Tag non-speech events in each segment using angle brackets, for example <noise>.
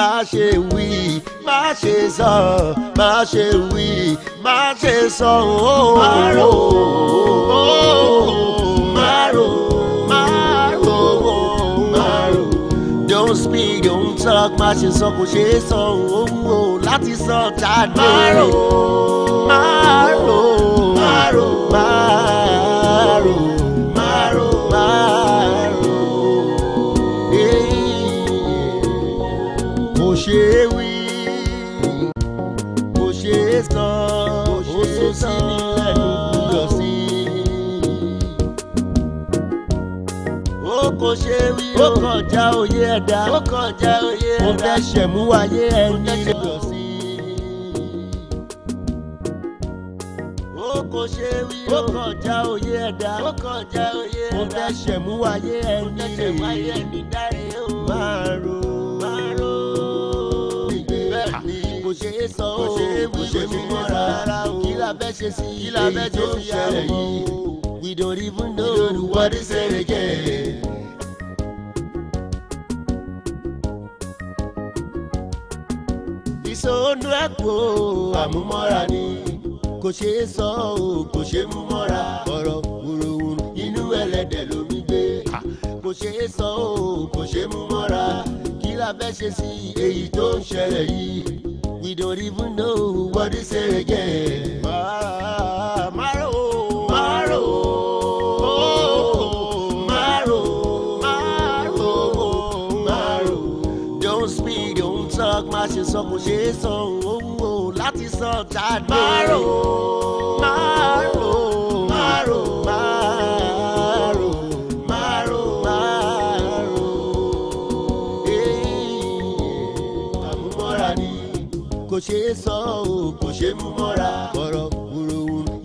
má ṣe wí má ṣe sọ má ṣe wí má ṣe sọ ooo. má rò má rò má rò don't speak don't talk má ṣe sọ kò ṣe é sọ ooo láti sọ jáde. má rò má rò ṣe é wí kò ṣe é sọ ó sọ sí nílẹ̀ ló kú yọ sí. ó kò ṣe wí ó kọjá òye ẹ̀dá ó kọjá òye ẹ̀dá ó fẹ́ ṣẹ̀mú ayé ẹni yọ sí. ó kò ṣe wí ó kọjá òye ẹ̀dá ó kọjá òye ẹ̀dá ó fẹ́ ṣẹ̀mú ayé ẹni yọ sí. máa ro. ṣe é sọ o kò ṣe mí mọ́ o kí la fẹ́ ṣe sí i èyí tó ń ṣẹlẹ̀ yìí we don't even know what is it again. ìsọ̀nù ẹ̀kọ́ àmúmọ́ra ni kò ṣe é sọ o kò ṣe mú mọ́ra ọ̀rọ̀ wúrowúro inú ẹlẹ́dẹ̀ lómi gbé kò ṣe é sọ o kò ṣe mú mọ́ra kí la fẹ́ ṣe sí èyí tó ń ṣẹlẹ̀ yìí we don't even know what is it again. Maro, Maro, Maro, Maro, Maro. Don't speak, don't talk, my ṣe sọ kò ṣe é sọ òun o láti sọ Maro, Maro. ṣeé sọ o kò ṣeé mú mọ́ra ọ̀rọ̀ wúrowúro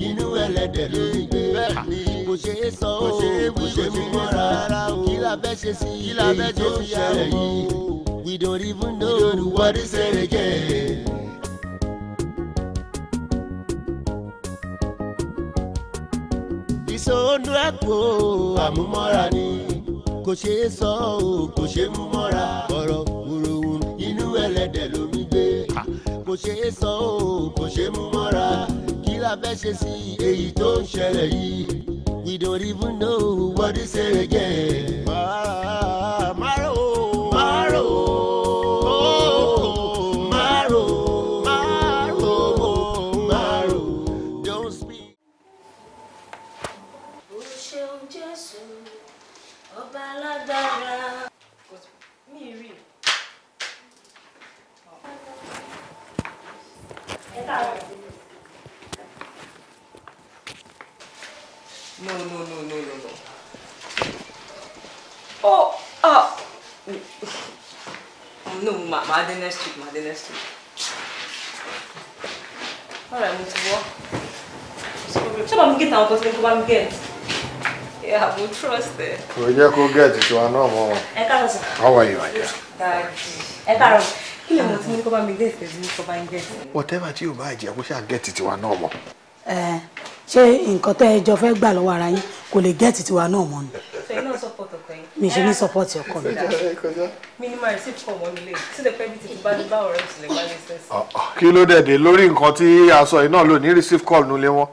inú ẹlẹ́dẹ̀ ló ń gbé bẹ́ẹ̀ni kò ṣeé sọ o kò ṣeé mú mọ́ra kí la ṣe sí i tó ń ṣẹlẹ̀ yìí we don't even know what is it again. ìṣòro ẹ̀kọ́ àmúmọ́ra ni kò ṣeé sọ o kò ṣeé mú mọ́ra ọ̀rọ̀ wúrowúro inú ẹlẹ́dẹ̀ ló ń ṣeé sọ o kò ṣeé mú mọ́ra kí la fẹ́ ṣe sí èyí tó ń ṣẹlẹ̀ yìí we don't even know what is it again. Ah, mara. Oh, ah. Oh, no, ma, ma dé next week, ma dé next week. Alright, mo ti wọ́. Ṣé bàbá mi gé tàwọn kan sílẹ̀ kó bá mi gẹ̀? Yeah, mo trust ẹ. Kò jẹ́ kó gẹ̀ẹ́tì tí wọn náà mọ̀ wọn. Ẹ káàárọ̀ sir. How are you, Ajá? Ẹ káàárọ̀. Kí ni mo ti ní kó bá mi gẹ̀ẹ́tì tí mo kọ́ bá ń gẹ̀ẹ́tì? Whatever tí yóò bá jẹ́ kó ṣáà gẹ̀ẹ́tì tí wọn náà mọ̀ ṣé nǹkan tẹ́ ẹ jọ fẹ́ gbà lọ́wọ́ ara yín kò lè gẹ́ẹ̀tì tiwa náà mọ́ ni. mi ṣe ní support ọkọ mi. kí ló dẹ̀ lórí nǹkan tí a sọ yìí náà lò ní receipt call nulẹ̀ wọn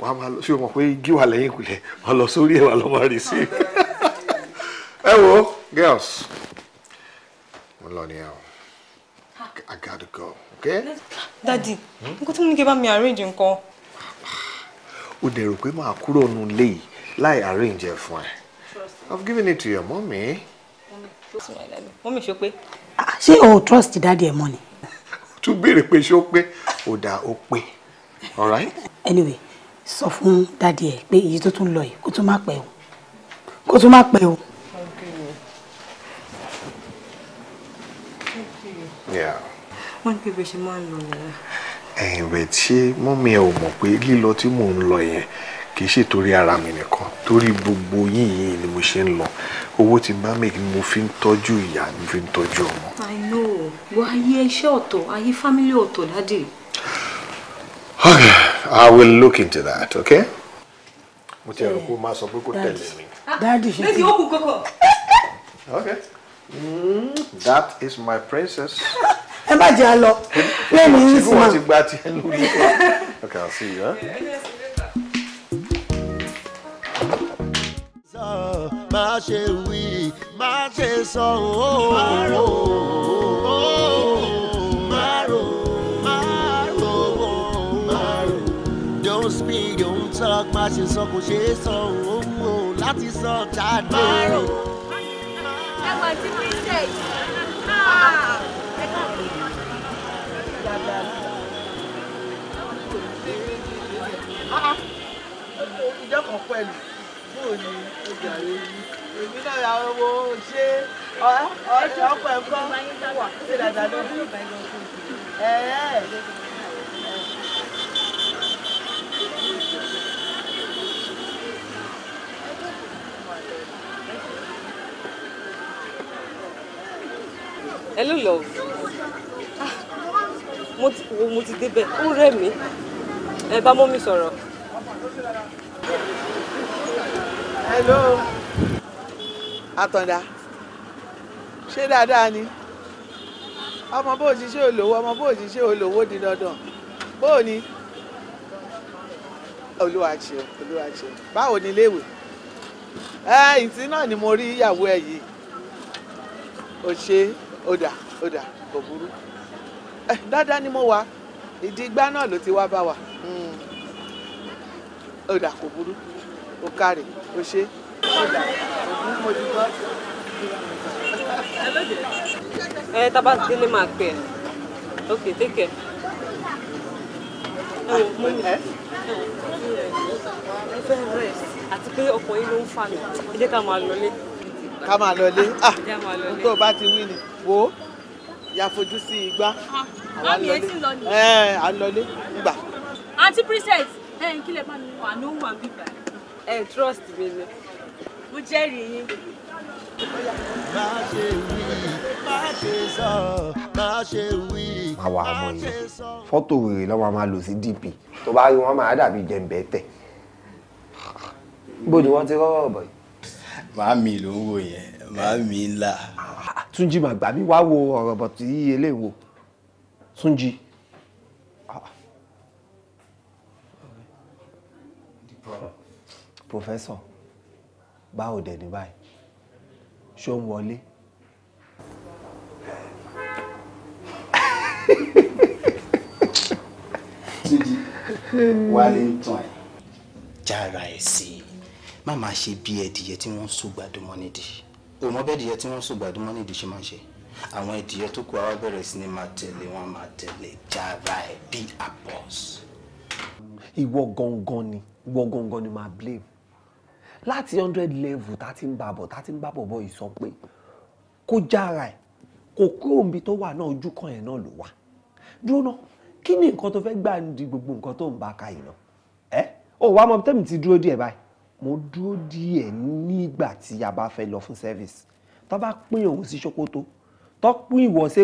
wàá máa lọ sí o mọ̀ pé igi wà lẹ́yìn ìpìlẹ̀ wà lọ sórí ẹ̀ wà lọ́ máa rí sí i. ẹ wo girls mo lọ ní ẹ o I gotta go àkẹ́. dadi nǹkan tí mo ní kí bá mi arrange nǹkan. o de rò pé màá kúrò nù lé yìí láì arrange ẹ̀ fún ẹ I've given it to your mommy. mọ́mí ṣe pé. Ah, ṣé o trust dadi ẹ̀ mọ́ ni. o tún béèrè pé ṣé ó pé ó dà ó pé all right. anyway sọ fún daddy, ẹ pé èyí tó tún lọ yìí kó tún má pẹ́ o kó tún má pẹ́ o. Yeah wọ́n ní bíbẹ̀ ṣe máa ń lọ nìyẹn. ẹ̀yin rẹ̀ ṣé mọ́mí ẹ ò mọ̀ pé lílọ tí mò ń lọ yẹn kì í ṣe torí ara mi nìkan torí gbogbo yín yìí ni mo ṣe ń lọ owó tí bá make ni mo fi ń tọ́jú ìyá ni fi ń tọ́jú ọmọ. I know wọ ayé iṣẹ́ ọ̀tọ̀ ayé fámílì ọ̀tọ̀ dáàdì. Okay, I will look into that, okay? mo ti ẹ̀rọ kó máa sọ pé kó tẹ̀lé mi. Ah, dáàdì ṣe kí. okay. Mm, that is my princess. <laughs> ẹ má jẹ́ a lọ lẹ́nu yìí sí ma. má ṣe wí má ṣe sọ ooo. Oh, oh, oh. má ṣe sọ kò ṣe é sọ ooo láti sọ jáde. má rò. ẹ̀wọ̀n tí mo ń ṣe yìí. ìjọ kan pẹ̀lú bóò ni ọjà rẹ yí èmi náà ra owó ṣé ọkọ̀ ẹ̀kọ́ ṣe dàgbà lọ. Hello, love. Ah, mo ti débẹ̀ ó rẹ̀ mí ẹ bá mọ́ mi sọ̀rọ̀ hello Atanda. ṣé dáadáa ni ọmọ bó ṣiṣẹ́ olówó ọmọ bó ṣiṣẹ́ olówó di dandan bó ni olúwa ṣeun olúwa ṣeun báwo ni iléèwé ẹ ìtì náà ni mo rí ìyàwó ẹ yìí ò ṣe ó dà kò burú ẹ dáadáa ni mo wà ìdí igbá náà ló ti wá bá wa hmm. ó dà kò burú ó kárè ó ṣe ògùn mo ti gbọ́. máa pè ẹ ok take care. ẹ wò mú mi ẹ fẹ́ rest àti pé ọkọ̀ yìí ló ń fà mí jẹ́ ká máa lọlé. ká máa lọlé ah ohun tó o bá ti wí ni wo ya fojú sí igbá àwa lọlé ẹ à ń lọlé ngbà. àǹtí princess ẹ kí lè bá mi wà ló wà bíbá yìí ẹ trust mi ni mo jẹ́rìí yín. àwa ọmọ yìí fọ́tò wèrè lọ́wọ́ máa lò sí dp tó bá rí wọn máa dàbí jẹ̀ǹbẹ̀ tẹ̀ bó ni wọ́n ti rọ́rọ̀ bọ̀ yìí. màámi ló ń wò yẹn màámi ńlá. túnjí màgbà mi wá wo ọ̀rọ̀ bọ̀ tí eléwo túnjí. professor báwo dẹ̀ ní báyìí ṣó ń wọlé. Túnjí wálé ń tàn ẹ́. jára ẹ̀ sí i má máa ṣe bí ẹdìyẹ tí wọ́n ń sògbàdo mọ́ nídìí o mọ bẹ́ẹ̀ dìyẹ tí wọ́n ń sògbàdo mọ́ nídìí ṣe máa ń ṣe àwọn ẹdìyẹ tó kù àwa bẹ̀rẹ̀ sí ni máa tẹ̀lé wọn máa tẹ̀lé jára ẹ̀ bí àpọ̀s. ìwọ gangan ni ìwọ gangan ni máa blame láti hundred level tá ti ń bá bọ̀ tá ti ń bá bọ̀ bọ̀ yìí sọ pé kó jára ẹ̀ kò kúrò níbi tó wà náà ojú kan ẹ̀ náà ló wà dúró náà kí ni nǹkan tó fẹ́ gbà di gbogbo nǹkan tó ń bá ka yìí náà ẹ ò wá mọ tẹ́mi ti dúró díẹ̀ báyìí mo dúró díẹ̀ nígbà tí a bá fẹ́ lọ fún service tó bá pín òun sí Sokoto tó pín ìwọ sí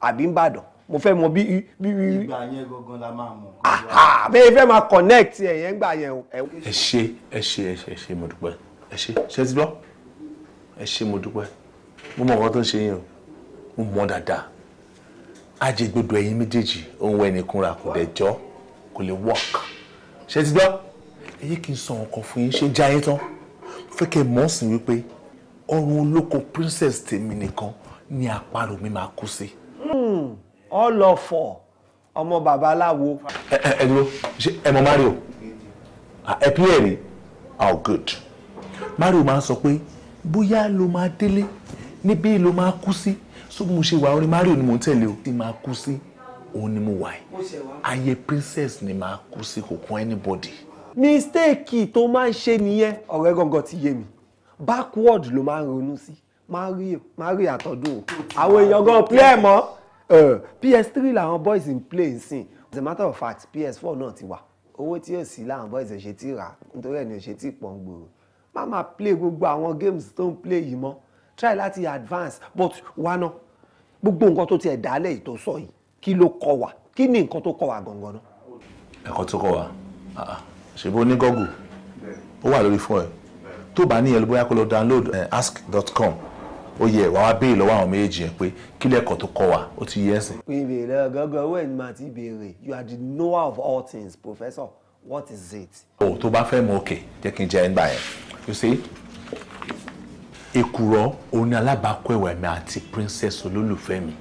àbí ń bàdàn mo fẹ́ mọ bí. ìgbà yẹn gangan la máa mọ. Ah, ah, bẹ́ẹ̀ fẹ́ máa connect ẹ̀yẹ́ ńgbà yẹn. ẹ ṣe ẹ ṣe ẹ ṣe ẹ ṣe mo dúpẹ́ ẹ ṣe ṣe ti gbọ́ ẹ ṣe mo dúpẹ́ mo mọ nǹkan tó ń ṣe yín o mo mọ dáadáa ajẹgbẹdọ ẹ̀yin méjèèjì òun ẹnìkunra kò dẹ̀ jọ kò lè work ṣe ti gbọ́ ẹyẹ kì í sọ nǹkan fún yín ṣe jẹ ayé tán fẹ́ kẹ́ mọ̀ sí wípé ọrùn olóko princess tèmi nìkan ni àparò mi máa kú sí ọlọ́fọ̀ ọmọ babaláwo. ẹ ẹ ẹ dúró ṣe ẹ mọ Mario ẹ pí ẹ rí all good Mario máa sọ pé bóyá ló máa délé níbí ló máa kú sí so mo ṣe wà orin Mario ni mo ń tẹ̀lé o ti máa kú sí òun ni mo wà yìí ayé princess ni máa kú sí kò kún anybody. mistake tó máa ń ṣe nìyẹn ọ̀rẹ́ gangan ti yé mi backward ló máa ń ronú sí máa rí àtọ́dún o àwọn èèyàn gan play mọ́. PS3 làwọn boys in play nsìn as a matter of fact PS4 náà ti wà owó tí yóò sí làwọn boys ẹ̀ ṣe ti rà nítorí ẹ̀ ni ò ṣe ti pọ̀ ń gbòòrò má máa play gbogbo àwọn games tó ń play yìí mọ́ try láti advance but wá náà gbogbo nǹkan tó tiẹ̀ dálẹ̀ yìí tó sọ yìí kí ló kọ wà kí ni nǹkan tó kọ wà gangan náà. ẹ̀kọ́ tó kọ wa. Ah, ṣe bó ní Google ó wà lórí fún ẹ tó bá ní ẹ lọ bóyá kó lọ download eh, ask.com ó yẹ wàá wá béèrè lọ́wọ́ àwọn méjèèjì yẹn pé kí lẹ́kọ̀ọ́ tó kọ́ wa ó ti yẹ ẹ̀sìn. ìbéèrè gangan owó ẹni máa ti béèrè you are the knower of all things professor what is it. o tó bá fẹ́ mọ òkè jẹ́ kí n jẹ́ ẹgbà yẹn you see èkùrọ́ òun ni alábàákọ́ ẹ̀wà mi àti princess olólùfẹ́ mi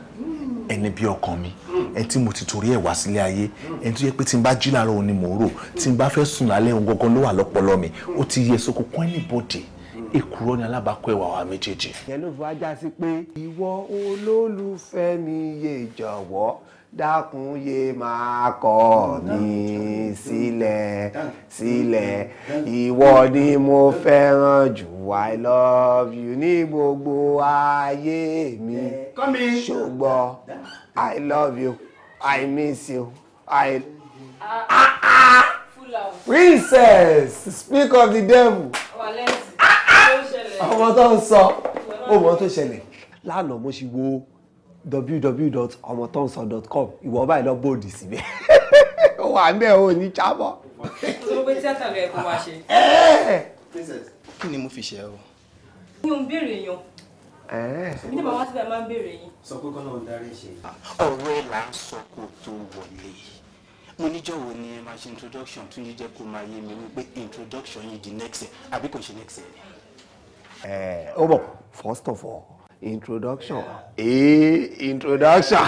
ẹni bí ọkàn mi ẹni tí mo ti torí ẹ̀ wá sílé ayé ẹni tó yẹ pé tí n bá jí láàárọ̀ òun ni mò ń rò tí n bá fẹ́ sùn lálẹ́ òun gangan ló wà lọ́pọlọ mi ó ti yẹ sókò kọ́ anybody èkùrọ́ ni alábàákọ́ ẹwà wa méjèèjì. ìyẹn ló fi wá já sí pé ìwọ olólùfẹ́ mi yé jọ̀wọ́ dákun yé máa kọ̀ mí sílẹ̀ sílẹ̀ ìwọ ni mo fẹ́ràn jù I love you ní gbogbo ayé mi ṣùgbọ́n I love you I miss you I. Ah, ah. Princess speak of the devil. Valencia ọmọ tó ń sọ ọmọ tó ṣẹlẹ̀ lánàá mo ṣe wo www.omotonso.com ìwọ báyìí lọ bòdì síbẹ̀ <laughs> ó wà ń bẹ̀ ní jábọ̀. olùgbé tíátà rẹ kò wá ṣe. <laughs> kí ni mo fi ṣe o. mi ò ń béèrè yan nígbà bá wá síbẹ̀ máa ń béèrè yín. sọ pé kọ́nà ò darí ṣe. ọ̀rọ̀ ẹ̀ là ń sọ kó tó wọlé mo níjọ́wọ́ ni ẹ máa ṣe introduction tún yìí jẹ́ kó máa yé mi wípé introduction yìí di next year àbí kò ṣe next year ni ẹ eh, ó oh, first of all introduction Eh, introduction <laughs>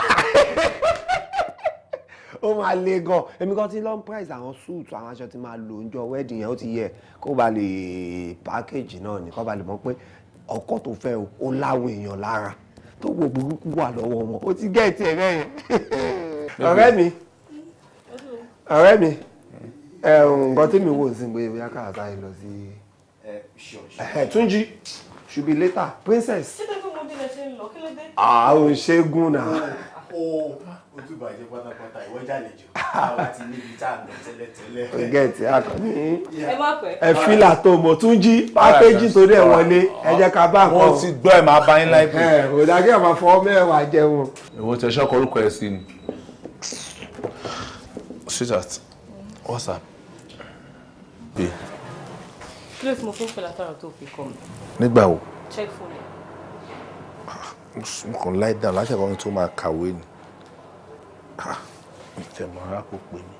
ó máa le gan èmi kan ti long price àwọn suit àwọn aṣọ tí máa lò ń jọ wedding yẹn ó ti yẹ kó ba lè package náà ní kó ba lè mọ̀ pé ọkọ tó fẹ́ o ó láwọn èèyàn lára tó wo burúkú wà lọ́wọ́ wọn ó ti gẹẹtì ẹ bẹyẹn ọ̀rẹ́ mi ọ̀rẹ́ mi nǹkan tí mi wò ń sìn pé bóyá káàtà yìí lọ Túnjí should be later princess. ah o ṣẹ́gun náà. o ojú bàjẹ́ pátápátá ìwọ jàlejò àwa ti níbi tá a lọ tẹ́lẹ̀tẹ́lẹ̀. o get akọni. ẹ má pẹ́. ẹ fílà tó mọ̀ Túnjí pákéjì tó dẹ̀ wọlé ẹ jẹ́ ká bá nǹkan. wọ́n ti gbọ́ ẹ̀ máa bá yín láìpẹ́. ẹ ò dájú ẹ̀ máa fọ mẹ́wàá jẹun. ìwọ tẹ ṣọ́kọ orúkọ ẹ sí ni. sweetheart what's up. babe kí ló ti mo fún fẹ́ látara tó fi kọ́ mi. nígbà wo. check phone ẹ. mo kàn láì dáhùn láṣẹ kan tó máa kàwé ni ìtẹ̀mọ̀ ara kò pè mí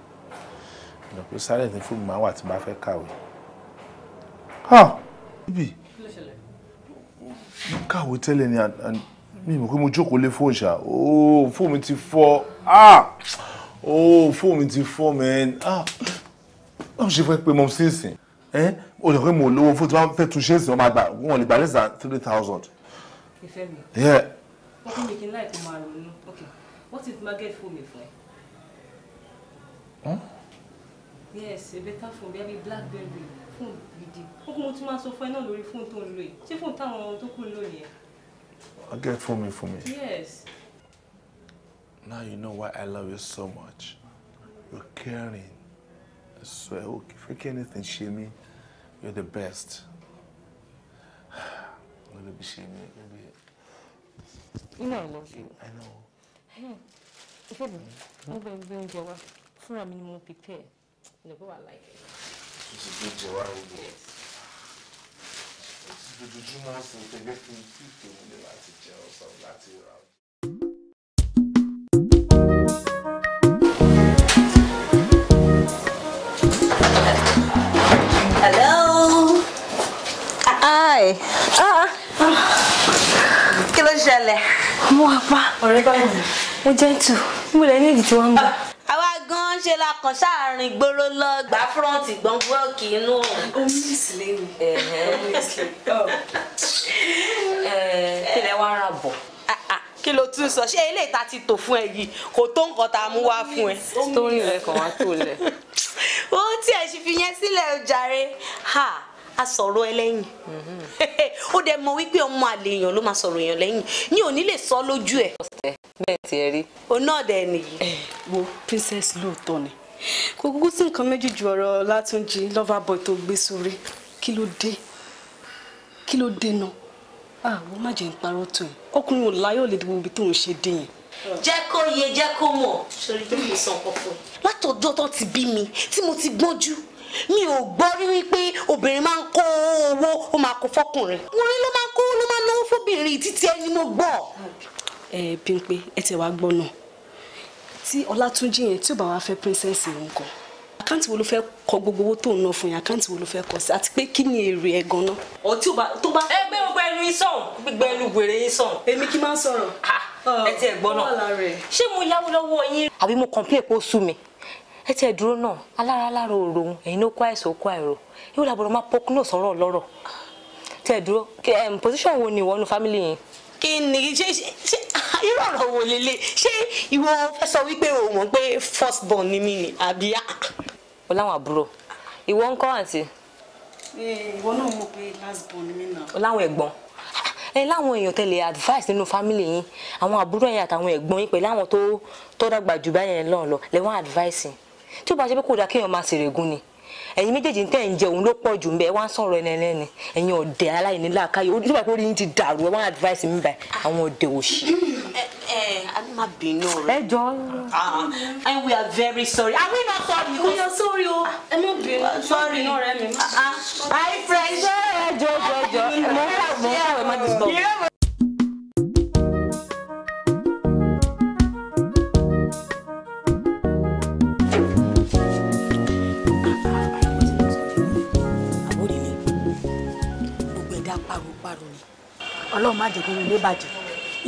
ìdàn pé sáré ní fóònù máa wà tí bá fẹ́ kàwé. bíbí mo kàwé tẹ́lẹ̀ ni mi mọ̀ pé mo Oh, lé fóònù ṣá oh, fóònù mi ti fọ́ oh, fóònù mi ti fọ́ mẹ́ẹ́n báwo ṣe fẹ́ pé mọ́ sínsìn o lè pé mo lówó fún tí wọ́n fẹ́ tún ṣe é sí wọ́n máa gbà wọ́n lè gbà less than three thousand. ìfẹ́ mi. yẹ. wọ́n fi mi kí n láì kó máa ronú ok what if market fún mi fún ẹ. yes ebe tá fún mi àbí blackberry fún gidi ó kún mo tún máa sọ fún ẹ náà lórí fóònù tó ń lò yìí ṣé fóònù táwọn tó kù ń lò yẹn. market fún mi fún mi. yes. now you know why I love you so much you're caring so ẹ ò kì í fẹ́ anything she mí. You're the best. I'm be shaming you. know I love you. I know. Hey, if you're going to be going for a minimum prepare, you know, like it. This is good, Joa. Yes. Dojoojúmọ́ sí tẹ̀gbẹ́ fún tí tòun lè láti jẹ ọ̀sán láti ra ọ̀dọ́. Hello báyìí. Ah, ah. kí ló ṣẹlẹ̀. mo wà pa ọ̀rẹ́ báyìí mo jẹ́ tù mo lẹ́ ní èdè tí wọ́n ń gbà àwa gan ṣe la kàn sáàrin gbòòrò lọ gbà fúrọ́ǹtì gbọ̀ngbọ̀ọ̀kì inú. omi ìsìlẹ̀ mi. kí lẹ wá ra bọ̀. Ah, kí ló tún sọ ṣé eléyìí ta ti tò fún ẹ yìí kò tó nǹkan tá a mú wá oh, fún ẹ. tó ń rìn lẹ́kọ̀ọ́ wá tó lẹ̀. <laughs> ó tiẹ̀ sì fi yẹn sílẹ̀ o jàre a sọ̀rọ̀ ẹ lẹ́yìn <laughs> ó dẹ̀ mọ̀ wípé ọmọ àlè èèyàn ló máa sọ̀rọ̀ èèyàn lẹ́yìn ní òní lè sọ lójú ẹ̀. bẹ́ẹ̀ ti ẹ rí. òun náà dẹ̀ nìyí. Eh, wo princess lóòótọ́ ni kò kúkú sí nǹkan méjì ju ọ̀rọ̀ látúnjì lover boy tó gbé sórí kí ló dé kí ló dé náà àwọn ah, má jẹ́ ń parọ́ tó yẹn ọkùnrin ò láyọ̀ lè dìbò ibi tó ń ṣe dé yẹn jẹ́ kó yé jẹ́ kó mọ̀ sórí tó kò kọ̀ọ̀kan. látọ̀dọ̀ tó ti bí mi tí mo ti gbọ́njú mi ò gbọ́ rí wípé obìnrin máa ń kó owó ó máa kó fọkùnrin ọkùnrin ló máa kó ló máa náwó fóbìnrin títí ẹ ni mo gbọ́. ẹ Bímpé ẹ tẹ wá gbọ́ náà tí Ọlátúnjí yẹn tí ò bá wá fẹ́ princess yẹn kan àkáǹtì wo ló fẹ́ kọ gbogbo owó tó ń ná fún yẹn àkáǹtì wo ló fẹ́ kọ sí àti pé kí ni èrè ẹ̀ gan-an. ọ tí o bá tó bá. ẹ gbé gbogbo ẹnu yín sọ̀hún gbogbo ẹnu wèrè yín sọ̀hún. èmi kí n máa sọ̀rọ̀. ẹ ti ẹ̀ gbọ́ náà ṣé mo yáwó lọ́wọ́ yín. àbí mo complain pé ó sú mi ẹ tiẹ̀ dúró náà alára alára òòrò òun ẹ̀yin ló kó àìsàn ó kó àìrò yóò làbọ̀rọ̀ máa pọkú náà sọ̀rọ̀ lọ́rọ̀ tiẹ̀ dúró position wo ni ìwọ nu family yìí. kí ni ṣe ṣe irú ọ̀rọ̀ wo lélẹ̀ ṣé ìwọ fẹ́ sọ wípé o mọ̀ pé first born ni mí ni àbí a. o láwọn àbúrò ìwọ ń kọ́ àǹtí. ìwọ náà mọ̀ pé last born ni mí náà. o láwọn ẹ̀gbọ́n ẹ láwọn èèyàn tẹ́lẹ̀ advice nínú family yín àwọn àbúrò yín àtàwọn ẹ̀gbọ́n yín pẹ̀lú àwọn tó tó dàgbà jù báyẹn lọ lọ lẹwọn advice yín tí ó bá ṣe pé kò dáa kéèyàn máa ṣèrègùn ni ẹ̀yin méjèèjì tẹ́ ẹ̀ ń ló pọ̀ jù ń bẹ ẹ wá ń ẹni ẹlẹ́ni ẹ̀yin ọ̀dẹ̀ aláìní làákàyè ó dúpẹ́ orí ti dàrú ẹ wá advice mi báyìí ah. àwọn ọ̀dẹ̀ òṣì. ẹ ẹ a bínú rẹ. ẹ jọ. Ah, and we are very sorry are we not sorry. we are sorry o ẹ má bínú ah, sorry náà rẹ mi. Ah, friend ṣé ẹ jọ jọ jọ mo ń kà mo ń kà ẹ má disturb. dàrú parò ni ọlọ́run má jẹ́ kóró ilé bàjẹ́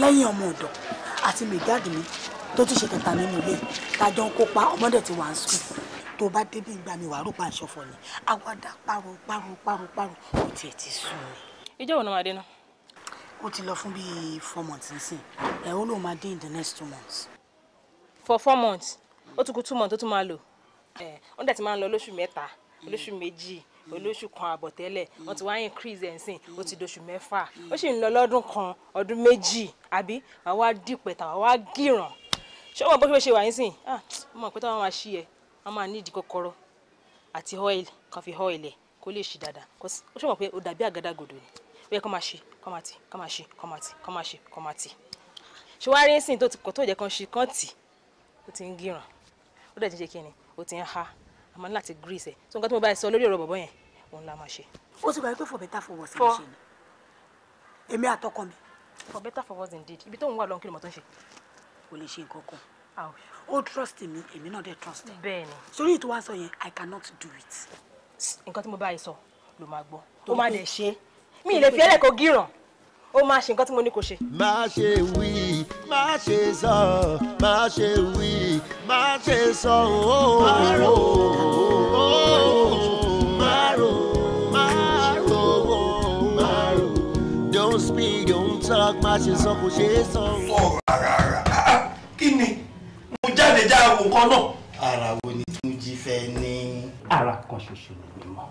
lẹ́yìn ọmọ ọ̀dọ̀ àti mẹ̀gáàdì mi tó tún ṣe kẹta nínú ilé tájọ ń kópa ọmọdé tí wà ń sùn tó bá débi ìgbà mi wàá rúpa àṣọfọ ni agbada paro paro paro paro kò tiẹ̀ ti sùn ni. ìjọ wo ni màá dé náà. ó ti lọ fún bíi four months nísìn ẹ̀ ó lóun máa dé in the next two months. for four months ó tún kù two months tó tún máa lò ó dẹ̀ ti máa ń lọ lóṣù mẹ́ta lóṣù méjì olóṣù kan àbọ̀ tẹ́lẹ̀ hmm. wọ́n ti wá increase ẹ̀ sìn ó ti hmm. doṣù mẹ́fà ó sì ń lọ lọ́dún kan ọdún méjì àbí àwa dìpẹ̀tà àwa gíràn ṣé wọ́n mọ̀ bó ṣe wà yín sìn ah, mọ̀ pé táwọn máa ṣí ẹ wọ́n máa nídìí kọ́kọ́rọ́ àti oil kan fi oil ẹ̀ kó lè ṣì dáadáa ó ṣe mọ̀ pé ó dàbí àgádágodo ni ó yẹ kó máa ṣe kó máa tì kó máa ṣe kó máa tì kó máa ṣe kó máa tì ṣé wàá rí sìn tó ti kọ́ tó jẹ́ kan ṣe kán tì ó ti ń gíràn ó dẹ̀ ti ṣe kí ni ó ti ń ha àmọ́ láti grease ẹ̀ tó nǹkan tó mo bá sọ lórí ọ̀rọ̀ bọ̀bọ̀ yẹn òun la máa ṣe. ó ti gbàgbé pé for better for worse ló èmi àtọkọ mi. for better for worse indeed ibi tóun wà lọ́n kí ló mọ̀ tó ń ṣe. kò lè ṣe nǹkan kan ó trust me, èmi náà dé trust ẹ. bẹ́ẹ̀ni. sórí ètò wa sọ yẹn i cannot do it. nǹkan tí mo bá yìí sọ ló máa gbọ́ ó máa dẹ̀ ṣe mi ì lè fi ẹlẹ́kọ̀ọ́ gíràn ó máa ṣe nǹkan tí mo ní kó ṣe. má ṣe wí má ṣe sọ má ṣe wí má ṣe sọ ooo. Oh, don't speak, don't talk, má ṣe sọ kò ṣe é sọ. Fọ ara ara kí ni mo jáde já àwọn nǹkan náà. Ara wo ni Túnjí fẹ́ ní? Ara kan ṣoṣo ni mi mọ̀,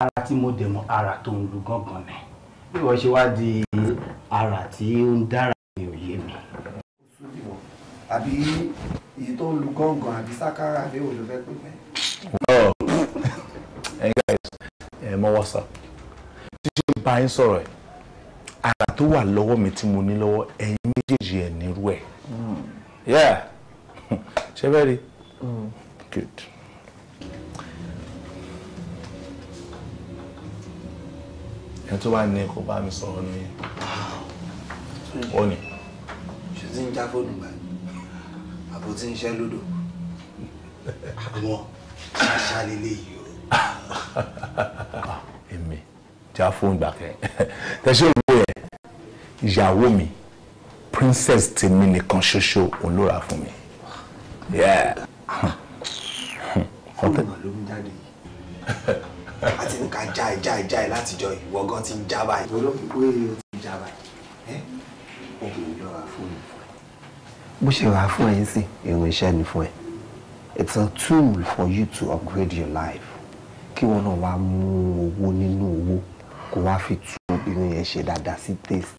ara tí mo dẹ̀ mọ̀ ara tó ń lu gángan ni. Bí wọ́n ṣe wá di ara tí ó ń dára ní òye mi. Àbí èyí tó ń lu gángan àbí sákárà àbí òun ló fẹ́ pè mẹ́ ẹ mọ́ whatsapp tí ṣe bá yín sọ̀rọ̀ ẹ̀ ara tó wà lọ́wọ́ mi tí mo ní lọ́wọ́ ẹ̀yin méjèèjì ẹ̀ nírú ẹ̀ hmm. yeah <laughs> ṣe bẹ́ẹ̀ rí hmm. good. ẹ tó wà ní kó bá mi sọ̀rọ̀ ní ọ̀nì. ṣe ti ń já fóònù gbà àbò tí ń ṣẹ́ lódò <laughs> àmọ́ ṣáṣá lélẹ́yìí Ah, èmi tí a fóun kẹ tẹsí òwò ìyàwó mi princess tèmi nìkan ṣoṣo òun fún mi. ọ̀tẹ̀ ló ń jáde yìí a ti ń ka jáì jáì jáì látijọ́ ìwọ gan ti ń já báyìí. olókìkú èrè o ti ń já báyìí obìnrin ló ra fóònù fún ẹ. bó ṣe rà fún ẹ yín sí ìrìn iṣẹ́ ni fún ẹ. It's a tool for you to upgrade your life kí wọn náà wá mú owó nínú owó kó wá fi tú obìnrin yẹn ṣe dáadáa sí taste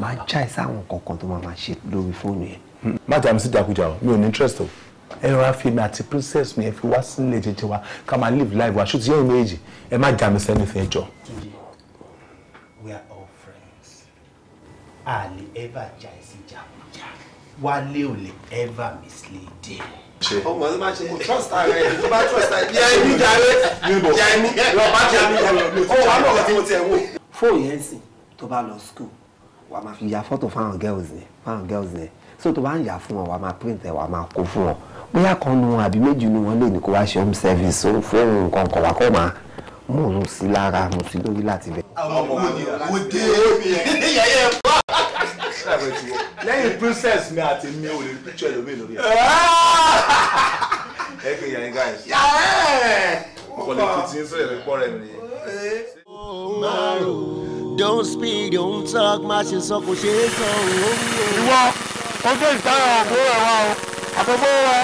máa ń ṣàì sáwọn kankan tó máa máa ṣe lórí fóònù yẹn. má jà mí sí ìdàkújà o mi ò ní interest o ẹ fi mi àti princess mi ẹ fi wá sílé jẹjẹ wa ká máa live life wa ṣùtì yẹn méjì ẹ má jà mí sẹ́ni fẹ́ jọ. we are all friends a lè ever jà ẹ sí ìjà wálé ò lè ever mislead ẹ ọmọ ọdún máa ṣe fóònù yẹn sì tó bá lọ school wàá máa fi ya fọ́tò fáwọn girls yẹn fáwọn girls yẹn so tó bá ń yà fún wọn wàá máa print ẹ wàá máa kó fún wọn bóyá kan nu wọn àbí méjì nu wọn lè ní kó wá ṣe home service so fóònù nǹkan kan wà kó máa mú òun sí lára mo sì lórí láti bẹ. àwọn ọmọ wo ni o dé mi yẹn ṣàbẹ̀ tiẹ̀ lẹ́yìn princess mi àti mi ò lè rí picture ẹlòmíì lórí ẹ̀. Ah! ẹ kì í yan igá yẹn. kò lè fi tí ń sọ̀rọ̀ ẹ̀mí rẹ̀ mi. don't speak don't talk má ṣe sọ kò ṣeé sọ òun. Oh, oh. ìwọ ó ìtara àbúrò ẹ̀ wá o àbúrò ẹ̀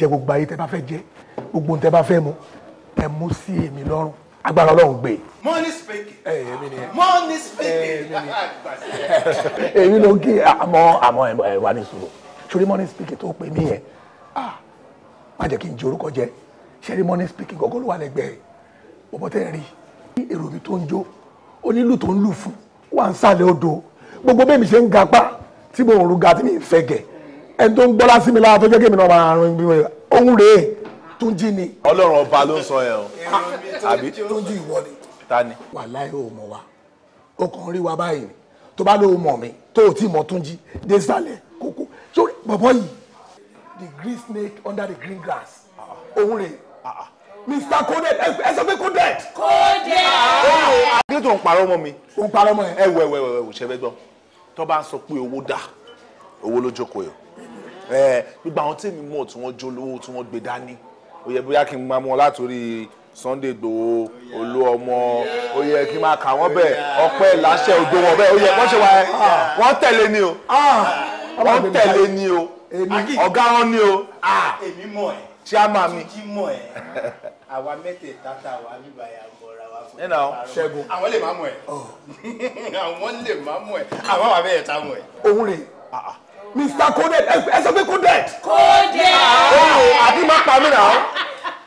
jẹ gbogbo ayé tẹ bá fẹ́ jẹ gbogbo tẹ bá fẹ́ mu ẹ mú sí èmi lọ́rùn agbára Ọlọ́run gbé. money speaking. ẹ èmi ni ẹ money speaking. Ah, <laughs> èmi ló ń kí àmọ́ àmọ́ ẹ wà ní sùúrù sórí money speaking tó pè mí yẹn ah, má jẹ́ kí n jẹ orúkọ jẹ sẹ́rí money speaking gọ́gọ́ ló wà lẹ́gbẹ̀ẹ́ bọ́bọ́ tẹ́ rí èrò mi tó ń jó onílù tó ń lù fún wà ń sàlẹ̀ odò gbogbo bẹ́ẹ̀ mi ṣe ń gapá tí mo ń ruga tí mi ń fẹ́ gẹ̀ẹ́ ẹni tó ń gbọ́lá sí mi lára tó jẹ́ kí èmi náà máa rìn bí ohun rèé Túnjí ni. Ọlọ́run ọba ló ń sọ ẹ̀ o àbí Túnjí ìwọ ni. ta ni. wàláhì ò mọ̀ wa ó kàn rí wa báyìí ni tó bá lóun mọ̀ mi tó ò tí mọ̀ Túnjí dé sàlẹ̀ kókó sórí bọ̀bọ̀ yìí the green snake under the green grass ohun rèé mr kodet ẹ sọ pé kodet. kodet. akílẹ̀ tó ń parọ́ mọ́ mi. ó ń parọ́ mọ́ ẹ. ẹ wẹ̀ wẹ̀ wẹ̀ wẹ̀ ṣẹ́ fẹ́ gbọ́ tó bá ń sọ pé owó dà owó ló jókòó yìí gbogbo àwọn tèmi mọ̀ tí wọ́n jó tí wọ́n gbé dání ó yẹ bóyá kí n máa mọ látòrí Sunday Igboho olú ọmọ ó yẹ kí n máa kà wọ́n bẹ́ẹ̀ ọpẹ́ láṣẹ ògbó wọn bẹ́ẹ̀ ó yẹ wọ́n ṣe wá wọ́n tẹ̀lé ni o ah, wọ́n tẹ̀lé ni o ọ̀gá wọn ni o ah. chairman mi. àwa mẹ́tẹ̀ẹ̀ta tá a wà bíbá yà mọ́ra wa fún mi. ṣẹ́gun àwọn lè má mọ̀ ẹ́ oh. <laughs> àwọn lè má mọ̀ ẹ́ àwọn wà bẹ́ẹ̀ mọ̀ ẹ́. òun rè é. Ah, mr kodet ẹ sọ pé kodet. kodet. ooo àti má pa mí náà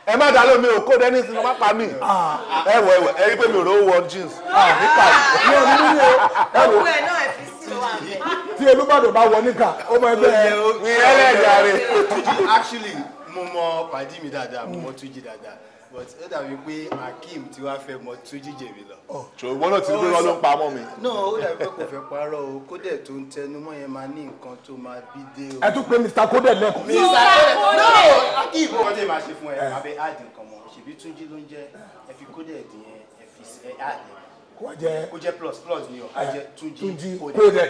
ẹ má dá lómi o kodet ní sinimá pa mí. Ah. ẹ wọ ẹ wọ ẹ rí pé mi ò rówó wọ jeans. Ah. Ah, mi ò ní wo ẹ wò tí Olúbàdàn bá wọ níkà ó mọ ẹgbẹ́ ẹ ní ẹlẹ́yàrá. actually mo mọ pàdí mi dáadáa mo mọ Túnjí dáadáa but ó dàbí pé akeem tí wàá fẹ́ mọ tún jíjẹ mi lọ. Oh. ṣòwò náà ti gbéra ló ń pamọ́ mi. náà ó dàbí pé kò fẹ́ parọ́ o kódẹ̀ tó ń tẹnumọ́ yẹn máa ní nǹkan tó máa bí dé o. ẹ tún pé mr kódẹ̀ lẹ́kọ̀ọ́. mr kódẹ̀ náà akeem kọ́ tẹ̀ máa ṣe fún ẹ eh. abẹ́ áàdì nǹkan mọ̀ ṣèbí túnjí ló ń jẹ́ ẹ fi kódẹ̀ dín ẹ fi áàdì kò jẹ kò jẹ plus plus ni o a jẹ tunji kodẹ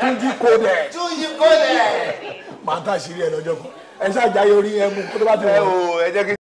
tunji kodẹ tunji kodẹ màá tà sí rí ẹ lọ́jọ́ kan ẹ ṣáà jáyé orí ẹ mú kó tó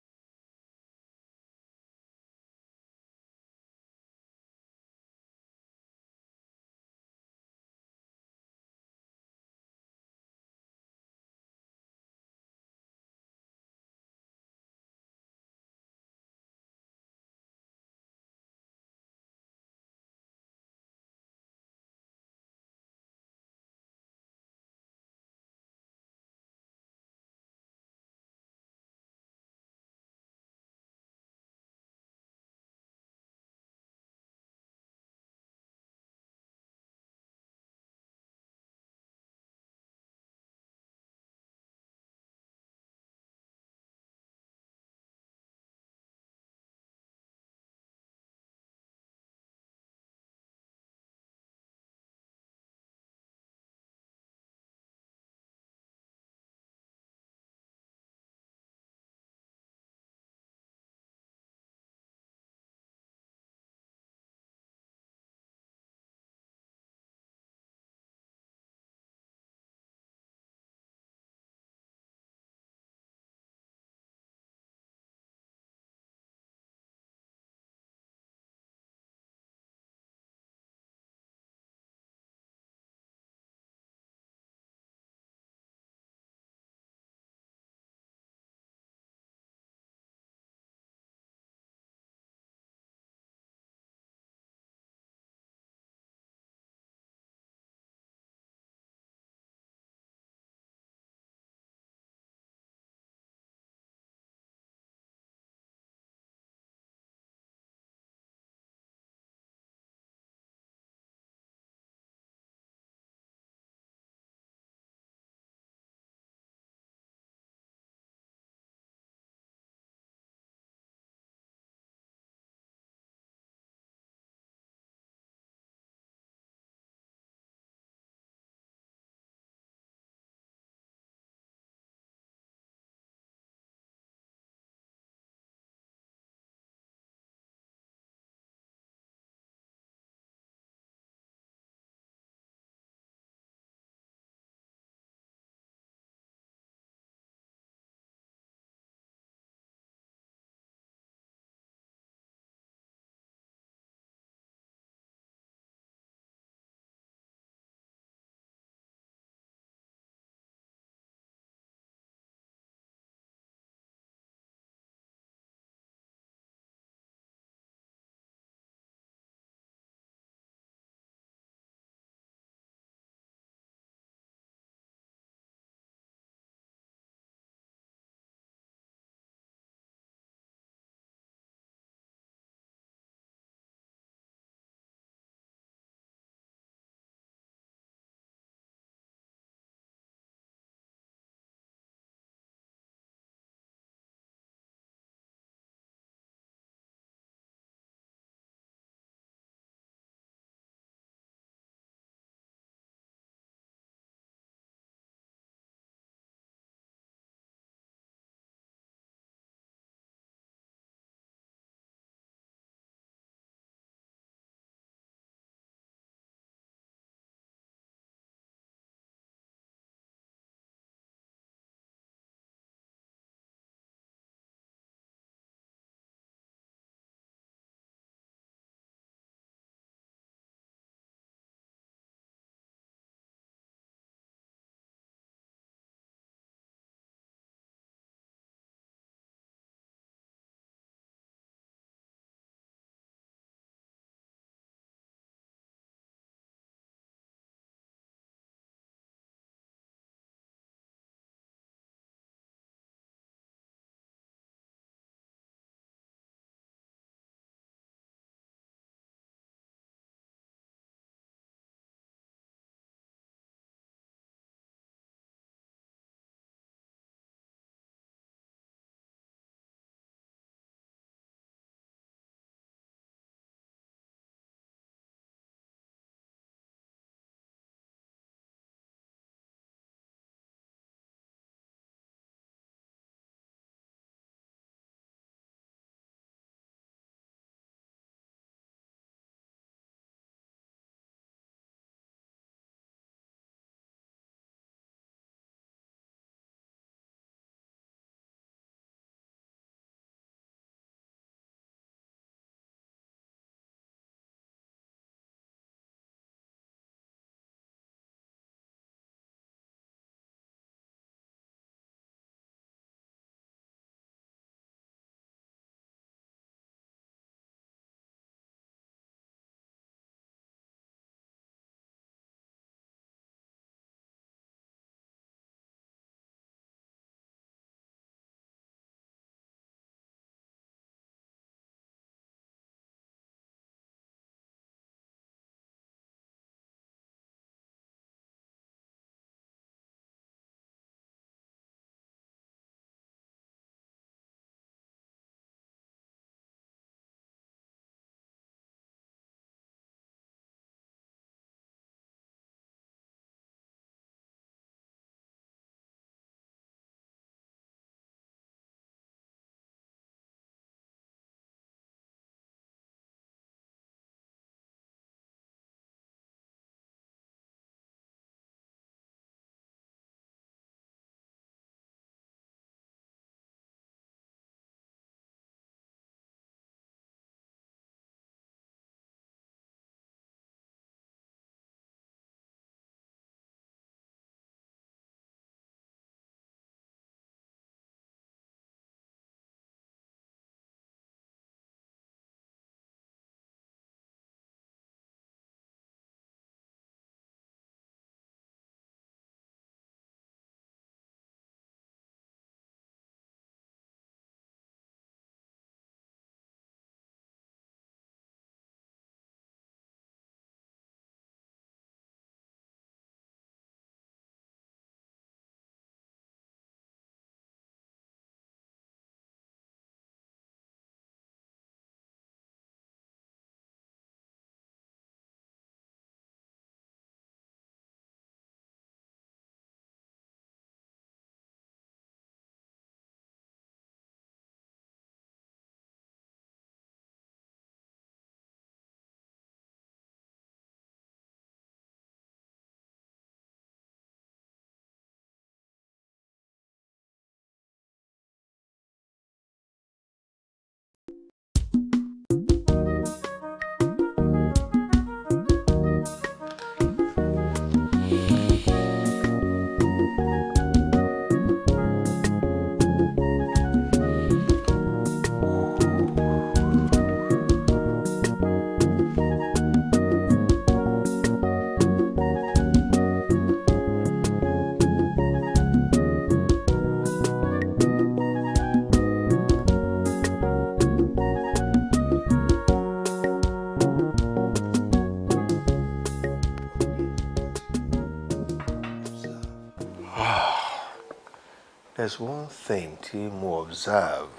there's one thing to mo observe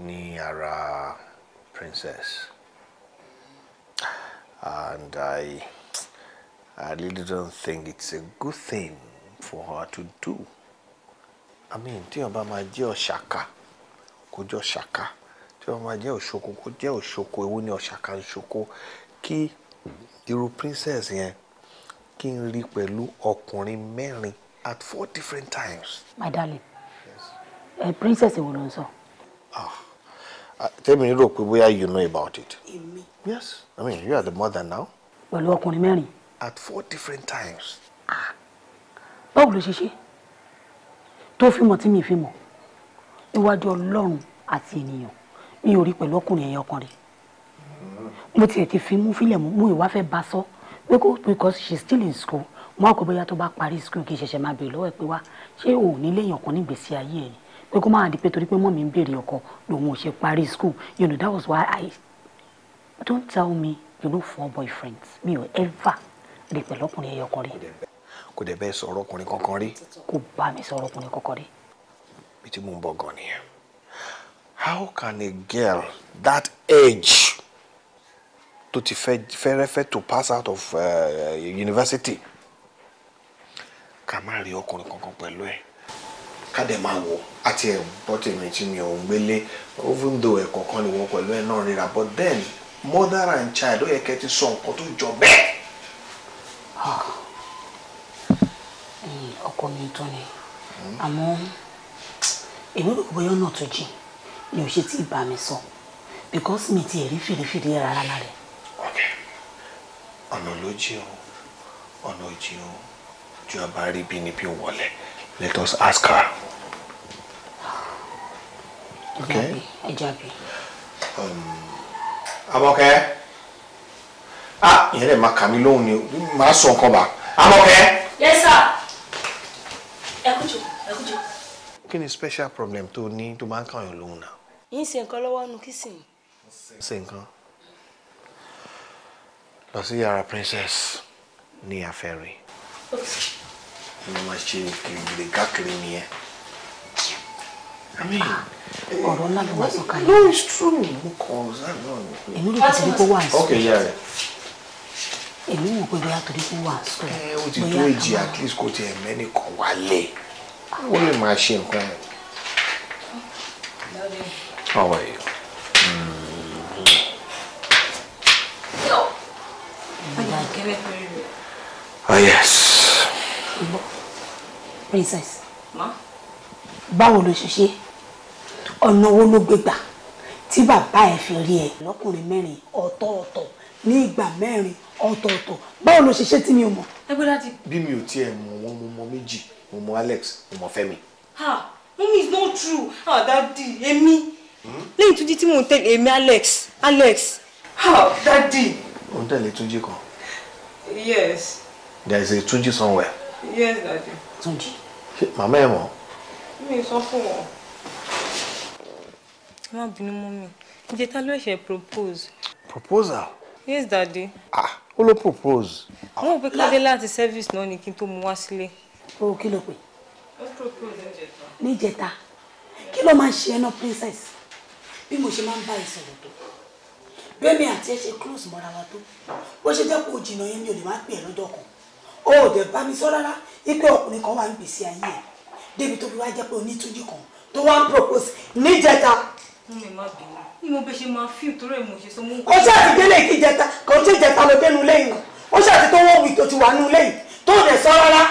ní ara princess and I, I really don't think it's a good thing for her to do. I mean tí ó bá máa jẹ́ ọ̀ṣàkà kó jẹ́ ọ̀ṣàkà tí ó bá máa jẹ́ òṣòkò kó jẹ́ òṣòkò ewu ni ọ̀ṣàkà òṣòkò kí irú princess yẹn kí n rí pẹ̀lú ọkùnrin mẹ́rin at four different times. my darling yes. a eh, princess wo ló ah, ah tell me, pé bóyá you know about it. In me, yes i mean you are the mother now. Well, pẹ̀lú ọkùnrin mẹ́rin. at four different times. ah báwo ló ṣe ṣe tó fi mọ̀ tí mi fi mọ̀ níwájú ọlọ́run àti ènìyàn mi ò rí pẹ̀lú ọkùnrin ẹ̀yọ ọkàn rẹ̀ mo tiẹ̀ ti fi mú fílẹ̀ because she's still in school mo àkọ́ bóyá tó bá parí school kì í ṣẹ̀ṣẹ̀ máa bèrè lọ́wọ́ ẹ̀ pé wá ṣé ò nílé èèyàn kan nígbèésí ayé ẹ̀ pé kó máa di pé torí pé mọ́mí ń bèrè ọkọ lòun ò ṣe parí school you know that was why I don't tell me you know four boyfriends mi ò ever rí pẹ̀lú ọkùnrin ẹyọ kan rí. kò dẹ̀ bẹ́ẹ̀ sọ̀rọ̀ ọkùnrin kankan rí. kò bá mi sọ̀rọ̀ ọkùnrin kankan rí. bí tí mò ń bọ̀ gan nìyẹn how can a girl that age tó ti fẹ́ fẹ́rẹ́fẹ́ to pass out of uh, university ká má rí ọkùnrin kankan pẹ̀lú ẹ̀ ká máa wò àti ẹ̀ bọ́tẹ̀mí tí mi ò ń gbélé even though ẹ̀ kọ̀ọ̀kan ni wọ́n pẹ̀lú ẹ̀ náà ríra but then mother and child ó yẹ kẹ́ ti sọ nǹkan tó jọ bẹ́ẹ̀. Ah. ọkọ mi tó ni àmọ́ èmi rò bóyá ọ̀nà tó jìn ni ò ṣe tí ì bá mi sọ because mi ti rí fèrèfèrè rárá rẹ̀. ọ̀nà ló jí o ọ̀nà jí o ju abáríbí ni bí wọlé let us ask her. okay ajabi. Um, Amọ̀kẹ́ ah ìyẹn lè máa kà mí lóhùn ni máa sọ nǹkan bá Amọ̀kẹ́. yes sir ẹ kú jù ẹ kú kí ni special problem tó ní tó máa ń kàn yín lóhùn náà. yín ṣe nǹkan lọ́wọ́ nu kí sì ń. ṣe nǹkan lọ sí yàrá princess ní àfẹ́rẹ́ ẹ máa ma ṣe kèrègbèrè káàkiri nìyẹn. ọ̀rọ̀ ńlá ló wà sọ̀kalẹ̀. no it's true mo kọ̀ ọ́ sáà náà ni. èmi ló ti di pé wà á sọ. okay yeah èmi wò pé bóyá torí kó wà sọ. ẹ o ti tó èjì at least kò tiẹ̀ mẹ́ni kan wálé ó lè máa ṣe nǹkan ẹ̀. ọwọ́ Oh yes ti gbọ́ princess báwo ló ṣe ṣe ọ̀nà wo ló gbé gbà tí bàbá ẹ̀ fi rí ẹ lọ́kùnrin mẹ́rin ọ̀tọ̀ọ̀tọ̀ ní ìgbà mẹ́rin ọ̀tọ̀ọ̀tọ̀ báwo ló ṣe ṣe tí mi ò mọ̀. bí mi ò tiẹ̀ mọ̀ wọn mo mọ méjì mo mọ Alex mo mọ Fẹ́mi. ah mummy is not true ah dadi èmi lẹ́yìn Túnjí tí mò ń tẹ̀lé èmi Alex Alex Ha, dadi. ò ń tẹ̀lé Túnjí kan. yes. there is a Túnjí somewhere. Yes, Daddy. Túnjí. Ṣé màmá ẹ̀ wọ̀n? Mi sọ fún wọn. Má bínú mọ́ mi. Ìjẹta ló ṣe propose. Proposal? Yes, Daddy. Ah, ó ló propose. Wọ́n ò pé Kádé láti service náà ni kí n tó mú wá sílé. O kí ló pè? Ó propose Nijeta. Níjẹta. Kí ló máa ń ṣe ẹná princess? Bí mo ṣe máa ń bá ẹ sọ̀rọ̀ tó. Bẹ́ẹ̀ni àti ẹ ṣe close mọ́ra wa tó. Bó ṣe jẹ́ kó jìnnà yẹn mi ò lè má pè é lọ́jọ́ kan o ò dẹ̀ bá mi sọ rárá ipe ọkùnrin kan wà ń gbèsè ayé ẹ̀ débi tó fi wá jẹ́ pé onítúnjì kan tó wá ń propose níjẹta. mi má bínú ni mo bẹ ṣe máa fi ìtòrò ìmọ̀ ṣe so mú. o ṣáà délé kí jẹta kò tí jẹta lọ dénú lẹ́yìn o ṣáà ti tó wọ́n wí tó ti wà nú lẹ́yìn tó dẹ̀ sọ rárá.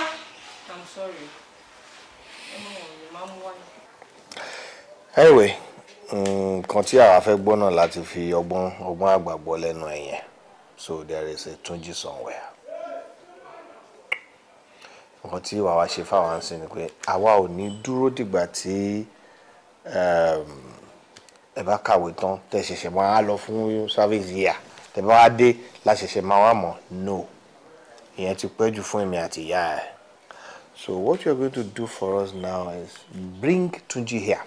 I'm mm, nǹkan tí àwa fẹ́ gbọ́ náà láti fi ọgbọ́n ọgbọ́n àgbà gbọ́ lẹ́nu ẹ̀yẹn so there is a Túnjí somewhere nǹkan tí wàá wá ṣe fáwọn àǹsìn ni pé àwa ò ní dúró dìgbà tí ehm, ẹ bá kàwé tán tẹ ṣẹ̀ṣẹ̀ máa lọ fún service year tẹ bá wá dé la máa wá mọ̀ no ìyẹn ti pẹ́ jù fún èmi àti ìyá ẹ̀ so what you are going to do for us now is bring Tunji here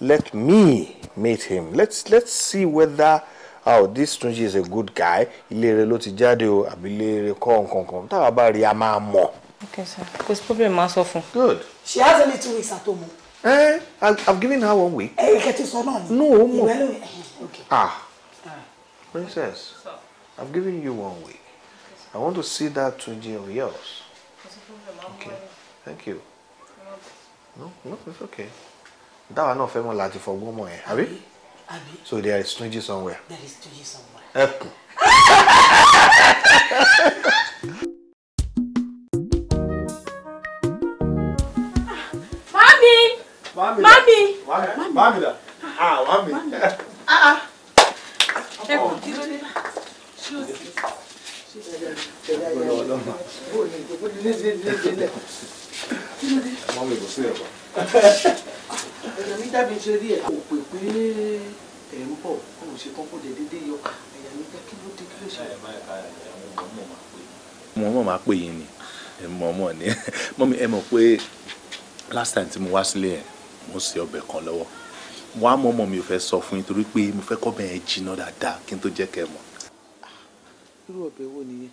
let me meet him let's let's see whether oh this Tunji is a good guy ilé rẹ̀ ló ti jáde o àbí ilé rẹ̀ kọ́ nǹkan kan táwa bá rí a máa mọ̀. Okay, sir. Because problem must often. Good. She has only two weeks at home. Eh, I've, I've given her one week. Eh, you get it so long. No, more. Eh, eh, okay. Ah. ah. Princess, so. I've given you one week. Okay, I want to see that 20 of yours. Okay. Thank you. No, no, it's okay. That one not famous láti fọgbọ́n mọ̀ eh? àbí? Àbí. So there is 20 somewhere. There is 20 somewhere. Ẹkùn. <laughs> Mami. Mami. Mami da. Ah, mami. <laughs> Ah ah. Ẹ kò kí ló dé? Ṣé o sì? Mami kò sí ẹ̀kọ́. Ẹ̀yà mi dábìí ṣe rí ẹ̀. Kò pè pé ẹ̀ ń bọ̀ kó o ṣe kọ́kọ́ dẹ̀ dédé yọ. Ẹ̀yà mi dá kí ló dé kí ló ṣe. Mo mọ̀ máa pè yín ni, ẹ̀ mọ̀ mọ̀ ni, <laughs> mọ̀ mi ẹ mọ̀ pé last time tí mo wá sílé ẹ̀ mo ń ṣe ọbẹ̀ kan lọ́wọ́ mo á mọ̀ mọ̀ mi ò fẹ́ sọ fún yín torí pé mo fẹ́ kọ́ bẹ́ẹ̀ jiná dáadáa kí n tó jẹ́ kẹ́ ẹ mọ̀. irú ọbẹ̀ wo nìyẹn.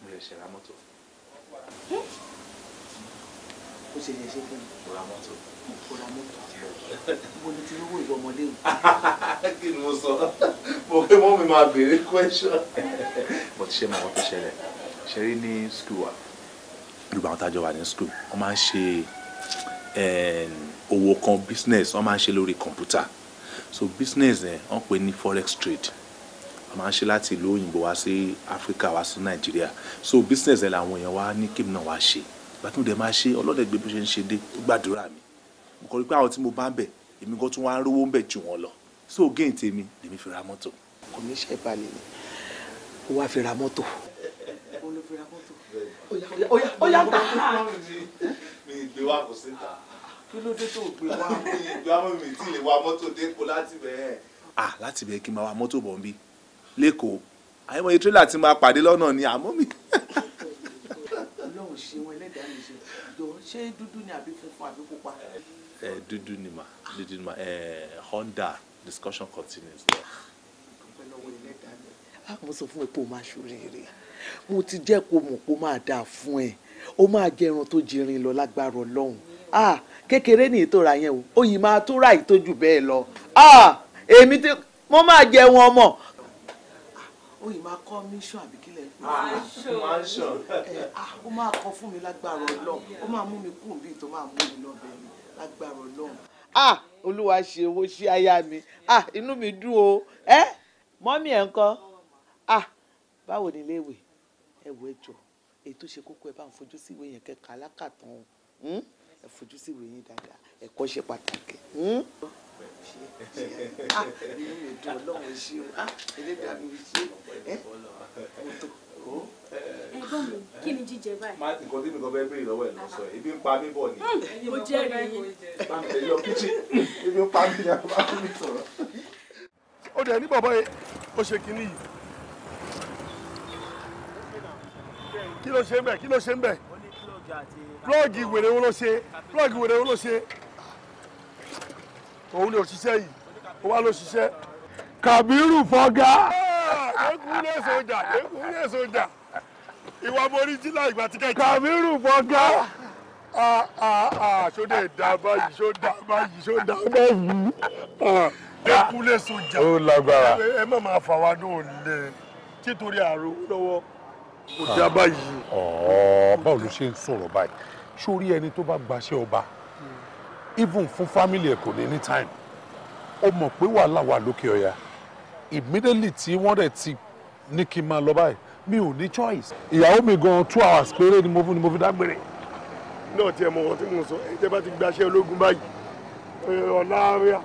mo lè ṣe ra mọ́tò. ó ṣe lè ṣe fún mi. mo ra mọ́tò. mo ra mọ́tò. mo ní ti rówó ìwọ ọmọdé o. <laughs> kí ni mo sọ mo pé mọ́ mi máa béèrè question. mo ti ṣe mọ̀ wọ́n tó ṣẹlẹ̀ ṣe rí ní skul wa. yorùbá àwọn tájọ wà ní skul wọ́n máa ń ṣe owó kan business wọ́n máa ń ṣe lórí kọ̀ǹpútà so business yẹn wọ́n pè ní forex trade wọ́n máa ń ṣe láti ìlú òyìnbó wá sí Africa wá sí Nàìjíríà so business yẹn làwọn èèyàn wá ní kí mi náà wá ṣe ìgbà tí mo dẹ̀ máa ṣe ọlọ́dẹ̀ gbé bó ṣe ń ṣe dé ó gbàdúrà mi mo kọ́ pé àwọn tí mo bá ń bẹ̀ èmi gan tún wá ń rówó ń bẹ̀ jù wọ́n lọ so gain tèmi lèmi fi ra mọ́tò. kò ní ṣe balẹ̀ ni ó wá fi ra mọ́tò. ó ló fi ra mọ́tò. ó yá ó yá ó yá ta mi gbé wá kò síta. kí ló dé tó gbé wá. mi gbé wá mi tí lè wa mọ́tò dépò láti bẹ̀ẹ́. à láti bẹ̀ẹ́ kí n máa wa mọ́tò bọ̀ ń bí lẹ́kọ̀ọ́ àyẹ̀mọ̀ yìí tírélà ti máa pàdé lọ́nà ni àmọ́ mi. ọlọ́run ṣe wọn ẹlẹ́dàá mi ṣe jọ ṣé dúdú ni àbí funfun àbí pupa. ẹ dúdú ni mà dúdú ni mà ẹ honda discussion continues. Ah, mo sọ fún ẹ pé o máa ṣoríire mo ti jẹ́ kó mọ̀ kó máa dáa fún ẹ ó máa jẹ ẹran tó jirin lọ lágbára ọlọ́run ah kékeré ní ìtura yẹn o òyìn máa tó ra ìtọ́jú bẹ́ẹ̀ lọ ah èmi tí mo máa jẹ wọn ọmọ. òyìn ah, máa kọ́ mission àbí kílẹ̀ fún mi. ó máa kọ fún mi lágbára ọlọ́run ó máa mú mi kùn bíi tó máa mú mi lọ bẹ̀rẹ̀ lágbára ọlọ́run. ah olúwa ṣe owó ṣí aya mi ah inú mi dùn o ẹ eh, mọ́mí ẹ̀ ń kọ́ ah báwo ni léèwé ẹ wọ ẹ jọ èyí tó ṣe kókó ẹ bá ń fojú sí ìwé yẹn kẹka alákàtàn hmm? ẹ fojú sí ìwé yẹn dáadáa ẹ̀kọ́ ṣe pàtàkì. Hmm? Ah, ah, kí ni jíjẹ báyìí. má nǹkan tí mi kàn fẹ́ béèrè lọ́wọ́ ẹ̀ lọ sọ ebi ń pa mí bọ̀ ni. Hmm, mo jẹ́ rí i. bá mi kíchì ebi ń pa mí ni a bá mi sọ̀rọ̀. ó dẹ̀ ní bàbá yìí ó ṣe kinní yìí kí ló ṣe ń bẹ̀ kí ló ṣe ń bẹ̀ plọ́ọ̀gì wèrè wo ló ṣe plọ́ọ̀gì wèrè wo ló ṣe òun ni òṣìṣẹ́ yìí ó wá ló ṣiṣẹ́. Kàbírù fọgá. eku ah, lè sọjà eku lè sọjà ìwà borí jílà ìgbà tí kẹ̀kẹ́. Kàbírù fọgá. Ah, ah, ṣódà ẹ̀dá báyìí ṣódà báyìí ṣódà báyìí. eku lè sọjà. ó lágbára. ẹ má máa fà wá dùn òní lẹ títorí àrùn lọ́wọ́ kò dá báyìí. báwo ló ṣe ń sọ̀rọ̀ báyìí sórí ẹni tó bá gbaṣẹ́ ọba even fún family ẹ̀ kò ní ní time ó mọ̀ pé wàhálà wà lókè ọ̀yà immediately tí wọ́n dẹ̀ ti ní kí n máa lọ báyìí mi ò ní choice. ìyàwó mi gan two hours péré ni mo fún ni mo fi dágbére. náà tiẹ̀ mọ̀ wọ́n tí mo sọ ẹ̀jẹ̀ bá ti gbaṣẹ́ ológun báyìí ọ̀la Àbújá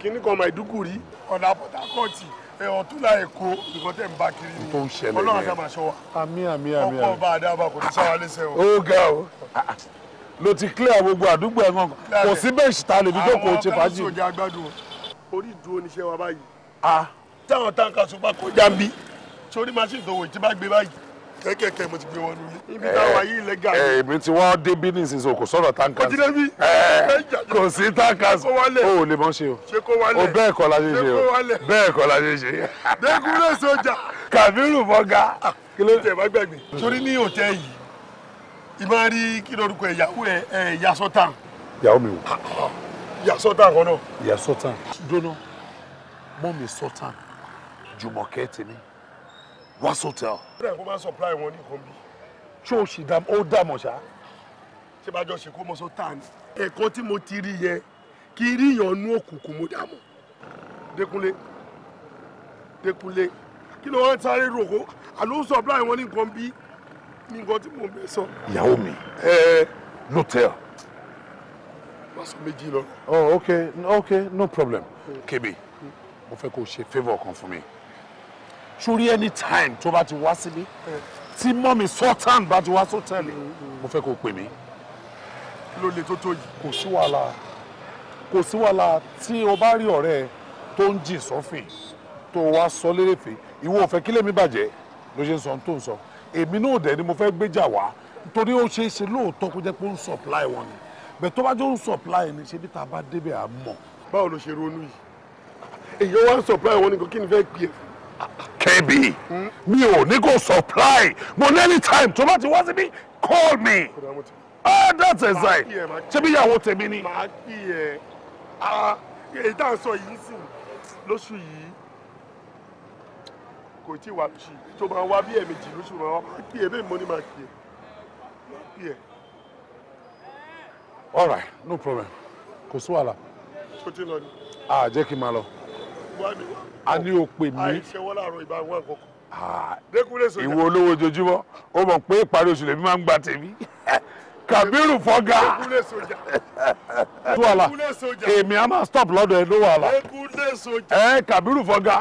kìnnìkan Maiduguri ọ̀la Port Harcourt ọ̀túnla èkó nǹkan tẹ̀ ń bá kiri ni tó ń ṣẹlẹ̀ yẹn ọlọ́run àti àmàṣọ wa àmì àmì àmì ọkọ̀ ọba àdáàbà kò ní sáwálé sẹ́ o. ó ga o ló ti clear gbogbo àdúgbò ẹ̀ gan kò sí bẹ́ẹ̀sì ta lè fi jókòó ṣe fàájì. àwọn sójà gbádùn orí ìdúró níṣẹ́ wa báyìí. Ah. táwọn táǹkà sọ bá kọjá ń bí sórí machine tó wò tí bá gbé báyìí kẹ́kẹ́kẹ́ mo ti gbé wọn nílé. ibi eh, táwa yìí lẹ gà. ẹ eh, èmi tí wọ́n dé bí nísinsìnyí kò sọ̀rọ̀ tankas. kò jíde bí. kò sí tankas o ò lè mọ̀ ṣe o. ṣé kó wálẹ̀ o bẹ́ẹ̀ kọ́ la ṣe ṣe o bẹ́ẹ̀ kọ́ la ṣe ṣe. dẹkùnrin sójà. kàbírù bọ́gà. Ah, kí ló tẹ̀ bá gbàgbé. torí ní òtẹ́ yìí ìmọ̀ rí kí lórúkọ ẹ̀ yahoo ẹ̀ ẹ̀ yasọ́tàn. yahoo mi wò. Ah, ah. yasọ́tàn kan náà. yasọ́tàn. dọ́nà mọ́ mi sọ́tàn jùmọ̀kẹ́ tèmi. Wasotel. bẹ́ẹ̀ kó máa supply wọn ní nǹkan bí. ṣé o ṣì ó dààmú ṣá. ṣé bá jọ ṣe kó mo sọ tá a ní. ẹ̀kọ́ tí mo ti rí yẹn kí rí ìyànnú òkùnkùn mo dààmú. Dékúnlé Dékúnlé kí ló wá ń sáré rògbò àló ń supply wọn ní nǹkan bí ní nǹkan tí mo bẹ sọ. ìyàwó mi ẹ lọtẹl. má sọ méjì lọ. oh okay okay no problem. kébé mo fẹ́ kó o ṣe favour kan fún mi sórí anytime tó bá ti wá sílé tí mọ́mi sultan bá ti wá sọ́tẹ̀lì mo fẹ́ kó pè mí. ló le tó tó yìí. kò sí wàhálà kò sí wàhálà tí o bá rí ọ̀rẹ́ tó ń jìn sọ́fìn tó wá sọ lérèfé ìwọ ò fẹ́ kílẹ̀ mi bàjẹ́ ló ṣe ń sọ tó ń sọ èmi náà dẹ̀ ni mo fẹ́ gbéjà wá nítorí ó ṣe é ṣe lóòótọ́ kó jẹ́ pé ó ń supply wọn ni bẹ́ẹ̀ tó bá jọ ń supply ni ṣe bí tá a bá débẹ̀ à mọ̀. báwo ló ṣe ronú yìí èyí wá supply wọn ni kò kí ni fẹ́ pè é fún kb mi ò ní kò supply mo ní anytime tó bá ti wá síbí call me ah that's exact ṣé bí ìyàwó tèmi ni. màá pè ẹ́ ah èyí tá à ń sọ yìí sìn lóṣù yìí kò tí ì wá ṣì tó máa wá bí ẹ̀ẹ̀mejì lóṣù máa wá máa pè é bẹ́ẹ̀ mo ní máa pè é all right no problem kò sí wàhálà. ṣó ti lọ ni. a ah, jẹ́ kí n máa lọ. wá mi wá a ní o pè mí. àìṣe wọ́n láàárọ̀ ìbá wọn kọ̀ọ̀kan. ìwọ olówó ojoojúmọ́ ó mọ̀ pé ìparí oṣù lèmi máa ń gba tèmi Kabiru fọgá tó àlà èmi a máa stop lọ́dọ̀ ẹ ló wà àlà ẹ Kabiru fọgá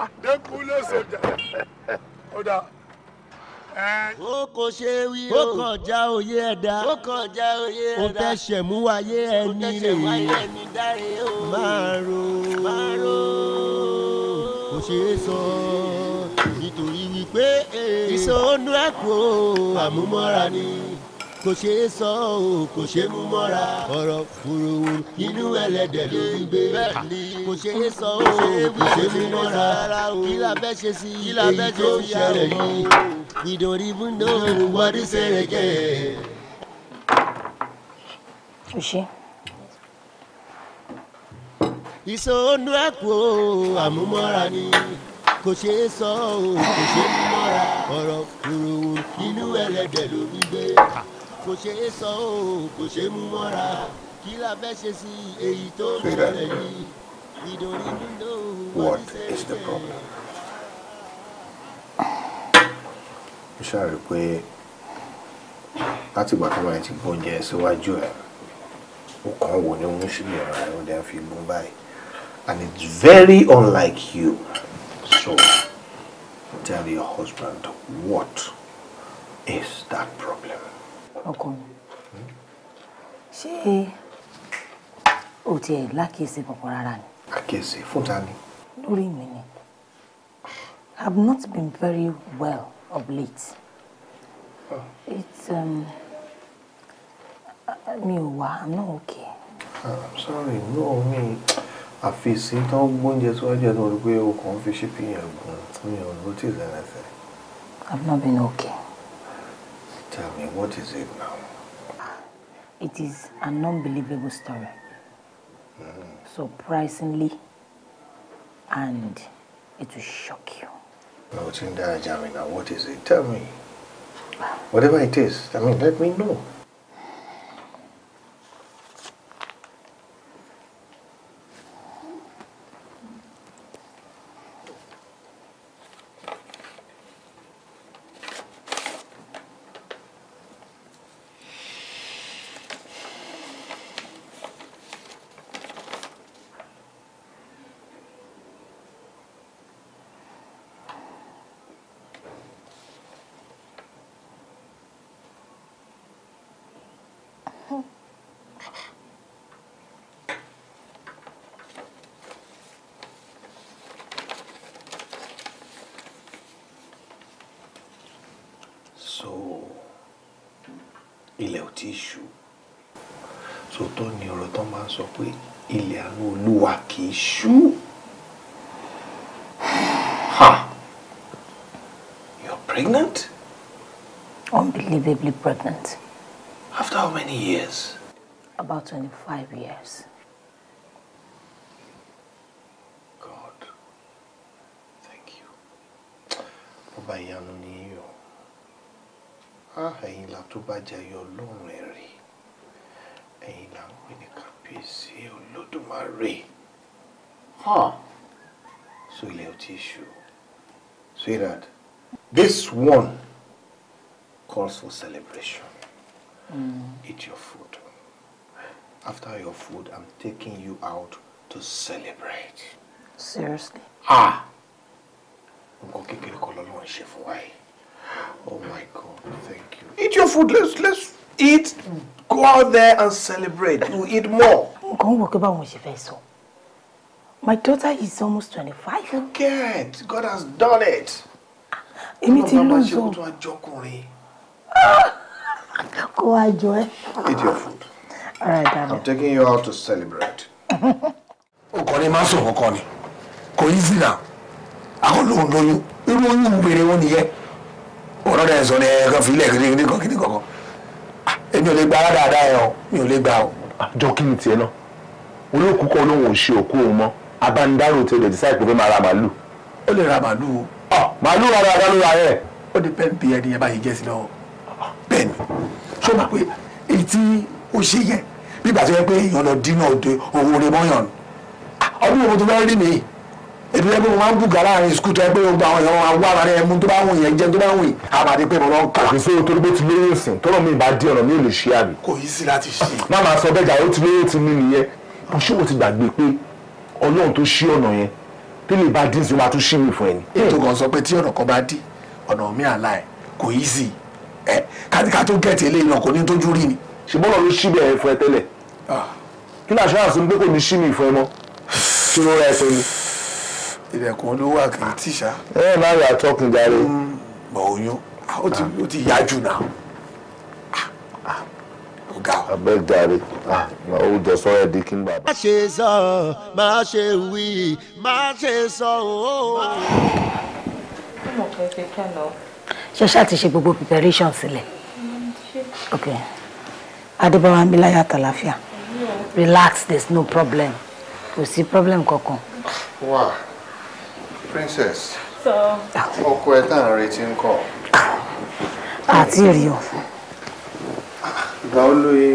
ó kò ṣe wí o ó kàn já òye ẹ̀dá ó kàn já òye ẹ̀dá ó tẹ̀sẹ̀ mú wáyé ẹni rè é máa ro kò ṣeé sọ nítorí wípé ìsọ̀nù ẹ̀kọ́ àmúmọ́ra ni kò ṣe é sọ o kò ṣe mú mọ́ra ọ̀rọ̀ fúruwu inú ẹlẹ́dẹ̀ ló ń gbé ah, kò ṣe é sọ o kò ṣe mú mọ́ra kí la fẹ́ ṣe sí èyí tó ṣẹlẹ̀ yìí we don't even know what is it again. ṣùṣe. ìsọ̀nù ẹ̀kọ́ àmúmọ́ra ni kò ṣe é sọ o kò ṣe mú mọ́ra ọ̀rọ̀ fúruwu inú ẹlẹ́dẹ̀ ló ń gbé. Ah kò ṣe é sọ o kò ṣe é mú mọ́ra kí la fẹ́ ṣe sí èyí tó ń ṣẹlẹ̀ yìí ìdòrí nílò wọ́n ṣe é ṣe. ó ṣàrò pé láti ìgbà tó máa ti gbóúnjẹ síwájú ẹ̀ ó kàn wò ní mùsùlùmí ọ̀rọ̀ ẹ̀ ó dẹ̀ fi gún báyìí and it's very unlike you so tell your husband what is that problem ọkọ mi ṣé o tiẹ̀ lákìyèsí kankan rárá ni. àkíyèsí fún ta ni. lórí mi ni I have not been very well of late. Oh. It's um, mi ò wá I'm not okay. Ah, I'm sorry no mi àfìsí tó ń gbóúnjẹ síwájú ẹ̀ náà rí pé o kàn ń fi ṣípì yẹn gùn mi ò notice anything. I've not been okay. Tell me, what is it now? It is an unbelievable story. Mm. Surprisingly, and it will shock you. Now, Chinda Jamina, what is it? Tell me. Whatever it is, I mean, let me know. Èṣù. Ha! You're pregnant? Unbelievably pregnant. After how many years? About twenty-five years. God, thank you. Ọba ìyanu ni yín o. Ah, ẹ̀yin la tó bá jẹ́ yọ lóhùn ẹ̀rí. Ẹ̀yin la ń pè ní kàbíyèsí Olódùmarè. Huh. So ilẹ̀ ò tí Sweetheart, this one calls for celebration. Mm. Eat your food. After your food, I'm taking you out to celebrate. Seriously? Ah! Oh my God, thank you. Eat your food, let's let's eat, go out there and celebrate. We'll eat more. My daughter is almost 25. You God has done it. Èmi ti lose o. Ọlọ́run bá ṣe kó tó ajọ́kùnrin. Kó ajọ ẹ. Eat your food. All right, darling. I'm taking you out to celebrate. <laughs> Ọkùnrin máa ń sọ̀rọ̀ kan ni. Kò yí sí náà. Àwọn lòun lóyún. Irú oyún wèrè wọn nìyẹn. Ọ̀rọ̀ rẹ̀ sọ ni ẹ̀kan fi ilẹ̀ kìnnìkìnnì kan kìnnìkìnnì kankan. Èmi ò lè gba aládàáda ẹ̀ o. Mi ò lè gba o. Àjọ kí ni tiẹ̀ náà? Olóòkú kan lóun ò ṣe òkú òun abandarò tí o lè decide pé fẹ́ máa ra màálù. ó lè ra màálù o. ọ ah, màálù ra ra ló ra yẹ. ó di pẹ́ǹpì ẹni yẹn báyìí jẹ́ sí lọ́wọ́ bẹ́ẹ̀ ni ṣó máa pé èyí tí ó ṣe yẹn bí ìgbà tó yẹ pé èèyàn lọ dínà òde owó rẹ mọ́yàn ni. ọdún yòówó tó fẹ́ rí mi èdè yẹn pé mo máa ń bùkà láàrin skul tó yẹ pé gbogbo àwọn èèyàn máa wá ara ẹ mú tó bá wùn yẹn jẹ tó bá wùn àmàdé pé mo lọ ń kà. kò sí torí pé ti lóyún sìn tọ́rọ̀ mi ìbá dé ọ̀nà mi ò lè ṣe àbí. kò yí sí láti ṣe. má máa sọ bẹ́ẹ̀ jà ó ti lóyún ti mí nìyẹn bó ṣé o ti gbàgbé pé ọlọ́run tó ṣí ọ̀nà yẹn tí lè bá dín sí wa tó ṣí mi fún ẹni. ètò kan sọ pé tí ọ̀nà kan bá dí ọ̀nà mi àlá ẹ̀ kò yí sí ẹ kátíká tó gẹ̀ẹ́tì eléyìí náà kò ní tójú rí ni. ṣùgbọ́n ọ̀nà ló ṣí bẹ̀rẹ̀ fún ẹ tẹ́lẹ̀ ah. kí ni àṣà àṣọ pé kò ní ṣí mi fún ẹ mọ́ kí ló rẹ fún mi. ìrẹ̀kùn ló wà kì í tìṣà. ẹ má yà tọkùn jàre. Mm, bọ̀ ọ̀gá o. abẹ́gàre ó jọ sọ ẹ di kí n bàbá. má ṣe sọ má ṣe wí má sọ o. ṣọ́ṣà ti ṣe gbogbo preparation sílẹ̀ mm, ok adébáwá ń bí relax there is no problem kò sí problem kankan. wá princess ọkọ ẹ tá à ń retí ń kọ. àti èrè ọ̀fun ìgbà ó lóye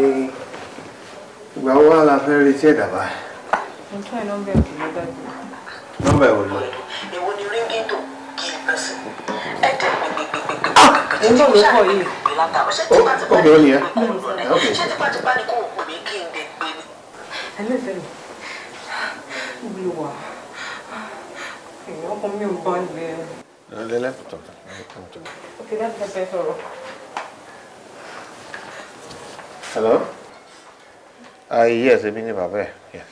ìgbà ó wà la fẹ́ retí ẹ̀dá bá. mo tún ẹ nọ́mbà ẹ̀kọ́ ló dájú. nọ́mbà ẹ̀wọ̀ lọ. èwo ni ríngìtò kì í pẹ́ sí ẹ̀jẹ̀ gbẹgbẹgbẹgbẹ. nígbà mi kọ yìí. obìnrin yẹn. ṣé tipátipá ni kò wù mí kí n lè gbé ni. ẹlẹ́fẹ̀ẹ́ mi wíwà èèyàn kan mi ò bá ń lé. ẹ lẹ́lẹ́ tó tọ̀ tó. òkè láti fẹ́ sọ̀rọ̀. Hello? Uh, yes, Ebini Babe, yes.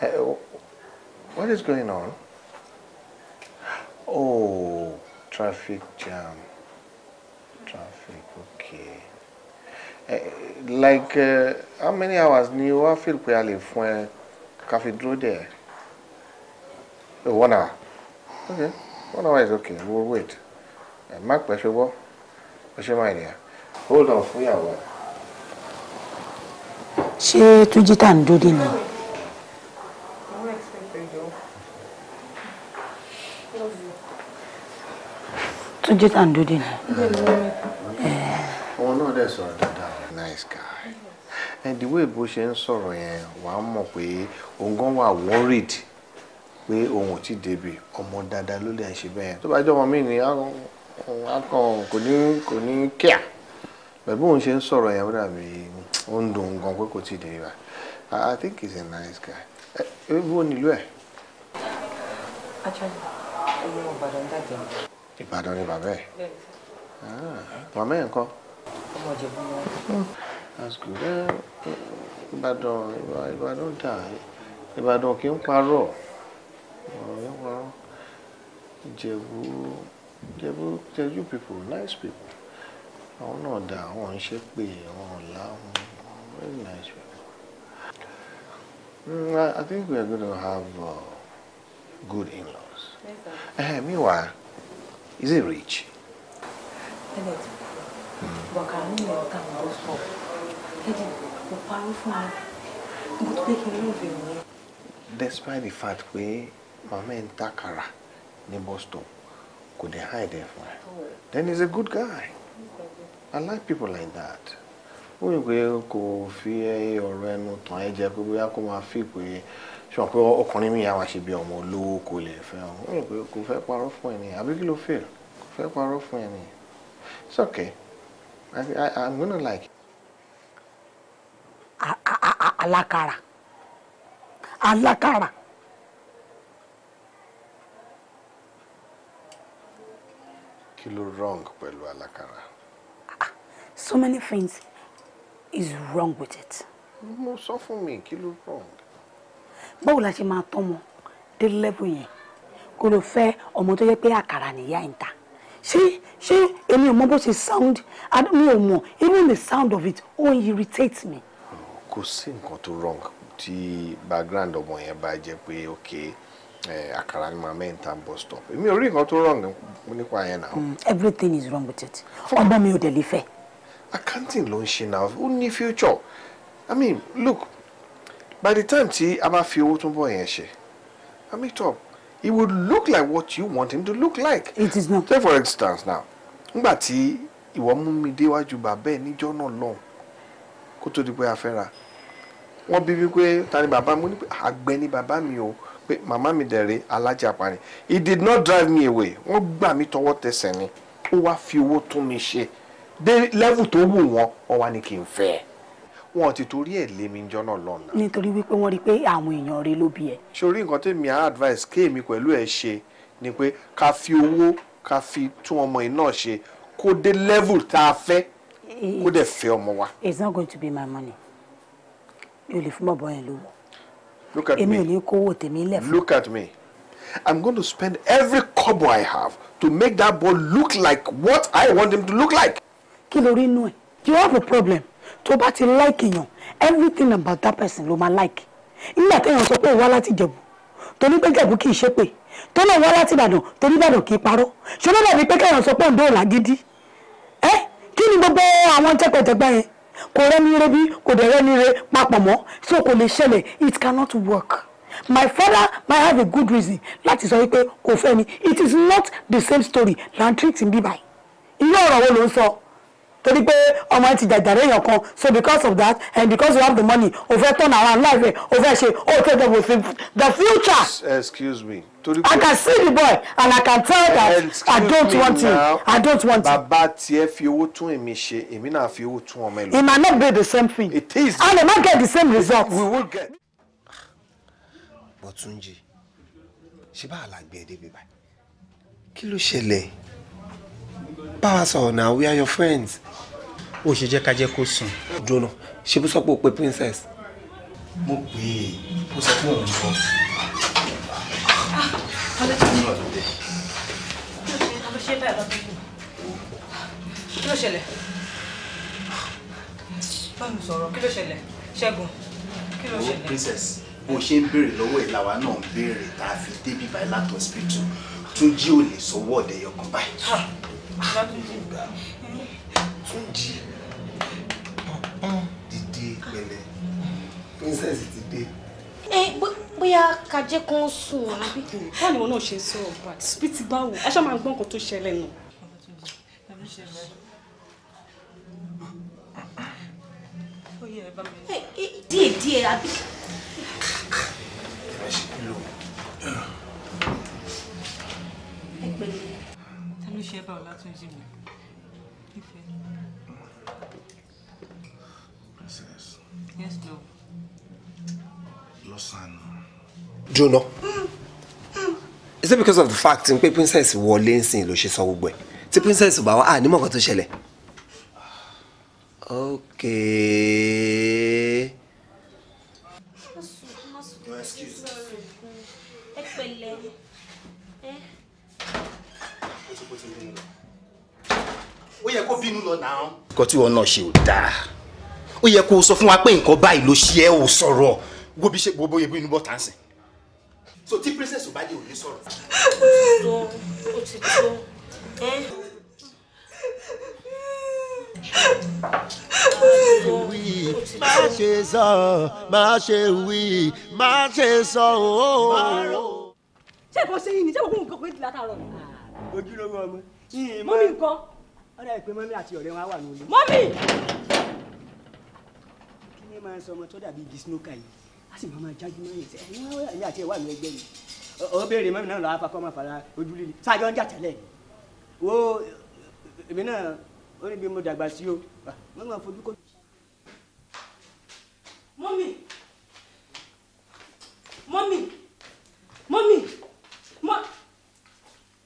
Uh, what is going on? Oh, traffic jam. Traffic, okay. Uh, like, uh, how many hours ni wá feel pé a lè fún ẹ e ká fi one hour. Okay, one hour is okay. We'll wait. Uh, Má pẹ́ ṣe wọ́, ẹ ṣe Hold on fún ìyàwó ẹ ṣé túnjí tà ń dúdé ni. túnjí tà ń dúdé ni. òun náà dẹ̀ sọ̀rọ̀ dáadáa nice guy and the way bó ṣe ń sọ̀rọ̀ yẹn wà á mọ̀ pé òun gan wà worried pé òun ò tí débi ọmọ dáadáa ló lè ṣe bẹ́ẹ̀ tó bá jẹ́ ọmọ mi ni akọ kò ní kò ní kíá òun ṣe ń sọ̀rọ̀ yẹn ó dàbí ó ń dùn gan pé kò tí ì dé ibà I think he's a nice guy ewu ò nílò ẹ. Ìbàdàn ni bàbá ẹ̀ ah, màmá ẹ̀ ńkọ́. ọmọ ìjẹ̀bú ni wọ́n. Hmm, that's good eh, eh, Ìbàdàn Ìbàdàn dà Ìbàdàn kì í parọ́ kì í parọ́ Ìjẹ̀bú Ìjẹ̀bú Ìjẹ̀bú people nice people àwọn náà dà àwọn ń pé àwọn ọ̀la wọn. Very nice people. Mm, I, I, think we are going to have uh, good in-laws. Yes, uh, meanwhile, is he rich? Despite the fact we, màmá ń ta àkàrà could hide there for him? Then he's a good guy. I like people like that. ó yẹ pé kò fi ọ̀rọ̀ ẹnu tàn ẹ́ jẹ pé bóyá kó máa fi pé ṣọ pé ọkùnrin mi yà wá ọmọ olówó kò lè fẹ́ ọ ó yẹ pé kò fẹ́ parọ́ fún ẹ àbí kí ló fẹ́ kò fẹ́ parọ́ fún ẹ ní I, I, I'm gonna like it. alákàrà alákàrà. kí ló wrong pẹ̀lú alákàrà. Ah, so many things is wrong with it. mo sọ fún mi kí ló wrong. báwo la ṣe máa tọ́mọ dé level yẹn kó ló fẹ́ ọmọ tó yẹ pé àkàrà nìyá ń ta ṣé ṣé èmi ò mọ bó ṣe sound mi ò mọ even the sound of it ó ń irritate me. kò sí nǹkan tó wrong tí background ọmọ yẹn bá jẹ́ pé okay àkàrà ni màmá ẹ̀ ń ta bus stop èmi ò rí nǹkan tó wrong nípa yẹn náà. Mm, everything is wrong with it ọmọ mi ò dẹ̀ lè fẹ́ accounting ló ń ṣe now. ó ní future i mean look by the time I'm a few fi owó tó ń i mean top he would look like what you want him to look like. it is not. take for instance now But tí ìwọ mú mi déwájú bàbá ẹ níjọ́ náà lọ́hùn kó long. di to the fẹ́ ra What baby? wípé ta ni bàbá mi ó ní pé àgbẹ̀ ni bàbá mi o pé màmá he did not drive me away What gbà To what tẹsẹ̀ ni ó wá fi owó tún mi ṣe dé level tó wù wọ́n wọ́n wá ní kí n fẹ́ ẹ wọn ti torí ẹ lé mi jọ náà lọ́nà. nítorí wípé wọ́n rí i pé àwọn èèyàn rẹ ló ẹ. sori nǹkan tèmi á advice kéèmí pẹ̀lú ẹ ṣe ni pé ká fi owó ká fi tún ọmọ yìí náà ṣe kó dé level tá a fẹ́ kó dẹ̀ fẹ́ ọmọ wa. it's not going to be my money yóò lè fún bọ̀bọ̀ yẹn lówó. look at me èmi ò ní kówó tèmi lẹ̀ fún. look at me i'm going to spend every kobo i have to make that boy look like what i want him to look like kí ló inú ẹ̀ you have a problem tó bá ti like èèyàn everything about that person ló máa like nígbà téèyàn sọ pé ó wá láti jẹ̀bù torí pé jẹ̀bù kì í ṣe pé tó náà wá láti ìbàdàn torí ìbàdàn kì í parọ́ ṣé ló dàbí pé kéèyàn sọ pé òǹdó ò lágídí ẹ kí ni gbogbo àwọn jẹgbẹjẹgbẹ yẹn kò rẹ́ni rẹ́bí kò dẹ̀ rẹ́ni rẹ́ papọ̀ mọ́ so kò lè ṣẹlẹ̀ it cannot work my father might have a good reason láti sọ wípé kò fẹ́ mi it is not the same story lantric ń by. irú ọ̀rọ̀ wo ló ń sọ. So torí pé ọmọ ti jàjàre èèyàn kan so because of that and because you have the money o fẹ́ turn around life ẹ̀ o fẹ́ ṣe o fẹ́ dẹ̀bò sí the future. excuse me. I can see the boy and I can tell that I don't want him I don't want him. bàbá tiẹ̀ fi owó tún èmi ṣe èmi náà fi owó tún ọmọ ẹ lọ. it might not be the same thing. it is. and it might get the same result. we will get. Bọ́túnjí ṣé bá àlàgbé ẹ̀ e débi báyìí kí ló ṣẹlẹ̀ bá sọ̀rọ̀ náà we are your friends ó ṣe jẹ́ ká jẹ́ kó sùn. jona ṣe bó sọ pé o pe princess. mo pè é e, ó sọ fún òun kan. Ah, kí ló ṣẹlẹ̀ báwo sọ̀rọ̀ kí ló ṣẹlẹ̀ ṣẹ́gun kí ló ṣẹlẹ̀. princess bó ṣe ń béèrè lọ́wọ́ ìlàwà náà ń béèrè tá a fi débi báyìí láti hospital Túnjí ò lè sọ wọ́ọ̀dẹ̀ yọkàn báyìí. Túnjí dìde pẹ̀lẹ́ princess ti dé. ẹ bóyá kajẹ́ kan sùn ọ́ àbí. Ah, báwo ni wọn náà ṣe ń sọ̀rọ̀ bá bí ti báwo ẹ ṣáà máa ń gbọ́ nǹkan tó ṣẹlẹ̀ nù. díẹ̀ díẹ̀ àbí. ẹgbẹ́ mi. ta ló ṣe é báwo látúnjì mi. Yes, love. Lọ́sàn-án. Jóná. Is it because of the fact pé princess wọlé ń sin ló ṣe sọ gbogbo ẹ̀? Tí princess bá wá, à ní mọ̀kàn tó ṣẹlẹ̀. Okay. Ó yẹ kó bínú lọ náà. Kọ́ tí wọn náà ṣe ò dáa ó yẹ kó o sọ fún wa pé nǹkan báyìí ló ṣe ẹ́ ò sọ̀rọ̀ wo bí ṣe gbogbo ebi inú bọ́ta ń sìn. so tí princess ò bá dé òní sọ̀rọ̀. má ṣe sọ má ṣe wí má ṣe sọ ooo. ṣé ìbọn ṣe yín ni ṣé kò kún nǹkan pé látàárọ̀ ni. ojúlówó ọmọ. mọ́mí nǹkan. ọ̀rẹ́ ìpè mọ́mí àti ọ̀rẹ́ wọn á wà ní olú. mọ́mí fẹ́ máa sọ ọmọ tó dàbí igi snooker yìí a sì máa máa jájú mọ́ ẹ̀yìn sẹ́yìn wọ́n ẹ̀mí àti ẹ̀wà mi ẹgbẹ́ mi ó béèrè mọ́mí náà lọ́wọ́ afakọ́ máa fara ojú líle sáájọ́ ń jà tẹ́lẹ̀ wo èmi náà ó ní bí mo dàgbà sí o wọ́n ah, máa fojú kó. mọ́mì mọ́mì mọ́mì mọ́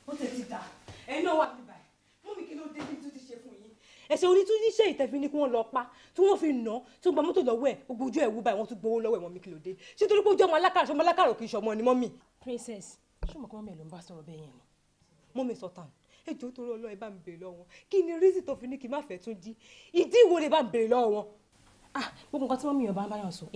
ó tẹ̀ ti dà náà wà níbàyìí mọ́mì kí ló dé bí ẹsẹ̀ onítúndíṣẹ́ ìtẹ̀fín ni kí wọ́n lọ pa tí wọ́n fi nà tí wọ́n gba mọ́tò lọ́wọ́ ẹ̀ gbogbo ojú ẹ̀ wú báyìí wọ́n tún gbowó lọ́wọ́ ẹ̀ wọ́n mi kí dé ṣé torí pé ojú ọmọ alákàrà ṣọmọ alákàrà kì í ṣọmọ ni mọ́mì. princess ṣé mo kọ́ mọ́mì ló ń bá sọ̀rọ̀ bẹ́ẹ̀ yẹn ni. mọ́mì sọ̀tàn ẹjọ́ torí ọlọ́run ẹ bá mi bèrè lọ́wọ́ kí ni rísì tó fi ní kí má fẹ́ tún jí ìdí ìwo lè bá mi bèrè lọ́wọ́ ah, gbogbo nǹkan tí mọ́mì yóò bá ń báyọ̀ sọ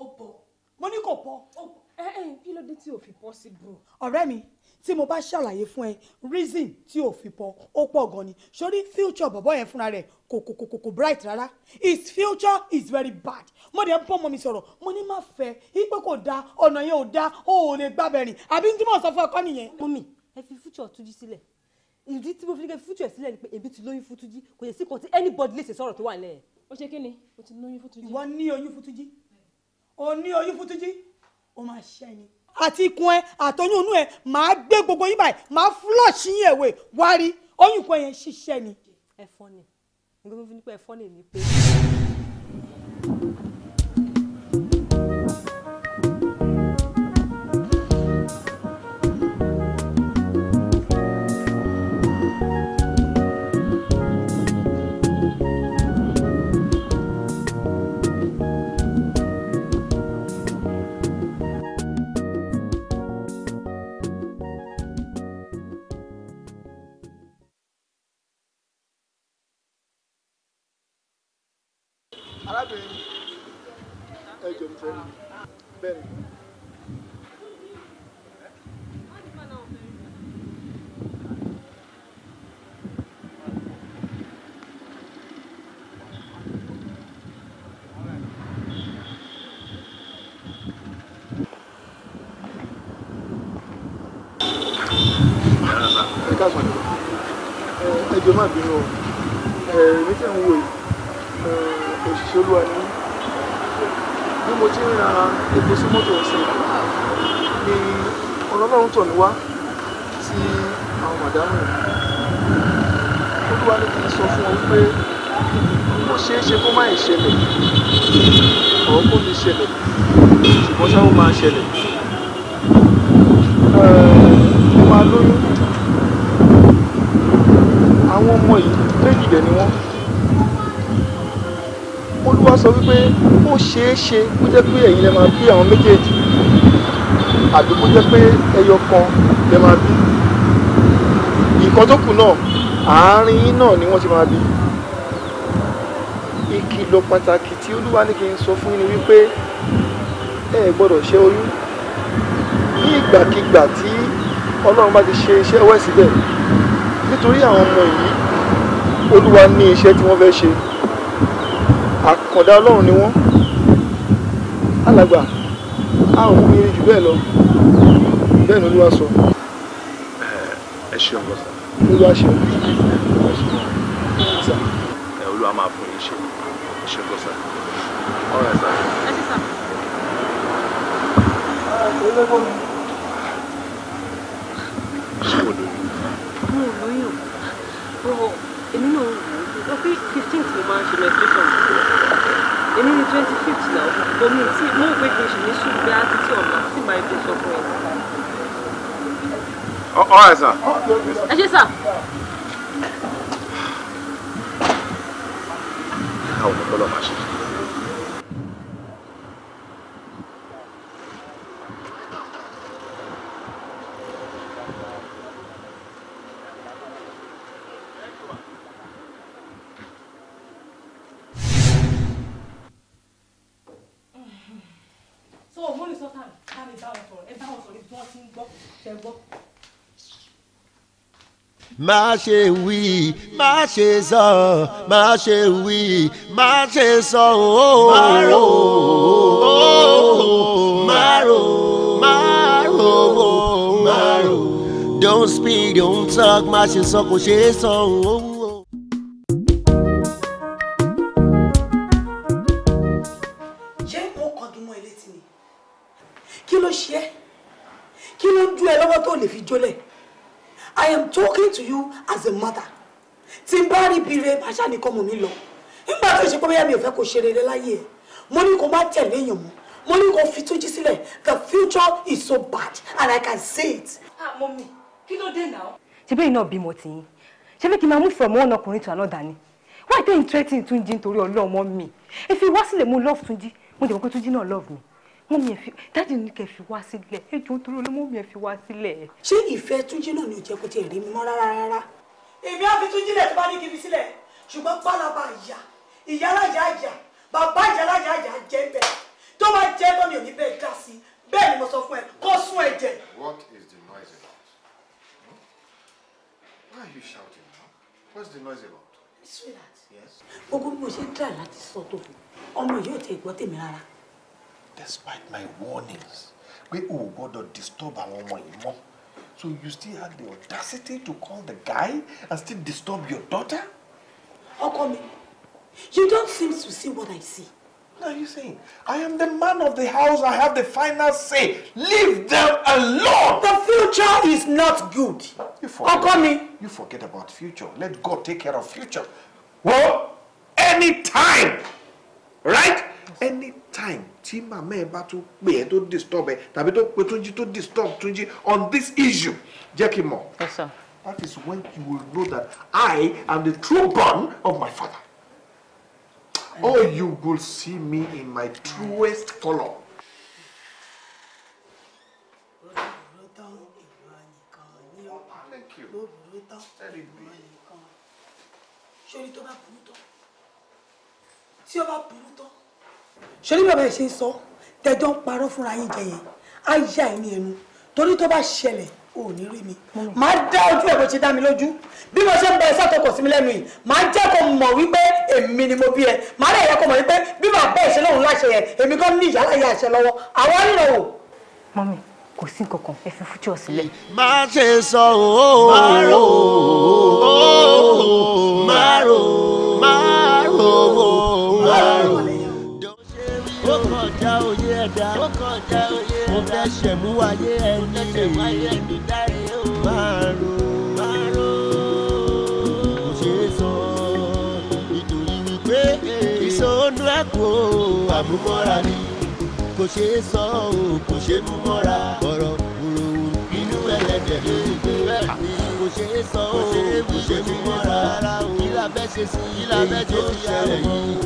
ó bọ̀. mo ní kò bọ̀. ẹ ẹ kí ló dé tí o fi pọ̀ sí bro. ọ̀rẹ́ mi tí mo bá ṣàlàyé fún ẹ reason tí o fi pọ̀ ó pọ̀ gan ni sórí future bọ̀bọ̀ yẹn fúnra rẹ̀ kò kò kò kò bright rárá his future is very bad mo dẹ̀ ń bọ́ ọmọ mi sọ̀rọ̀ mo ní má fẹ́ ipe kò da ọ̀nà yẹn ò dáa o ò lè gbábẹ́ rìn àbí ń túmọ̀ sọ fún ọkọ nìyẹn. mọ́mì ẹ fi future tujú sílẹ̀ ìdí tí mo fi ní kẹ́ future sílẹ̀ ni pé èmi ti lóyún fún tují kò yẹ sí kan tí anybody lè ṣe sọ̀rọ̀ tó wà lẹ́yìn. ó ṣe kí ni o ti lóyún fún tují. ìwọ ní oyún fún tují òní oyún fún títí ó máa ṣe ẹni àti ikùn ẹ àtọyún inú ẹ máa gbé gbogbo yín báyìí máa flush yín ẹwẹ wárí oyún kan yẹn ṣiṣẹ́ ni. ẹ̀fọn ni nígbà tó fi ní pé ẹ̀fọn lè ní pé. ká sàn ní ẹjọ́ má bínú o èmi tẹ̀ ń wò yìí òṣìṣẹ́ olúwa ni bí mo ti ń ra epo sí mọ́tò ọ̀sẹ̀ ni ọlọ́run tọ̀ mí wá sí àwọn màdámù olúwa ni kì í sọ fún ọ pé ó ṣeé ṣe kó má ìṣẹ̀lẹ̀ ọ̀rọ̀ kó lè ṣẹlẹ̀ ṣùgbọ́n ṣáà ó máa ṣẹlẹ̀ mo máa lóyún. sọ wípé ó ṣeé ṣe kó jẹ́ pé ẹ̀yin lè máa bí àwọn méjèèjì àbí kó jẹ́ pé ẹyọ kan lè máa bí nǹkan tó kù náà àárín yín náà ni wọ́n ti máa bí ìkìlọ̀ pàtàkì tí olúwa ní kí n sọ fún yín ni wípé ẹ gbọ́dọ̀ ṣe oyún ní ìgbàkigbà tí ọlọ́run bá ti ṣe iṣẹ́ wẹ̀ síbẹ̀ nítorí àwọn ọmọ yìí olúwa ní iṣẹ́ tí wọ́n fẹ́ ṣe àkàndá ọlọ́run ni wọ́n alàgbà a ò mú irin jù bẹ́ẹ̀ lọ bẹ́ẹ̀ ni olúwa sọ. ẹ ṣe ọgbọ́n sá. olúwa ṣe ọgbọ́n sá. ẹ olúwa máa fún yín ṣe ẹ ṣe ọgbọ́n sá. ọ̀rẹ́ sá. ẹ ti sá. ṣé wò lóyún. mo ò lóyún o èmi náà rò ó pé fifteenth ni màá ṣe menstruation èmi ni twenty fifth náà kò mí tí mo ń pè kí n ṣì ní sùn bí àti tí ọ̀nà tí màá fi all right sir. ẹ ṣe sà. káwọn ọpọlọ máa má ṣe wí má ṣe sọ má ṣe wí má ṣe sọ ooo. má rò ooo má rò má rò ooo má rò. don't speak don't talk má ṣe sọ kò ṣe é sọ ooo. kí ló ṣe é kí ló ń dún ẹ lọ́wọ́ tó lè fi jólẹ̀ I am talking to you as a mother. Tí n bá rí ibi rẹ, màá ṣàníkọ́ mọ̀ mí lọ. Nígbà tó ṣe pé bóyá mi ò fẹ́ kó ṣe rere láyé ẹ̀, mo ní kó má tẹ̀lé èèyàn mọ́. Mo ní kó fi Túnjí sílẹ̀. The future is so bad and I can see it. Ah, mọ́mí, kí ló dé náà? Ṣé bẹ́ẹ̀ náà bímọ tìyín? Ṣé bẹ́ẹ̀ kí n máa move from one ọkùnrin to another ni? Why ten threatening Túnjí nítorí ọlọ́mọ mi? Ẹ fi wá sílẹ̀ mo love Túnjí, mo dẹ̀ mọ̀ pé Túnjí náà love mi mọ́mí ẹ̀ fi dáàdì ní kẹ́ fi wá sílẹ̀ ẹjọ́ torí olú mọ́mí ẹ̀ fi wá sílẹ̀. ṣé ìfẹ́ túnjí náà ni ò jẹ́ kó tiẹ̀ rí mi mọ́ rárá rárá. èmi á fi túnjí lẹ̀ tó bá ní kí n fi sílẹ̀ ṣùgbọ́n pálapà ìyá ìyá alájà àjà bàbá ìyá alájà àjà jẹ́ bẹ́ẹ̀ tó bá jẹ́ mọ́mí ò ní bẹ́ẹ̀ dá sí bẹ́ẹ̀ ni mo sọ fún ẹ kó sún ẹ jẹ. What is the noise about? Hmm? Why are you shouting now? What's the noise about? sweetheart. Yes. gbogbo bí mo ṣe ń dà láti sọ tó ọmọ yóò tẹ ìgbọ́ tèmi rárá despite my warnings pé o ò gbọ́dọ̀ disturb our ọmọ yìí so you still had the audacity to call the guy and still disturb your daughter. Okomi? you don't seem to see what I see. What are you saying? I am the man of the house. I have the final say. Leave them alone. The future is not good. You forget, Okomi. You forget about future. Let God take care of future. Well, anytime. Right? anytime tí màmá ẹ bá tún pè ẹ tó disturb ẹ tàbí tó pe túnjí tó disturb túnjí on this issue jẹ́ kí n mọ̀. That is when you will know that I am the true born of my father. Or you will see me in my truest color. Thank you. Very big. ṣé orí tó bá burú tán tí ó bá burú tán ṣorí bàbá ẹ ṣe ń sọ tẹjọ ń parọ́ fúnra yín jẹ yẹn á yà ẹ ní ẹnu torí tó bá ṣẹlẹ̀ ò ní rí mi máa hmm. dá ojú ẹ bó ṣe dá mi lójú bí mo ṣe ń bẹ ẹ sọtọkọ sí mi lẹ́nu yìí máa jẹ́ kó mọ̀ wípé èmi ni mo bí ẹ máa lè yẹ kó mọ̀ wípé bí bàbá ẹ ṣe lóhùn láṣẹ yẹn èmi gan ní ìyá láyé àṣẹ lọ́wọ́ àwọn ríran o. mọ́mí kò sí nǹkan ẹ fi fújọ sílẹ̀. má ṣe sọ òó má rò ó má rò ó. ẹ̀dá mo fẹ́ ṣẹ̀mú ẹni máa ro kò ṣeé sọ nítorí wípé ìsọnù ẹ̀kọ́ àmúmọ́ra ni kò ṣeé sọ o kò ṣeé mú mọ́ra ọ̀rọ̀ òrò inú ẹlẹ́dẹ̀ ló ń gbé ah. kò ṣeé sọ o kò ṣeé mú mọ́ra kí la ṣe sí èyí tó ṣẹlẹ̀ yìí.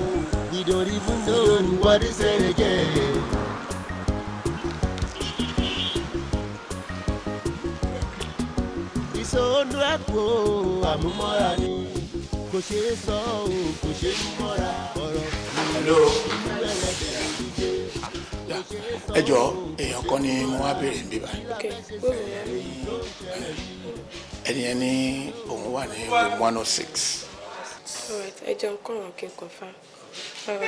We don't even know what is it again. so olú ẹ̀kú àmúmọ́ra ni kò ṣe é sọ o kò ṣe é mọ́ra ọ̀rọ̀ ló bẹ̀rẹ̀ ẹ jọ èèyàn kan ni mo wá béèrè ń bí báyìí ẹni yẹn ní òun wà ní room one oh six. ẹ jẹun kọ́ ọ̀rọ̀ kí n kọ̀ fún un.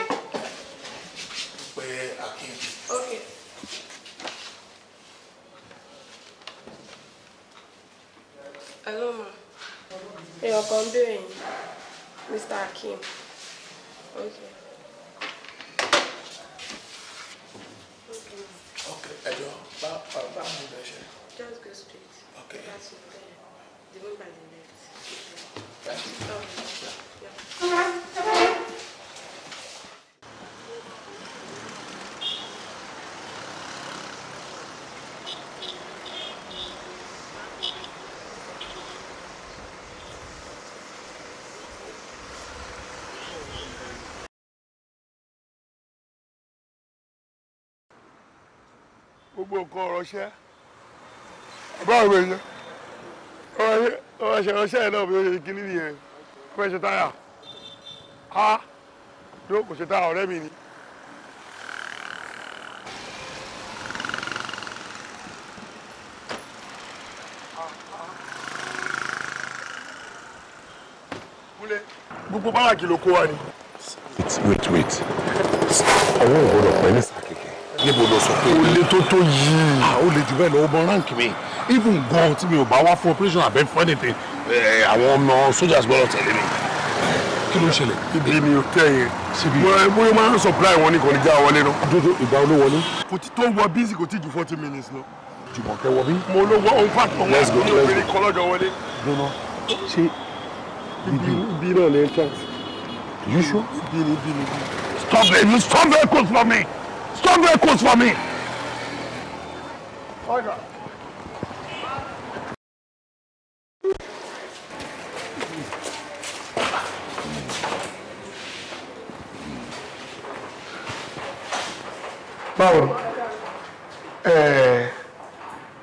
pé akéwì. Hello, ma. Èèyàn kan ń béèrè Mr. Akim. Okay. Okay, ẹjọ́ bá Just go straight. Okay. That's it The one by the left. Thank you. Oh, yeah. Yeah. gbogbo nǹkan ọ̀rọ̀ ṣẹ́ báwo ló ṣe ọmọ náà bí ó ṣe kíní nìyẹn ọmọ ẹ̀ṣẹ̀ táyà á yóò kò ṣe táyà ọ̀rẹ́ mi ni. gbogbo báràkì ló kó wa ni. wait wait ọwọ́ ìgbọ́dọ̀ pẹ̀lú níbo lọ sọ pé. olè tó tó yìí. Ah, ó lè jù bẹ́ẹ̀ lọ ọmọ ránkì mi even gan tí mi ò bá wá fún operation abẹ́ fún anything eh, àwọn ọmọ soldiers gbọ́dọ̀ tẹ̀lé mi kí ló ń ṣẹlẹ̀. ibi ni o tẹ yẹn bóyá máa ń supply wọn ní kò ní já wọlé náà. dodo ìgbà ló wọlé. kò tí tó wọ bíìsì kò tí ju forty minutes lọ. jùmọ̀kẹ́ wọ bí. mo ló wọ ohun pàtó wọn ní obìnrin kan lọ́jọ́ wọlé. dunu ṣe ibi ibi náà lè ń tẹ̀. you sure. ibi ni ibi ni. stop it stop it close for me. Stop records for me. Order. báwo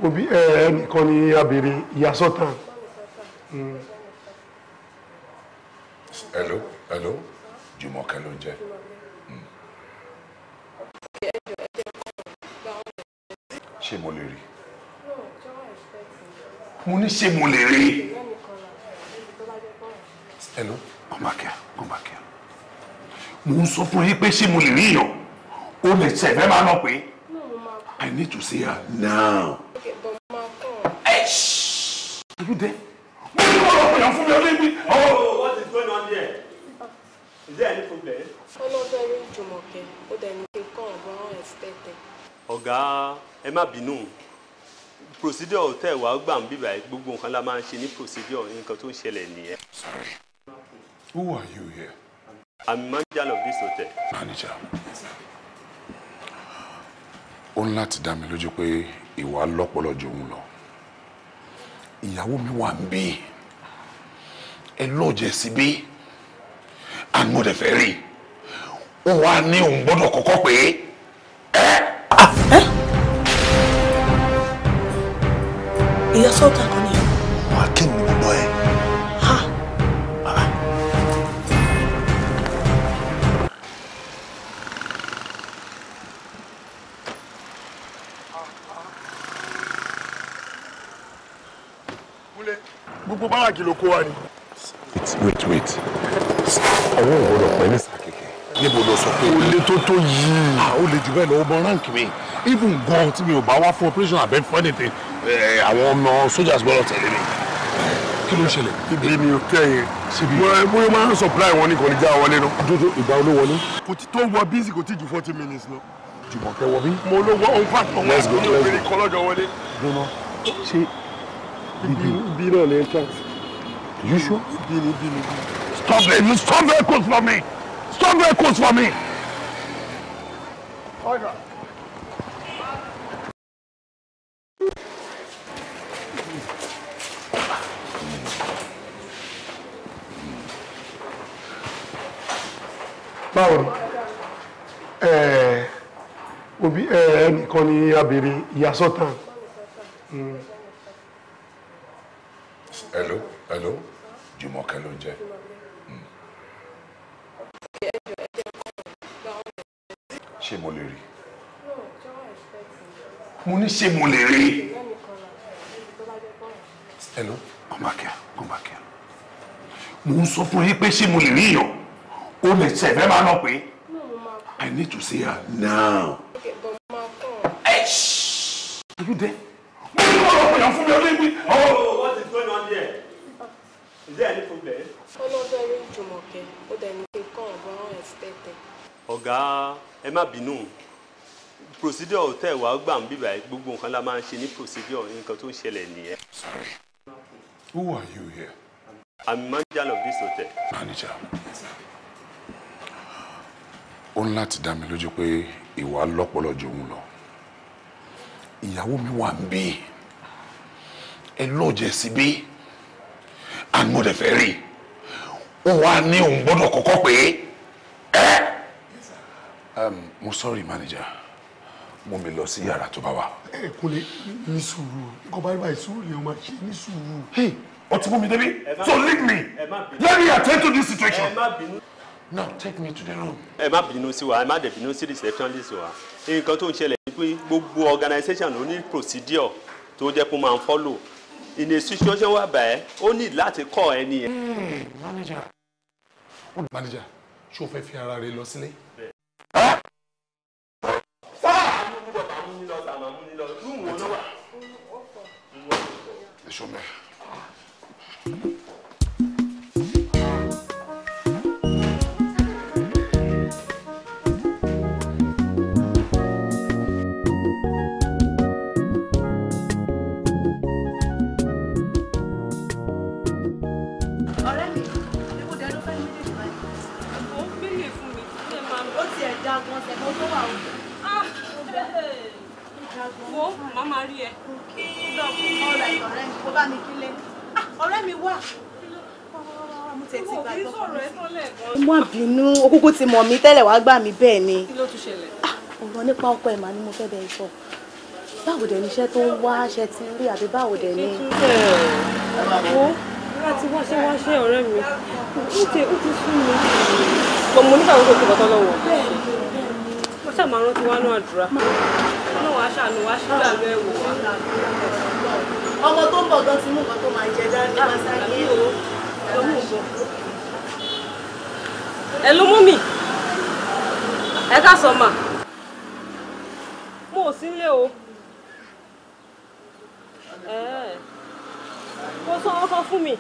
obi ẹnìkan ni a béèrè ìyàsọ́tà. hello hello Jùmọ̀kẹ́ ló ń jẹ́. ṣé mo lè rí mo ní ṣé mo lè rí hello come back here come back here mo ń sọ fún yín pé ṣé mo lè rí yàn ó lè tẹ̀ fẹ́ máa lọ pé I need to see her now. Hey, shh. Are you there? Mo ní wọ́n lọ pè yàn fún mi ọdún ibi. Oh, what is going on here? Is there any problem? Ọlọ́dọ̀ ẹ̀rí Jùmọ̀kẹ́, ó dẹ̀ ní kí n kọ́ ọ̀gbọ́n expected ọ̀gá ẹ má bínú procedure tẹ̀ wá gbà ń bíbà gbogbo nǹkan la máa ń ṣe ní procedure nǹkan tó ń ṣẹlẹ̀ nìyẹn. sorry who are you here. I'm manager of this hotel. manager ó ń láti dá mi lójú pé ìwà lọ́pọlọ ju òun lọ ìyàwó mi wà ń bí ẹ lóòjẹ síbí àmọ́ dẹ̀ rí i ó ní òun gbọ́dọ̀ kọ́kọ́ pé ẹ́. ìyá sọ́ọ̀tà kan nìyẹn. wàá kí ni mo gbọ́ ẹ. gbogbo báràkì ló kó wa ni. wait wait ọwọ́ òwò lọ pẹ̀lú ìsàkèké níbo ló sọ pé. olè tó tó yìí. Ah, ó lè jù bẹ́ẹ̀ lọ ọmọ ránkì mi even gan tí mi ò bá wá fún operation abẹ́ fún anything Eh, àwọn ọmọ soldiers gbọ́dọ̀ tẹ̀lé mi. kí ló ń ṣẹlẹ̀. ibi ni o kẹ́ yẹn síbi. bóyá máa ń supply wọn ní kò ní já wọlé lọ. dúdú ìgbà wo ló wọlé. kò tí tó wọ bíìsì kò tí ju forty minutes lọ. jùmọ̀kẹ́ wọ bí. mo ló wọ òun fàtọ̀ wọn àti obìnrin kọlọ́jọ wọlé. gbọ́nà ṣé ibi ibi náà ní entrance. you sure. ibi ni ibi ni. stop it Stop stop close for me stop close for me. Order. báwo ẹnìkan ni abèrè ìyàsọ́tà. Hmm. hello hello Jùmọ̀kẹ́ ló ń jẹ́. Hmm. ṣé mo lè rí mo ní ṣé mo lè rí hello come back here come back here mo ń sọ fún yín pé ṣé mo lè rí yàn o lè ṣe ìfẹ́ máa nà pé I need to see her now. Are you there? Mo ní ọ̀rọ̀ pèyàn fún mi ọdún ibi. Oh. Oh, what is going on there? Is there any problem? Ọlọ́dọ̀ rí Jùmọ̀kẹ́, ó dẹ̀ ní kọ́ ọ̀gbọ́n ẹ̀sítẹ́tẹ̀. Ọ̀gá ẹ má bínú procedure hotel wa gbà ń bíbà gbogbo nǹkan la máa ń ṣe ní procedure nǹkan tó ń ṣẹlẹ̀ nìyẹn. Sorry, who are you here? I'm manager of this hotel. Manager ó ń láti dá mi lójú pé ìwà lọ́pọlọ jù òun lọ ìyàwó mi wà ń bí ẹ lóòjẹ síbí and mo ó wà ní òun gbọ́dọ̀ kọ́kọ́ pé ẹ́ mo sorry manager mú mi lọ sí yàrá tó bá wà. ẹ kúnlẹ̀ ní sùúrù nǹkan bá bá ìsúrù ni ọmọ ṣe ní sùúrù. ọtí mú mi débi so leave me let me attend to this situation now take me to the room. ẹ má bínú sí wa ẹ má dẹ̀ bínú sí receptionist wa nǹkan tó ń ṣẹlẹ̀ ni pé gbogbo organisation ló ní procedure tó jẹ́ kó máa ń follow in a situation wà bẹ́ẹ̀ ó ní láti kọ́ ẹ nìyẹn. manager manager ṣé o fẹ́ fi ara rẹ lọ sílé. Show me. wo màá máa rí ẹ. ọ̀rẹ́ mi wà má bínú okúkú ti mọ̀ mí tẹ́lẹ̀ wá gbà mí bẹ́ẹ̀ ni ah, ọ̀rọ̀ nípa ọkọ ẹ̀ mà ni mo fẹ́ bẹ́ẹ̀ sọ báwo dẹ̀ ni iṣẹ́ tó ń wá ṣe ti rí àbí báwo dẹ̀ ni. ó láti wáṣẹ́ wáṣẹ́ ọ̀rẹ́ mi ó ó ti sún mi. mo nígbà wo kò tó bàtọ́ lọ́wọ́. mo ṣáà máa rántí wá náà àdúrà wá ṣàánú wá ṣígbà lọ ẹ̀wò wa. ọmọ tó ń bọ̀ gan ti mú nǹkan tó máa jẹ dání máa ah, sáyé o. ẹ ló mú mi ẹ ká sọ mà mo ò sílé o kó sanwó kan fún mi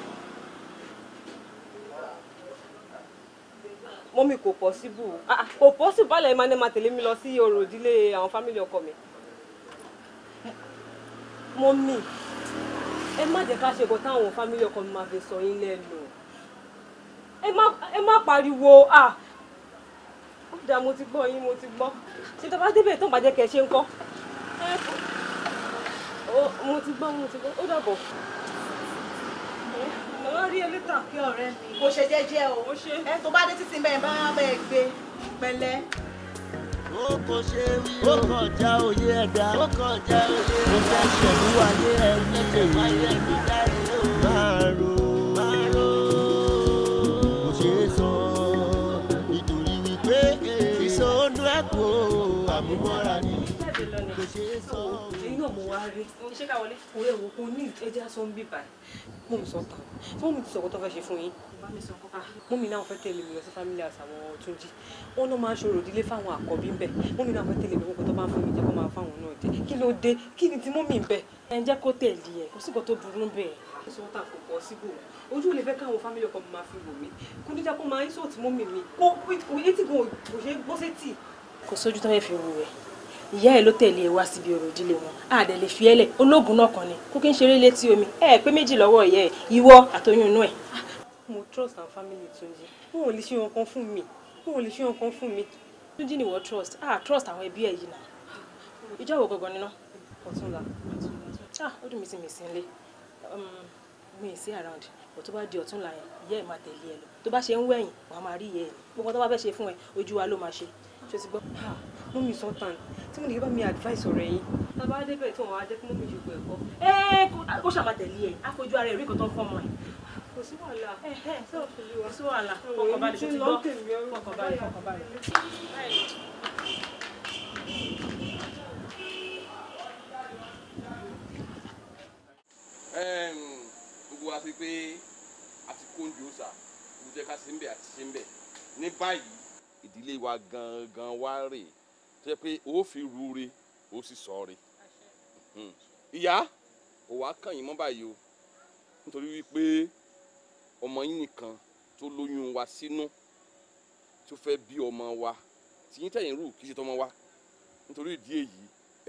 mọ́mí kò pọ̀ síbù ah, kò pọ̀ síbù balẹ̀ máa ní máa tẹ̀lé mi lọ sí orò ìdílé àwọn fámìlì ọkọ mi mọ́mì ẹ má jẹ́ ká ṣe nǹkan táwọn fámílì ọkọ mi máa fi sọ yín lẹ́nu ẹ má pariwo à ó dáa mo ti gbọ́ yín mo ti gbọ́ ṣe tó bá débẹ̀ tó ń bàjẹ́ kẹ̀ ṣe ń kọ́ mo ti gbọ́ mo ti gbọ́ ó dàbọ̀ lọ́wọ́ rí elétà kí ọ̀rẹ́ mi kò ṣe jẹ́jẹ́ o ẹ tó bá dé títí bẹ́ẹ̀ bá bẹ́ẹ̀ gbé pẹ̀lẹ́ ó kò ṣe wí ó kọjá òye ẹ̀dá ó kọjá òye ẹ̀dá mo fẹ́ ṣẹ̀lú ayé ẹ̀mí tèmi ayé ẹ̀mí dáre ó máa ro máa ro kò ṣe é sọ àmúmọ́ra ni ṣe sọ. ẹyin náà mo wá rí ṣé ká wọlé òwe ẹ̀wọ̀n kò ní ẹja sọ ń bì báyìí mo ń sọ kan fún mi ti sọ̀kọ́ tó fẹ́ ṣe fún yín. mú mi ah, náà fẹ́ tẹ̀lé mi lọ sí family house àwọn túnjí wọn náà máa ń ṣòro ìdílé fáwọn àkọ́bí ń bẹ̀ mú mi náà fẹ́ tẹ̀lé mi kókó tó bá ń fún mi jẹ́ kó máa fáwọn náà jẹ́ kí ló dé kí ni ti mú mi bẹ̀ ẹ̀ ń jẹ́ kó tẹ̀lé ẹ̀ kó sì kó tó burú bẹ́ẹ̀ sọ́tà kò pọ̀ síbò ojú ò lè fẹ́ káwọn fámílì ọkọ mi máa fi wò mí kó níjà kó máa ń sọ̀tì mọ́ mi mi kó etí kò ṣe gbọ́sẹ̀tì. kò sójú tó fẹ́ fi wù ẹ́ ìyá ẹ ló tẹ̀lé e wá síbi ọ̀rọ̀ ìdílé wọn àdẹ lè fi ẹlẹ̀ ológun náà kan ni kó kí n ṣeré létí omi ẹ pé méjì lọ́wọ́ ìyá ẹ ìwọ àtọyún inú ẹ. mo trust and family Túnjí wọn ò lè ṣe nǹkan fún mi wọn ò lè ṣe nǹkan fún mi. Túnjí ni wọ́n trust ah trust àwọn ẹbí ẹ yìí náà ìjọ wo gangan níná. ọ̀túnla ah ó dùn mí sí mi sí ilé um, mi sí around bọ̀ tó bá di ọ̀túnla yẹn ìyá ẹ̀ máa tẹ̀lé ẹ lọ tó bá ṣe ń wẹ̀yìn wàá máa rí ìyá ẹ̀ gbogbo tó bá fẹ́ ṣe fún ẹ ojú wa ló máa ṣe ṣe ti gbọ́ mú mi sọ́tàn tí mo lè bá mi advice ọ̀rẹ́ yín bàbá adébẹ̀ tí wọ́n wá jẹ́ kí mú mi ṣe pẹ̀ kọ́ ẹ́ẹ́ kó ṣàmà tẹ̀lé ẹ̀ á fojú ara ẹ̀rí kan tó ń fọ́mọ ẹ̀. kò sí wàhálà kò sí wàhálà fọkànbalẹ̀ ṣe ti gbọ́ fọkànbalẹ̀ fọkànbalẹ̀. gbogbo wa fi pé àti kóńjó sà gbogbo jẹ́ ká sí ń bẹ̀ àti sí ń bẹ̀ ní báyìí ìdílé wa gangan wá rèé tó yẹ pé ó fi rúure ó sì sọ rè hmm. ìyá ò wá kàn yín mọ́ báyìí o nítorí wípé ọmọ yín nìkan tó lóyún wa sínú tó fẹ́ bí ọmọ wa tí yín tẹ̀yìn rú kì í ṣe tọmọ wa nítorí ìdí èyí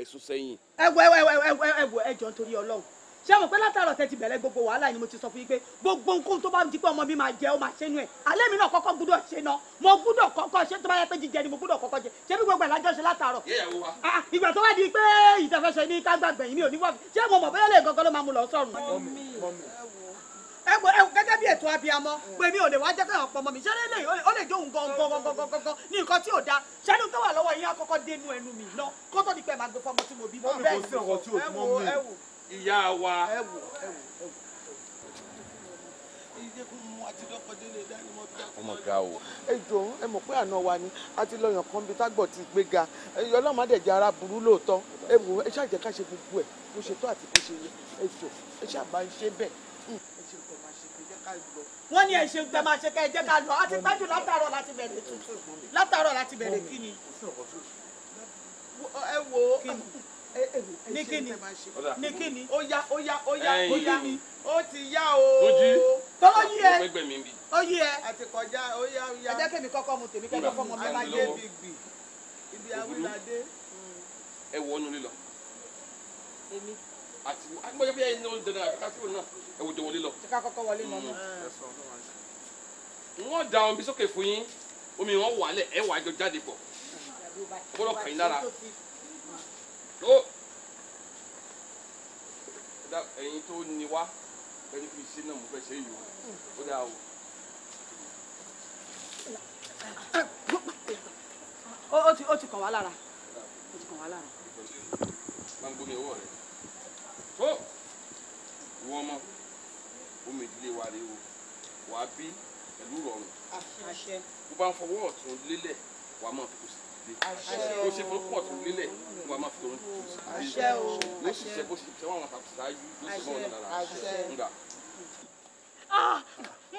ẹ̀sùn sẹ́yìn. ẹ wọ ẹ wọ ẹ wọ ẹ wọ ẹ jọ nítorí Ọlọ́run ṣé mo pé látàrọ ṣe ti bẹ̀rẹ̀ gbogbo wàhálà ni mo ti sọ fún yín pé gbogbo nǹkan tó bá di pé ọmọ mi máa jẹ ó máa ṣe nú ẹ alẹ́ mi náà kọ́kọ́ gbúdọ̀ ṣe ná mo gbúdọ̀ kọ́kọ́ ṣe tó bá yẹ pé jíjẹ ni mo gbúdọ̀ kọ́kọ́ jẹ ṣé bí gbogbo ẹ̀ lájọ́ ṣe látàrọ. Ah, ìgbà tó wá di pé ìtẹ̀fẹsẹ̀ ní kágbàgbẹ̀yìn mi ò ní wọ́ọ̀fì ṣé mo mọ̀ bẹ́ẹ̀ lè gọ́gọ́ ló máa mú lọ sọ́run gẹ́gẹ́ bí ètò abiyamọ pé mi ò lè wá jẹ kẹyàn pọmọ mi ṣẹlẹ̀ ó lè jó òun gangan ní nǹkan tí ò da ṣẹlẹ̀ tó wà lọ́wọ́ yín àkọ́kọ́ dénú ẹnu mi lọ kó tó di pé màá gbé fọmọ tí mo bí. ẹ wo ẹ wo ìyá wa. ẹ wò ẹ wò ẹ wò ọmọ ga o. ẹ jọ̀ọ́ ẹ mọ̀ pé àná wa ni a ti lọ yàn kan bíi tágbọ̀ ti gbé ga ọlọ́run jẹ́ ara burú lóòótọ́ ẹ wò ẹ ṣáà jẹ́ ká ṣe gbogbo ẹ̀ bó ṣe tó àti bó ṣe yẹ ẹ jọ̀ọ́ ẹ ṣáà bá ń ṣe bẹ́ẹ̀ ẹ ṣe nǹkan máa ṣe kẹ́ ká lọ. wọ́n ní ẹ̀ṣẹ̀ gbẹ máa ṣe kẹ́ ká lọ a pẹ́jù látàárọ̀ láti bẹ̀rẹ̀ tuntun látàárọ̀ láti bẹ̀rẹ̀ kí ni. ẹ wò ó ní kíni ní kíni ó yá ó yá ó yá ó yá mi ó ti yá o tọ́lọ́ yí ẹ ó yí ẹ àti kọjá ó yá ó yá ẹ jẹ́ kémi kọ́kọ́ mu tèmi kẹ́kọ́ fọmọ mi láyé bí gbì ibi awíládé. ẹ wọ ọnu lílọ àti agbọ́dọ̀ bí ẹyin ló ń dandan àti kásìkò náà ẹ wò jọ wọlé lọ. ti ká kọ́kọ́ wọlé lọ náà. wọ́n da omi sókè fún yín omi wọn wà lẹ̀ ẹ wà jọ jáde pọ̀ kọ́lọ́ kàn yín lára lọ ẹyin tó ní wá ẹni fi ṣe náà mo fẹ́ ṣe yìí o dáa o. o ti o ti kàn wá lára o ti kàn wá lára. máa ń gbómi ọwọ́ rẹ̀ tó ìwọ o omi ìdílé wa rèé o wàá bí pẹ̀lú rọrùn bó o ń fọwọ́ ọ̀tún lélẹ̀ wàá máa fi kò sí dé bó ṣe fọ́ pọ̀ tó lélẹ̀ ni wàá máa fi tòun tù sí dé ló sì ṣe bó ṣe ṣe wọn àpapọ̀ ṣáájú ló sì mọ̀ ọ̀nà lára ńgbà.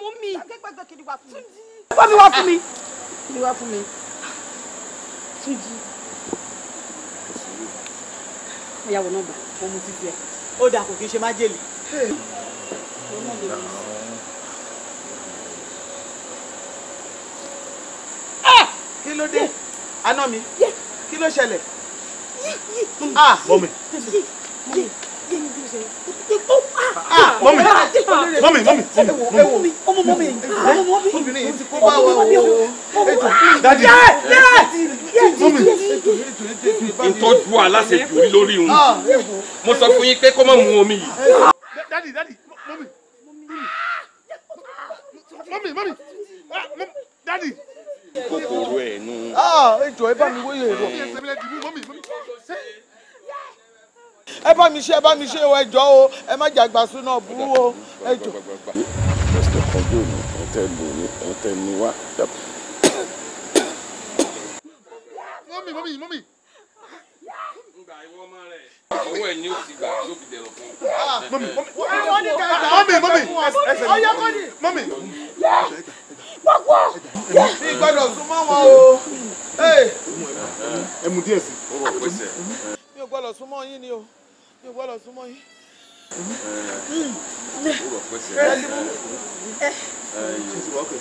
mo mi akẹ́gbẹ́gbẹ́ kiri wá fún mi. wọ́n mi wá fún mi. kiri wá fún mi. Túnjí. ìyàwó náà gbà mo mu títí ẹ ah! kí ló dé aná mi kí ló ṣẹlẹ̀ mọ́mi mọ́mí mọ́mí mọ́mí ọmọ mọ́mí ọmọ mọ́mí obìnrin yìí ti kó bá wa o dadi mọ́mí ìtọ́jú aláṣejù lórí òun mo sọ fún yín pé kó má mu omi yìí. dadi dadi mọ́mí mọ́mí mọ́mí dadi kòkòrò ẹ̀ nù. ìjọ ẹ bá mi wóye ìwọ. ẹ bá mi ṣe ẹ bá mi ṣe ìwọ ẹjọ o ẹ má jàgbà súná burú o ẹjọ. ẹsẹ̀ kan bí òun ọ̀tẹ̀ lò ní ọ̀tẹ̀ ni wá. mọ́mì mọ́mì mọ́mì. Gba ìwọ ọmọ rẹ̀. Owó ẹ̀ ní òsì gbà tó fi dẹ̀rọ̀ fún un. Mọ́mì mọ́mì mọ́mì ẹsẹ̀ mi. Mọ́mì pọ̀pọ̀. bí gbọ́dọ̀ súnmọ́ wọn o. ẹ mú díẹ̀ sí. ó rọ̀ pẹ́sẹ̀. mi ò gbọ́dọ̀ súnmọ́ yín ni o mi ò gbọ́dọ̀ súnmọ́ yín. ó rọ̀ pẹ́sẹ̀. ṣé ti wọ́pẹ́?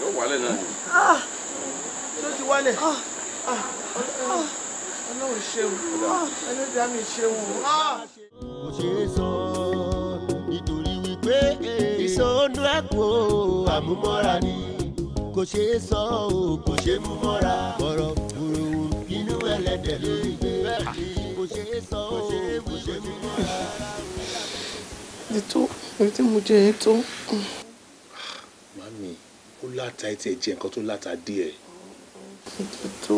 yóò wálẹ̀ náà ni. ṣé ó ti wálẹ̀? ọlọ́run ṣeun ẹlẹ́dàá mi ṣeun. kò ṣeé sọ nítorí wípé sọnù àpò àmúmọ́ra ni kò ṣe é sọ o kò ṣe é mú mọ́ra bọ̀rọ̀ fúru inú ẹlẹ́dẹ̀ ló ń gbé ah. kò ṣe é sọ o kò ṣe é mú mọ́ra. ètò èyí tí mo jẹ ètò. mami ó láta ẹ tiẹ̀ jẹ nǹkan tó láta díẹ̀. ètò.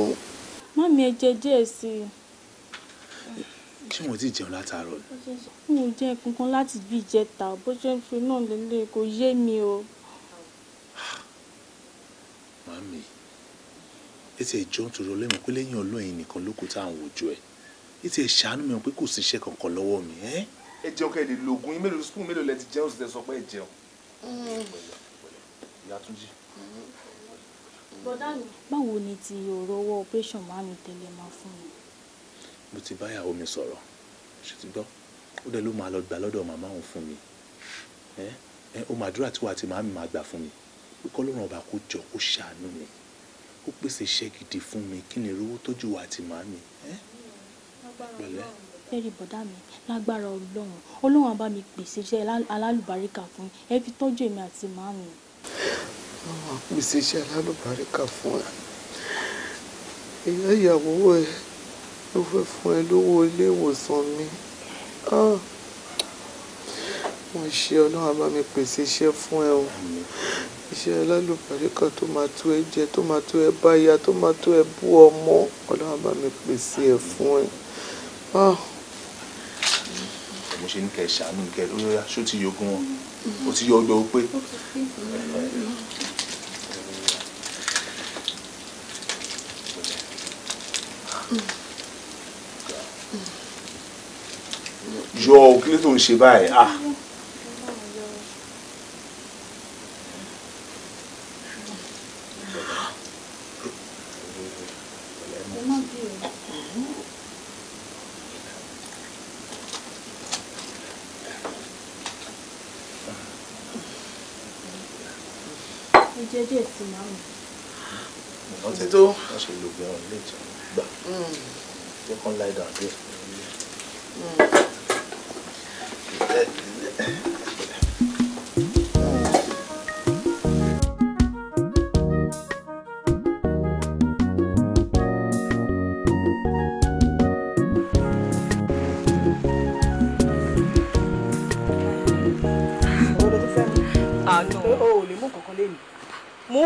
mami ẹ jẹ díẹ̀ sí i. kí wọn ti jẹun látàárọ̀ ni. Mi ò jẹ nǹkan kan láti bí ìjẹta, bó ṣe ń ṣe náà leleyi kò yé mi o. Màámi, ẹ ti ẹ̀ jọ́ n torí Ọlọ́run pé lẹ́yìn Ọlọ́run ẹ̀yin nìkan lókù tá à ń wojú ẹ. Ẹ ti ẹ̀ ṣàánú mi mọ̀ pé kò sí iṣẹ́ kankan lọ́wọ́ mi. Ẹ jẹun kẹ́ ẹ lè lo oògùn yín mélòó spoon mélòó lẹ ti jẹun sì tẹ sọ pé ẹ jẹun. Ìyá Túnjí. Bọ̀dá mi, báwo ni ti ọ̀rọ̀ ọwọ́ operation màámi tẹ́lẹ̀ máa fún mi? Mo ti bá mi sọ̀rọ̀, ṣe ti gbọ́? ó dẹ̀ ló máa lọ gbà lọ́dọ̀ màmá òun fún mi ẹ ẹ ó máa dúrà tí wàá ti máa mi máa gbà fún mi pé kọ́lọ́run ọba kó jọ kó ṣàánú mi ó pèsè iṣẹ́ gidi fún mi kí ni rówó tójú wa ti máa mi ẹ pẹ̀lẹ́. ẹ̀rí bọ̀dá mi lágbára ọlọ́run ọlọ́run bá mi pèsè iṣẹ́ alálùbáríkà fún ẹ fi tọ́jú èmi àti màmí. àwọn àpèsè iṣẹ́ alálùbáríkà fún ẹ ìyá ìyàwó ẹ ló fẹ́ fún ẹ lówó ilé ìwòsàn mi. Ah. mo ṣe ọlọ́run bá mi pèsè iṣẹ́ fún ẹ o iṣẹ́ alálùbárí kan tó máa tó ẹ jẹ tó máa tó ẹ báyà tó máa tó ẹ bú ọmọ ọlọ́run bá mi pèsè ẹ fún ẹ. Ah. mo ṣe ní kẹ ṣàánú kẹ ṣó ti yogun wọn o ti yọ ọgbẹ pé. Mm. yọ òkìlẹ tó ń ṣe báyìí ah. ọtí tó. wọ́n ṣe lo obìnrin ilé ìtura gbà. you can lie down there mo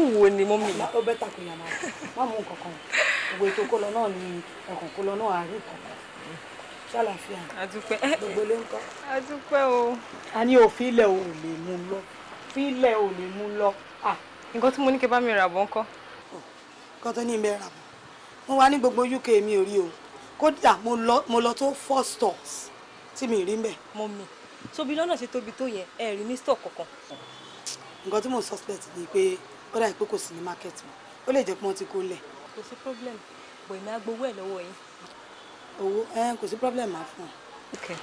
ń wo ni mo mi. ó bẹ́ tàkùnyà máa mú nǹkan kan òwe tó kó lọ náà ni ẹ̀kọ́ kó lọ náà àárín kan ṣàlàfíà àdúpẹ́ gbogbo ló ń kọ́. o. a ní òfin ilẹ̀ ò lè mú lọ fílẹ̀ ò lè mú lọ. nǹkan tí mo ní kí bá mi rà bọ́ ń kọ́. nǹkan tó ní ìbẹ̀ rà bọ́ mo wá ní gbogbo UK mi ò rí o kódà mo lọ tó four stores tí mi rí mbẹ̀. mo mi tóbi lọ́nà ṣe tóbi tó yẹn ẹ rí ní store kankan. nǹkan tí mo suspect ni pé kódà ìpè kò sí ní market mọ́ ó lè jẹ́ pé wọ́n ti kó lẹ̀. kò sí problem bọ̀ èmi á ẹ̀ lọ́wọ́ yín owó kò sí problem máa fún ọ.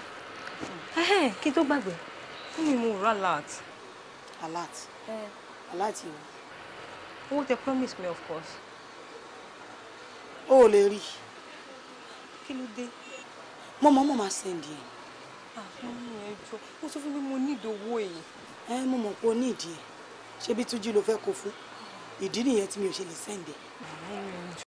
kí n tó gbàgbé fún mi mo rà alert. alert alert yìí. owó tẹ promise me of course. o ò lè rí. kí ló dé. mọ́mọ́ mọ́ máa send yẹn. àwọn ọmọ yẹn jọ mo sọ fún mi mo ní ìdòwò èyí. ẹ mo mọ̀ pé o ní ìdí ẹ̀ ṣebí túnjí ló fẹ́ kó fún ìdí nìyẹn tí mi ò ṣe lè send ẹ̀.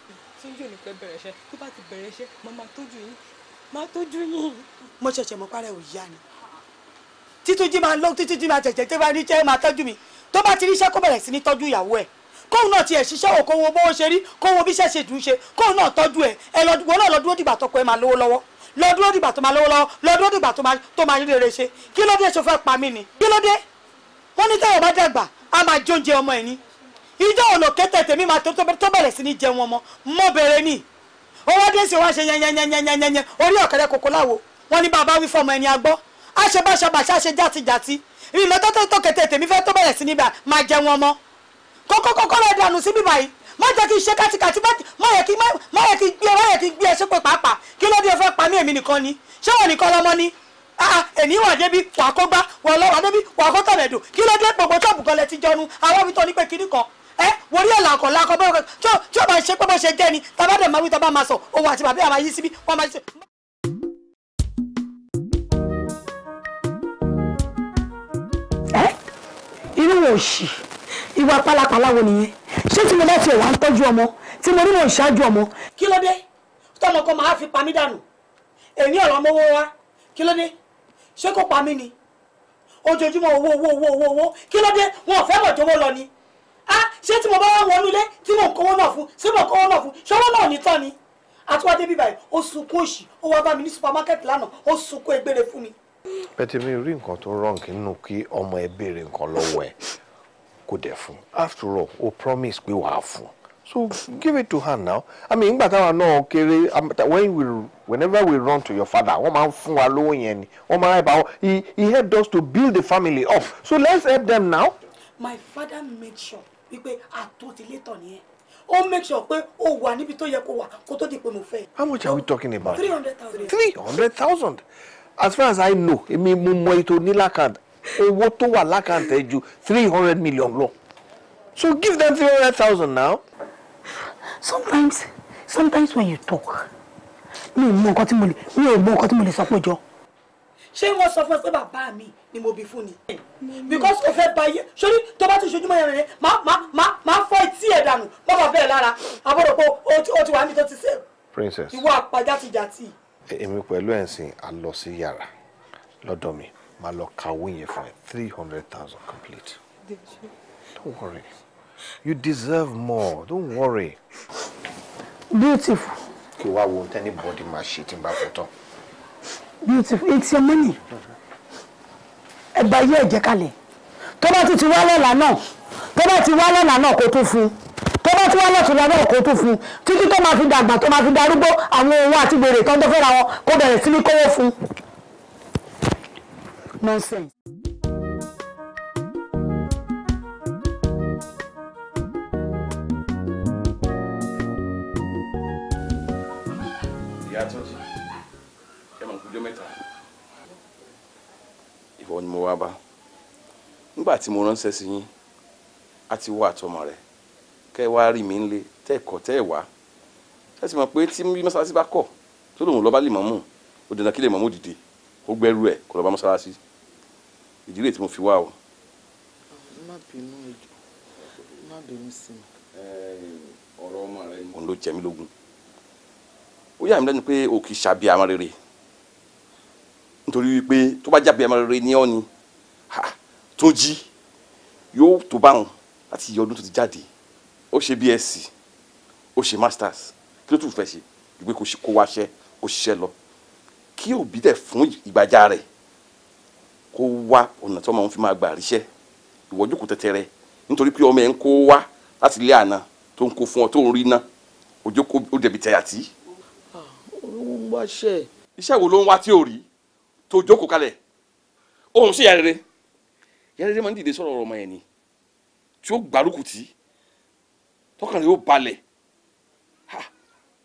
Túnjí ò ní pẹ́ bẹ̀rẹ̀ iṣẹ́ tó bá ti bẹ̀rẹ̀ iṣẹ́ máa máa tọ́jú yín máa tọ́jú yín. mo ṣẹ̀ṣẹ̀ mọ̀ párẹ̀ ò yá ni títójí máa lọ títójí máa tẹ̀tẹ̀ tẹ́ bá ní iṣẹ́ máa tọ́jú mi tó bá ti ríṣẹ́ kó bẹ̀rẹ̀ sí ní tọ́jú ìyàwó ẹ̀ kóun náà tiẹ̀ ṣiṣẹ́ wò kó wo bó ṣe rí kó wo bí iṣẹ́ ṣe dùn ṣe kóun náà tọ́jú ẹ̀ ẹ lọ́dúnwó náà lọ́dúnwó dìgbà tọkọ ẹ máa lówó lọ́wọ́ lọ́dúnwó dìgbà tó máa lówó lọ́wọ́ lọ́dúnwó dìgbà tó máa rere ṣe kí ló dé ṣe fẹ́ pa mí ni kí ló dé wọ́n ní tẹ́wọ̀ bá dàgbà á máa jóúnjẹ ọmọ ẹ̀ ni ìjọ ònà kété tèmi máa tó bẹ̀rẹ̀ sí ní jẹun ọmọ mọ́ bẹ̀rẹ̀ ni owó dé sí wọn ṣe yẹnyẹnyẹnyẹnyẹnyẹ orí ọ̀kẹ́rẹ́ kòkó láwo wọn ní bàbá wí fọmọ ẹni agbọ́ àṣebáṣabàṣá ṣe jàtijàti ìlú tọ́tọ́ tó kété tèmi fẹ́ tó bẹ̀rẹ̀ sí ní bá máa jẹun ọmọ kókókókó lọ dànù sí bíbá yìí má jẹ́ kí n ṣe kátikáti má yẹ kí gbé má yẹ kí gbé ẹ ṣépè pàápàá kí ló dé o fẹ́ pa mí èmi nìkan ni ṣé wọn nìkan lọmọ ni ah, ah, èmi wà débi wà kó gbá wà lọ wà débi wà kó tọ̀lẹ̀dò kí ló dé gbogbo tọ́ọ̀bù kan lẹ ti jọnu àwọn ibi tó ní pé kinní kan ẹ wọrí ẹ̀ làkọ̀ làkọ̀ bọ́ọ̀ tí ó bá ṣe pé bó ṣe jẹ́ ni tàbá dẹ̀ máa wí tàbá máa sọ òun àti bàbá àmà yìí síbí wọ́n máa ṣe. ẹ irú wo òṣì ìwà pálapàla wo nìyẹn ṣé tí mo bá tiẹ̀ wá ń tọ́jú ọmọ tí mo ní mò ń ṣáájú ọmọ. kí ló dé tọmọkọ máa fi pa mí dànù èmi ọ̀rọ̀ mọ́wọ́ wa kí ló dé ṣé kó pa mí ni ojoojúmọ́ owó owó owó owó kí ló dé wọn ò fẹ́ mọ̀ jówó lọ ni Ah, ṣé tí mo bá wá wọnú ilé tí mo kówó náà fún ṣé mo kówó náà fún ṣọwọ́ náà ní tán ni àtúwádé bíbá yìí ó sunkún òṣì ó wá bá mi ní supermarket lánàá ó sunkún egbére fún mi. pẹ̀tẹ́ mi rí nǹkan tó rán kí nínú kí ọmọ ẹ béèrè nǹkan lọ́wọ́ ẹ kò dẹ̀ fún after all o promise pé wàá fún so give it to her now i mean ìgbà táwa náà kéré um, when we whenever we run to your father wọ́n máa ń fún wa lówó yẹn ni wọ́n máa ń help out he he helped us to build the family up so let's help them now. my father made sure wípé àtòtílétọ̀ ni ẹ́ ó make sure pé ó wà níbi tó yẹ kó wà kó tó di pé mo fẹ́. how much are we talking about. three hundred thousand. three hundred thousand as far as I know èmi mo mọ ètò ní lákàntì owó tó wà lákàntì ẹ ju three hundred million lọ so give them three hundred thousand now. sometimes sometimes when you talk mi ò mọ nǹkan tí mo lè mi ò mọ nǹkan tí mo lè sọ pé jọ ṣé wọ́n sọ fún ẹ pé bàbá mi ni mo bí fún ni. because o fẹ́ ba iye sórí tó bá ti ṣojúmọ́ yẹn rẹ̀ Ma, ma, ma, máa fọ́ etí ẹ̀ dànù mọ́ bàbá ẹ̀ lára àbúrò pé o ti wà níbi tó ti sẹ́ẹ̀. princess ìwọ àpájá ti jà e, tí. èmi pẹ̀lú ẹ̀sìn a lọ sí yàrá lọ́dọ̀ mi máa lọ kàwé yẹn fún ẹ three hundred thousand complete. don't worry you deserve more don't worry. beautiful. kí wàá wo tẹ́ni bọ́dí máa ṣe tí n bá fọ́ tán beautiful it's your money ẹ bá yé ẹ̀jẹ̀ kalẹ̀ tó bá ti ti wá lọ́la náà tó bá ti wá lọ́la náà kó tó fún tó bá ti wá lọ́tùnla náà kó tó fún títí tó máa fi dàgbà tó máa fi darúgbó àwọn ohun àti gbèrè tó ń tó fẹ́ra wọn kó bẹ̀rẹ̀ sí ní kówó fún nonsense. ìyá tó ti ọjọ́ mẹ́ta. ìwọ ni mo wá bá nígbà tí mo ránṣẹ́ sí yín a ti wá àtọmọ rẹ kẹ́ ẹ wá rí mi ńlé tẹ́ ẹ kọ̀ tẹ́ ẹ wá ẹ sì mọ̀ pé tí mọ́ṣáláṣí bá kọ̀ tó lòun lọ́ọ́ bá lè mọ̀ mú o dandan kí lè mọ̀ mú dìde ó gbẹ́rú ẹ̀ kó lọ́ọ́ bá ìdílé tí mo fi wá o. má bínú ẹjọ́ má bínú sí mi. ọ̀rọ̀ ọmọ rẹ ni. òun ló jẹ mí lógún ó yà mí lẹ́nu pé o kì í ṣàbí àmọ́ nítorí wípé tó bá jábẹ́ ẹ̀mọ́ rere ní ọ́ni tó jí yóò tó báwọn láti yọ ọdún tó ti jáde ó ṣe bsc ó ṣe masters kí ló tún fẹ́ ṣe ìgbé kó wáṣẹ́ kó ṣiṣẹ́ lọ kí òbí tẹ̀ fún ìgbàjá rẹ̀ kó wá ọ̀nà tí ọmọ òun fi máa gbà ríṣẹ́ ìwọ jókòó tẹ́tẹ́rẹ́ nítorí pé ọmọ ẹ̀ ń kó wá láti ilé àná tó ń kó fún ọ tó ń rí ná òjò kó dẹ̀bi tẹ̀yà tí. Ah, iṣẹ́ wo ló ń wá tí ò rí? tó jókòó kalẹ̀ òun sì yàrá rẹ yàrá rẹ máa ń dìde sọ̀rọ̀ ọmọ yẹn ni tí ó gbárùkù tì tọkàn rẹ ó balẹ̀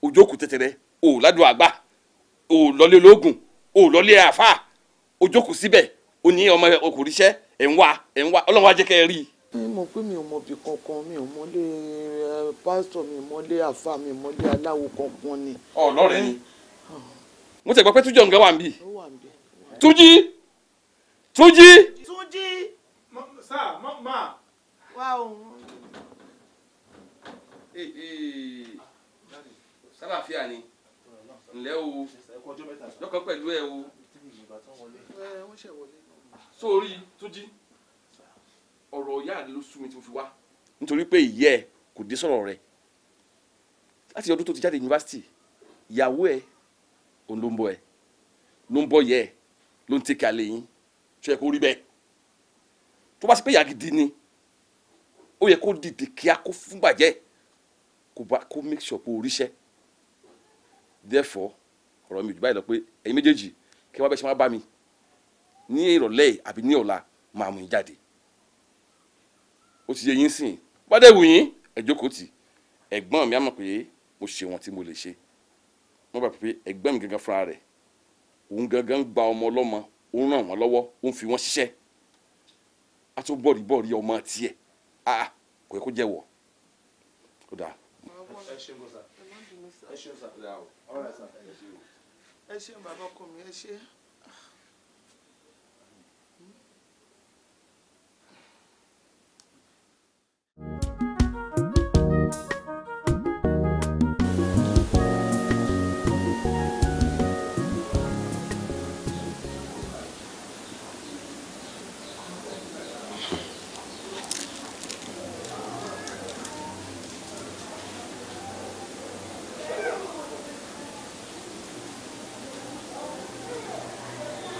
òjò kù tẹ̀tẹ̀rẹ̀ ò ládùn àgbà ò lọlé ológun ò lọlé àfà òjò kù síbẹ̀ ò ní ọmọ ọkùnrin iṣẹ́ ẹ̀ ń wá ẹ̀ ń wá ọlọ́run ajẹ́ kẹ́ ẹ rí i. mi mọ̀ pé mi ò mọ̀ bí kankan mi ò mọ̀lé pásítọ̀ mi ò àfà mi ò aláwo kankan ni. ọlọrin ni ah. mo tẹ̀ pé tújọ́ nǹkan wà ń bì. ó wà ń bì. Tuji, Tuji, Tuji, sá mọ ma. wá o. sálàfíà ni ǹlẹ́ o lọ́kàn pẹ̀lú ẹ o sórí Túnjí ọ̀rọ̀ ìyá rẹ ló sú mi tí mo fi wá. nítorí pé ìyá ẹ kò dé sọ̀rọ̀ rẹ láti ọdún tó ti jáde yunifásitì ìyàwó ẹ òun ló ń bọ ẹ ló ń bọ yẹ ẹ ló ń tẹ̀kẹ́ alẹ́ yín ṣe é kó rí bẹ́ẹ̀ tó bá sí pé ìyá gidi ni ó yẹ kó dìde kíá kó fún bàjẹ́ kó bá kó make sure kó ríṣẹ́ therefore ọ̀rọ̀ mi ò jù báyìí lọ pé ẹ̀yin méjèèjì kí wọ́n bẹ́ẹ̀ ṣe máa bá mi ní ìrọ̀lẹ́ yìí àbí ní ọ̀la máa mú yín jáde ó ti yẹ yín sìn bọ́dẹ̀ wù yín ẹ tì ẹ̀gbọ́n mi á mọ̀ pé mo ṣe wọn tí mo lè ṣe wọ́n bá pè é ẹ̀gbọ́n mi gangan fúnra rẹ̀ òun gangan gba ọmọ ọlọ́mọ ó ràn wọ́n lọ́wọ́ ó ń fi wọ́n ṣiṣẹ́ a tún bọ̀rì bọ̀rì ọmọ tiẹ̀ a kò yẹ kó jẹ́ wọ̀ ó dáa. ẹ ṣeun bàbá ọkọ mi ẹ ṣe.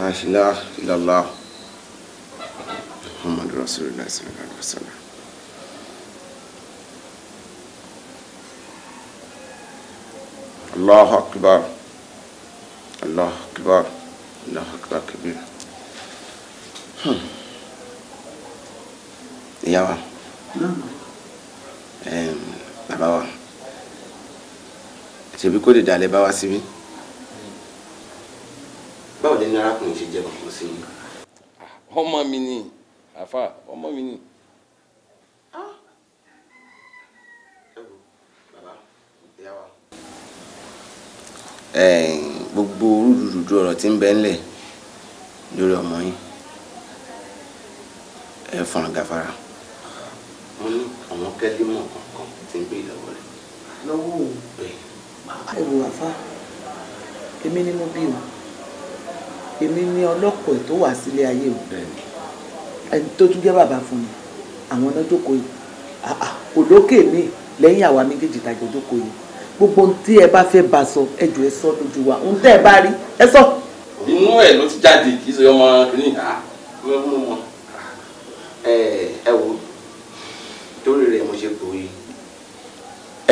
لا إله إلا الله محمد رسول الله صلى الله عليه وسلم الله أكبر الله أكبر الله أكبر كبير يا wa bàbá wa تبي كودي دالي dalẹ̀ bá báwo lẹni arákùnrin ṣe jẹ bàbá sí i. ọmọ mi ni àfa ọmọ mi ni. Ah. gbogbo rúdurùdu ọ̀rọ̀ tí ń bẹ ńlẹ̀ lórí ọmọ yín ẹ fọ̀n gàfara. mo ní àwọn kẹ́límọ̀ kankan tí ń gbé ìlọ́wọ́ rẹ̀. lọ́wọ́ o bẹ́ẹ̀. ẹ wò wá fá èmi ni mo bí o èmi ni ọlọ́pọ̀ ẹ̀ tó wà sílé ayé o ẹni tó tún jẹ́ bàbá fún mi àwọn náà jókòó yìí òlókè mi lẹ́yìn àwa méjèèjì tàjọ jókòó yìí gbogbo ohun tí ẹ bá fẹ́ bá sọ ẹ jù ẹ sọ lójú wa ohun tẹ́ ẹ bá rí ẹ sọ. inú ẹ ló ti jáde kì í ṣe ọmọ kìíní ha ẹ wo torí rẹ mo ṣe pòye.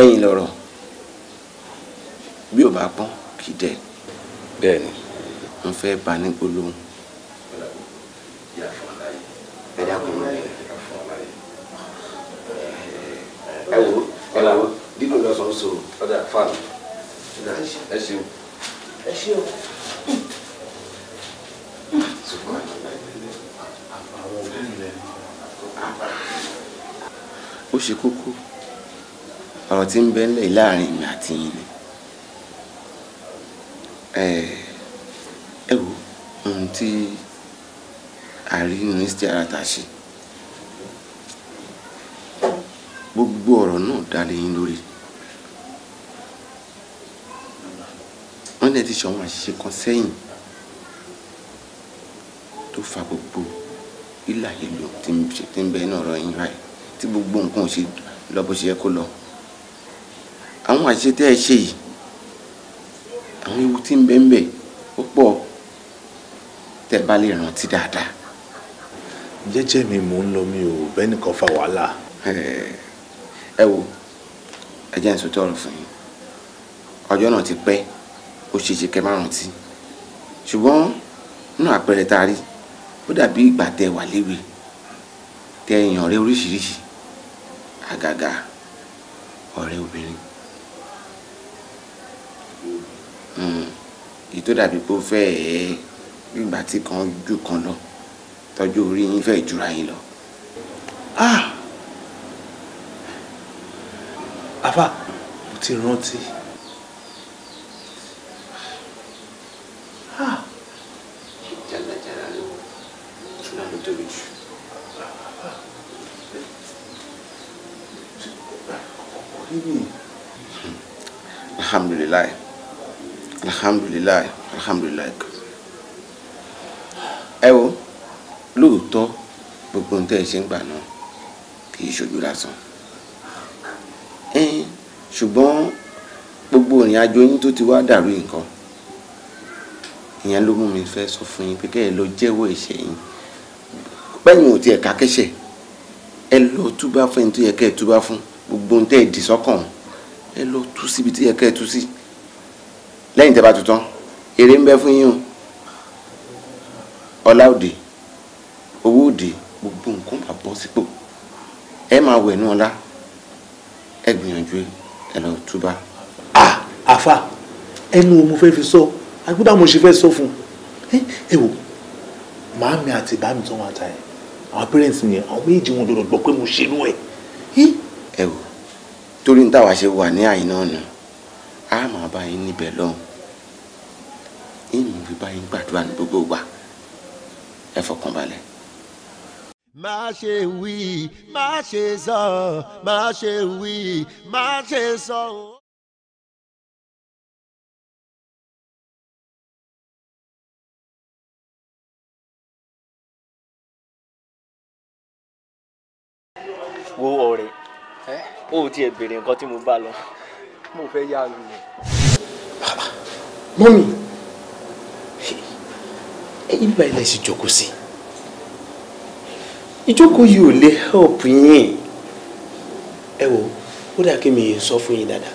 ẹ̀yin lọ̀rọ̀ bí ò bá pọ́n kì í dẹ. bẹ́ẹ̀ ni ń fẹ́ bá ní gbólóhùn. ẹ dákun ní ẹ wo ẹ là wo dídùn lọ sọ ń so ọjà fan ẹ ṣeun. ẹ ṣeun. ó ṣe kókó ọ̀rọ̀ tí ń bẹ ńlẹ̀ láàrin mi àti yín ni. Eh, tí àrí ministry arata ṣe gbogbo ọ̀rọ̀ náà dá lé yín lórí wọ́n lè ti ṣọwọ́n àṣìṣe kan sẹ́yìn tó fa gbogbo ìlà ìlú tí ń bẹ ní ọ̀rọ̀ yín báyìí tí gbogbo nǹkan ò ṣe lọ bó ṣe yẹ kó lọ àwọn àṣìṣe tẹ́ ẹ ṣe yìí àwọn ewu tí ń bẹ ń bẹ ó pọ̀ tẹ́ bá lè rántí dáadáa. jẹ́jẹ́ mi mò ń lọ mi ò bẹ́nìkan fa wàhálà. ẹ wo ẹ jẹ́ ìsòtọ́ ọ̀rọ̀ fún yín ọjọ́ náà ti pẹ́ ó ṣe ṣe kẹ́ má rántí ṣùgbọ́n nínú àpẹẹrẹ tá a rí ó dàbí ìgbà tẹ wà léwe tẹ èèyàn rẹ oríṣiríṣi àgàgà ọ̀rẹ́ obìnrin hmm, èyí tó dàbí pé ó fẹ́ ẹ̀ẹ́ ìgbà tí kan ju kan lọ tọ́jú orí yín fẹ́ jura yín lọ. Ah! àbá mo ti rántí. alhamdulilayi alhamdulilayi alhamdulilayi. lóòótọ́ gbogbo ohun tẹ́ ẹ ṣe ń gbà náà kì í ṣojú lásán ṣùgbọ́n gbogbo ìrìn àjò yín tó ti wá dàrú nǹkan ìyẹn ló mú mi fẹ́ sọ fún yín pé kẹ́ ẹ lọ jẹ́wọ́ ẹ̀ṣẹ̀ yín bẹ́yìn ò tiẹ̀ ká kẹ́ṣẹ̀ ẹ lọ túbá fún ẹni tó yẹ kẹ́ ẹ túbá fún gbogbo ohun tẹ́ ẹ dì sọ́kàn ẹ lọ tú síbi tó yẹ kẹ́ ẹ tú sí lẹ́yìn tẹ́ bá tuntun èrè ń bẹ fún yín o ọláòdì wọn sípò ẹ máa wẹ̀ ní ọlá ẹ gbìyànjú ẹ lọ túbà. Ah, àfa ẹnu mo fẹ́ fi sọ agbódà mo ṣe fẹ́ sọ fún un ẹ wò màámi àti bàámi tó wọn àtàyè àwọn parents mi àwọn méjì wọn lọ́dọ̀ gbọ́ pé mo ṣe inú ẹ. ẹ wò torí ní táwa ṣe wà ní àyínà ọ̀nà a máa bá yín níbẹ̀ lọ́hùn ìmọ̀ fi bá yín gbàdúrà ní gbogbo ìgbà ẹ fọkàn balẹ̀ má ṣe wí má ṣe sọ má ṣe wí má ṣe sọ. wo ọ̀rẹ́ ó ti ẹ béèrè nǹkan tí mo bá lọ mo fẹ́ yá lu ni. bàbá mọ́mí ibi báyìí lè ṣe jókòó sí i ìjókòó yìí ò lè help yín ẹ wo ó dà kí mi yẹn sọ fún yín dáadáa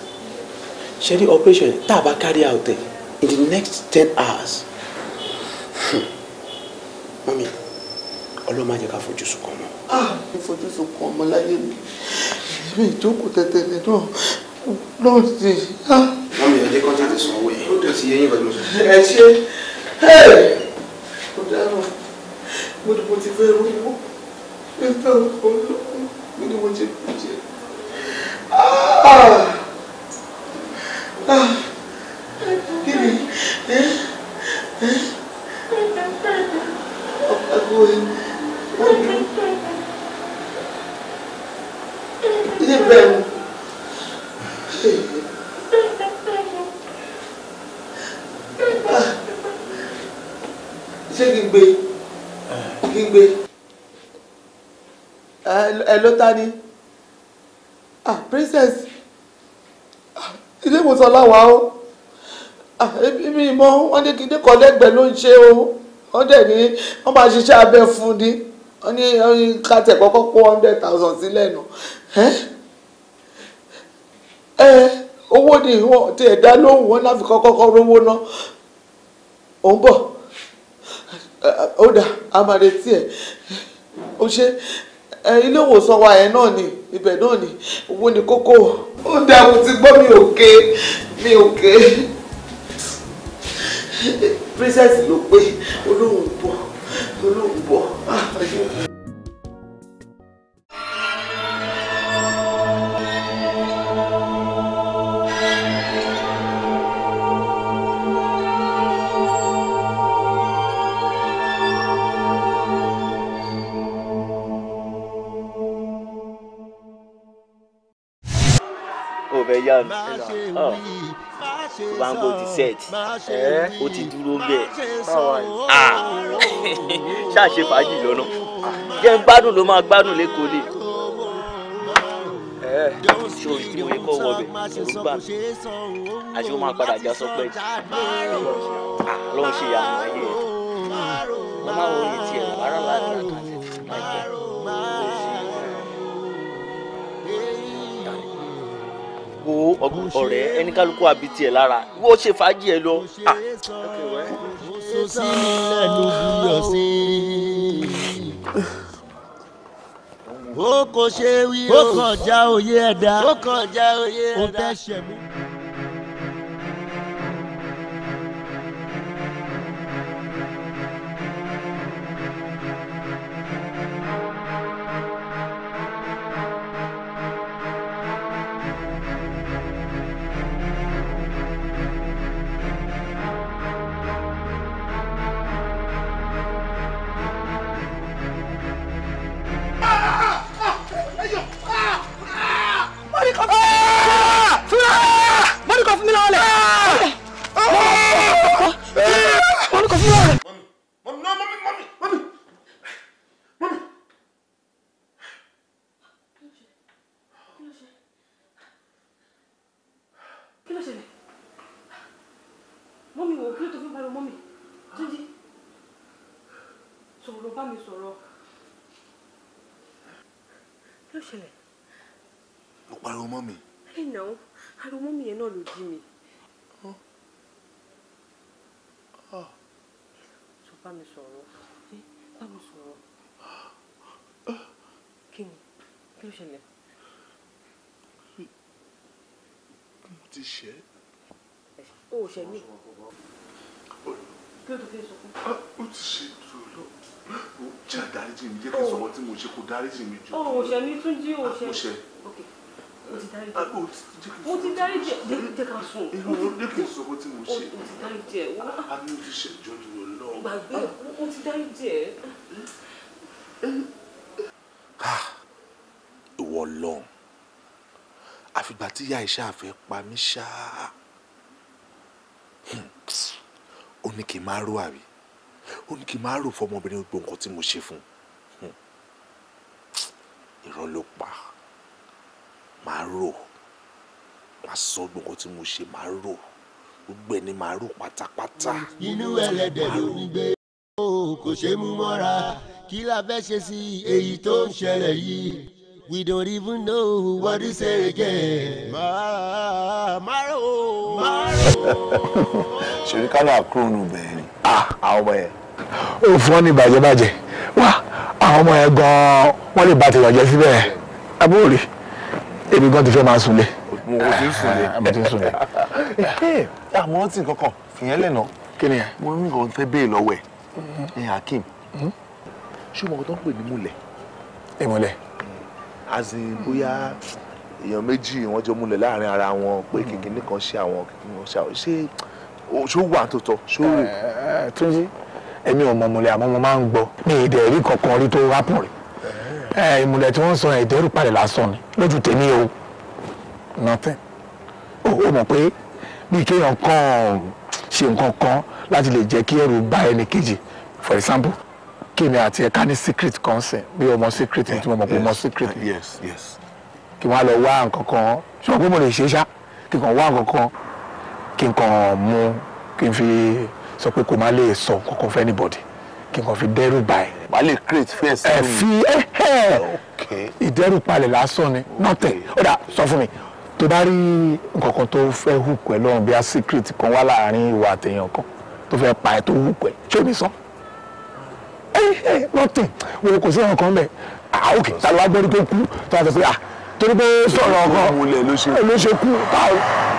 ṣe rí operation tá a bá carry out ẹ in the next ten hours <laughs> mọ́mí ọlọ́mọ àjẹká fojú sunkún ọmọ. Ah, fojú sunkún ọmọ láyé mi èmi ìjókòó tẹ̀tẹ̀lẹ̀ náà náà ti. mọ́mí ẹ jẹ́ kó tètè san owó yìí ó dẹ̀ sí yẹ́yìn ìbàdàn sọ. ẹ ṣe ó dáná mo ti fẹ́ rówó ẹ̀fẹ́ ọlọ́run mi ni mo jẹ mi jẹ. kí ni ọ̀pọ̀ wọ́n dún ilé bẹ́ẹ̀ mu. ṣé kí ẹ ló ta ni ah princess ah, ilé ìwòsàn láwa o ah, èmi ìmọ̀ wọ́n ní kíndé kan lẹ́gbẹ̀ẹ́ ló ń ṣe o wọ́n dẹ̀ ní wọ́n máa ṣiṣẹ́ abẹ fún ni wọ́n ní kàtẹ́ kọ́kọ́ kó hundred thousand sílẹ̀ nù ẹ owó ni wọ́n ti ẹ̀dá lóhùn wọn láfi kọ́kọ́ rówó ná òun bọ̀ ó dà á máa retí ẹ̀ ó ṣe ilé ìwòsàn wa yẹn náà ni ibẹ̀ náà ni owó ni kókó ó dáa mo ti gbọ́ mi ò mi ò princess ló pé olóhùn bọ̀ olóhùn bọ̀. Ah, yanu wọn kò ti set ó ti dúró bẹ́ẹ̀ ṣàṣe ah. <laughs> fàájì lọ́nà ah, jẹ́ ń gbádùn ló máa gbádùn lẹ́kọ̀ọ́ lè ṣó ìdí òye kọ́ wọ bẹ̀ ló gbà mí àti ó máa padà já sọpẹ́ lọ́n ṣe ah, ìyàwó ayé ẹ̀ wọ́n máa wọ oyin tiẹ̀ wàrà láti àkàtì láìpẹ́. kó ọ̀rẹ́ ẹni kálukú àbí tiẹ̀ lára wọ́n ṣe fàájì ẹ lọ. Ah. ó kò ṣe wí ó kọjá òye ẹ̀dá ó kọjá òye ẹ̀dá ló mi. Ah. sọ bá mi sọ̀rọ̀ bá mi sọ̀rọ̀ kí ni kí ló ṣẹlẹ̀. mo ti ṣe o ò ṣe mí. kí ló ti fẹ́ sọ fún. Ah, ó ti ṣe dúró lọ ó jà mi jẹ́ kí n sọ̀rọ̀ tí mo ṣe kó dáríjì mi jù. o ò ṣe mí Túnjí ò ah, ṣe. mo ṣe o ti dárí jẹ jẹ ká sùn. irú ọdún kì í sọ pé tí mo ṣe. Ah, ah. o ti dárí jẹ. àmì ò ti ṣẹjọ dúró lọ. o ti dárí jẹ. ìwọ Ọlọ́run àfìgbà tí ìyá iṣẹ́ àfẹ́ pa mí ṣáá hmm. ó ní kí n máa rò àbí ó ní kí n máa rò fọmọbìnrin gbogbo nǹkan tí mo ṣe fún un hmm. irọ́ ló pa màá rò màá sọ gbogbo nǹkan tí mo ṣe màá rò gbogbo ẹ̀ ni màá rò pátápátá. inú ẹlẹ́dẹ̀ ló ń gbé kò ṣe mú mọ́ra kí la fẹ́ ṣe sí èyí tó ń ṣẹlẹ̀ yìí we don't even know what to say again. maro maro. ṣèlú kálọ̀ àkúrò nù bẹ́ẹ̀ ni. àwọn ọmọ yẹn. ó fún ọ ní bàjẹ́ bàjẹ́ wá àwọn ọmọ yẹn gan-an wọ́n lè ba tèèyàn jẹ́ síbẹ̀ abóòrè èmi gan ti fẹ́ máa sunlẹ̀. Ah, mo ti ń sunlẹ̀. Eh, eh, ah, mo ti ń sunlẹ̀. àmọ́ ó ti kankan fìyẹn lẹ́nà. kí ni ẹ. mo ní nǹkan fẹ́ béèrè lọ́wọ́ ẹ̀ ẹ̀ mm-hmm. eh, Hakeem mm-hmm. ṣé mo tó ń pè ní múlẹ̀. ìmúlẹ̀. Mm. azin bóyá èèyàn méjì wọ́n jọ múlẹ̀ láàrin ara wọn pé kìkìnní mm-hmm. kan ṣe àwọn kìkìnní kan ṣe àwọn ṣé ṣó wà tó tọ ṣó rè. túnjí èmi ò mọ̀ múlẹ̀ àmọ́ mo máa ń gbọ́ mi ì dẹ̀ rí kankan rí tó rápọ̀ rẹ̀ ẹ ìmùlẹ̀ tí wọ́n ń sọ yẹn ìdẹ́rù palẹ̀ lásán ni lójú tèmi o nothing ó ó mọ̀ pé bí kéèyàn kàn ṣe nǹkan kan láti lè jẹ́ kí ẹrù bá ẹnì kejì for example kéèmí àti ẹ̀ka ní secret kan sìn bí ọmọ secret tí mo mọ̀ pé ọmọ secret kí wọ́n á lọ wá nǹkan kan ṣùgbọ́n pé mo lè ṣe é ṣá kí n kàn wá nǹkan kan kí n kàn mú kí n fi sọ pé kò má lè sọ nǹkan kan fún anybody kí n kàn fi dẹ́rù báyìí wàá lè create fear sí mi. ẹ fi ìdẹ́rùpalẹ̀ lásán ni nọ́tẹ̀ ọ̀dà sọ fún mi tó bá rí nǹkan kan tó fẹ́ hook ẹ lọ́rùn bí i a secret kan wá láàrin ìwà àtẹ̀yàn kan tó fẹ́ pa ẹ tó hook ẹ ṣé o ní sàn nothing wo kò sí ọ̀kan bẹ́ẹ̀ ah ok ta ló wá gbẹ́rí tó kú tó wá sọ pé ah torí pé sọ̀rọ̀ ọkọ ló ṣe kú táwọn.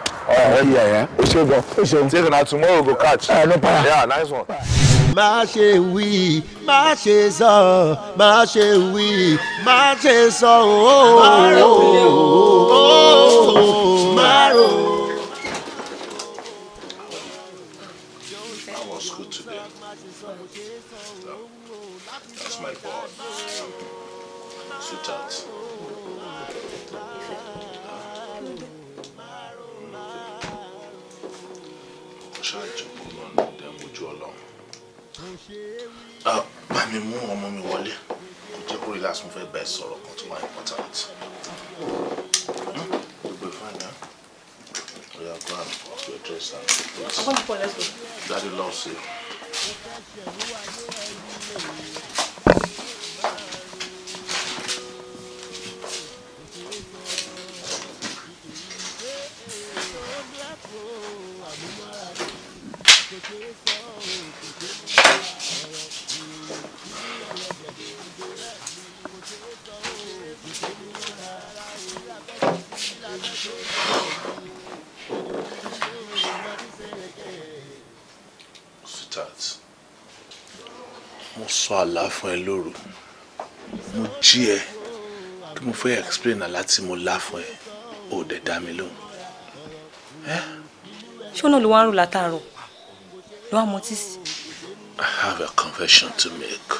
Oh, yeah, yeah. Oṣogo. Oṣogo. Take it out tomorrow, go catch. Uh, no para. Yeah, nice one. Má ṣe wí, má ṣe sọ, má ṣe wí, má ṣe sọ, ooo. Má ro, ooo. Ah, bá mi mú ọmọ mi wọlé kò jẹ́ kó relax mo fẹ́ bẹ́ẹ̀ sọ̀rọ̀ kan tó wà important. Hmm? gbogbo ìfàyà oya go and wash your dress and please daddy loves you. mo sọ àlá fún ẹ lóru mo jí ẹ kí mo fẹ́ explain àlá tí mo lá fún ẹ ò dẹ̀ dá mi lóhùn. ṣé ọ̀nà ló wá ń rò látàárọ̀ ló wá mọtí sí. I have a confession to make.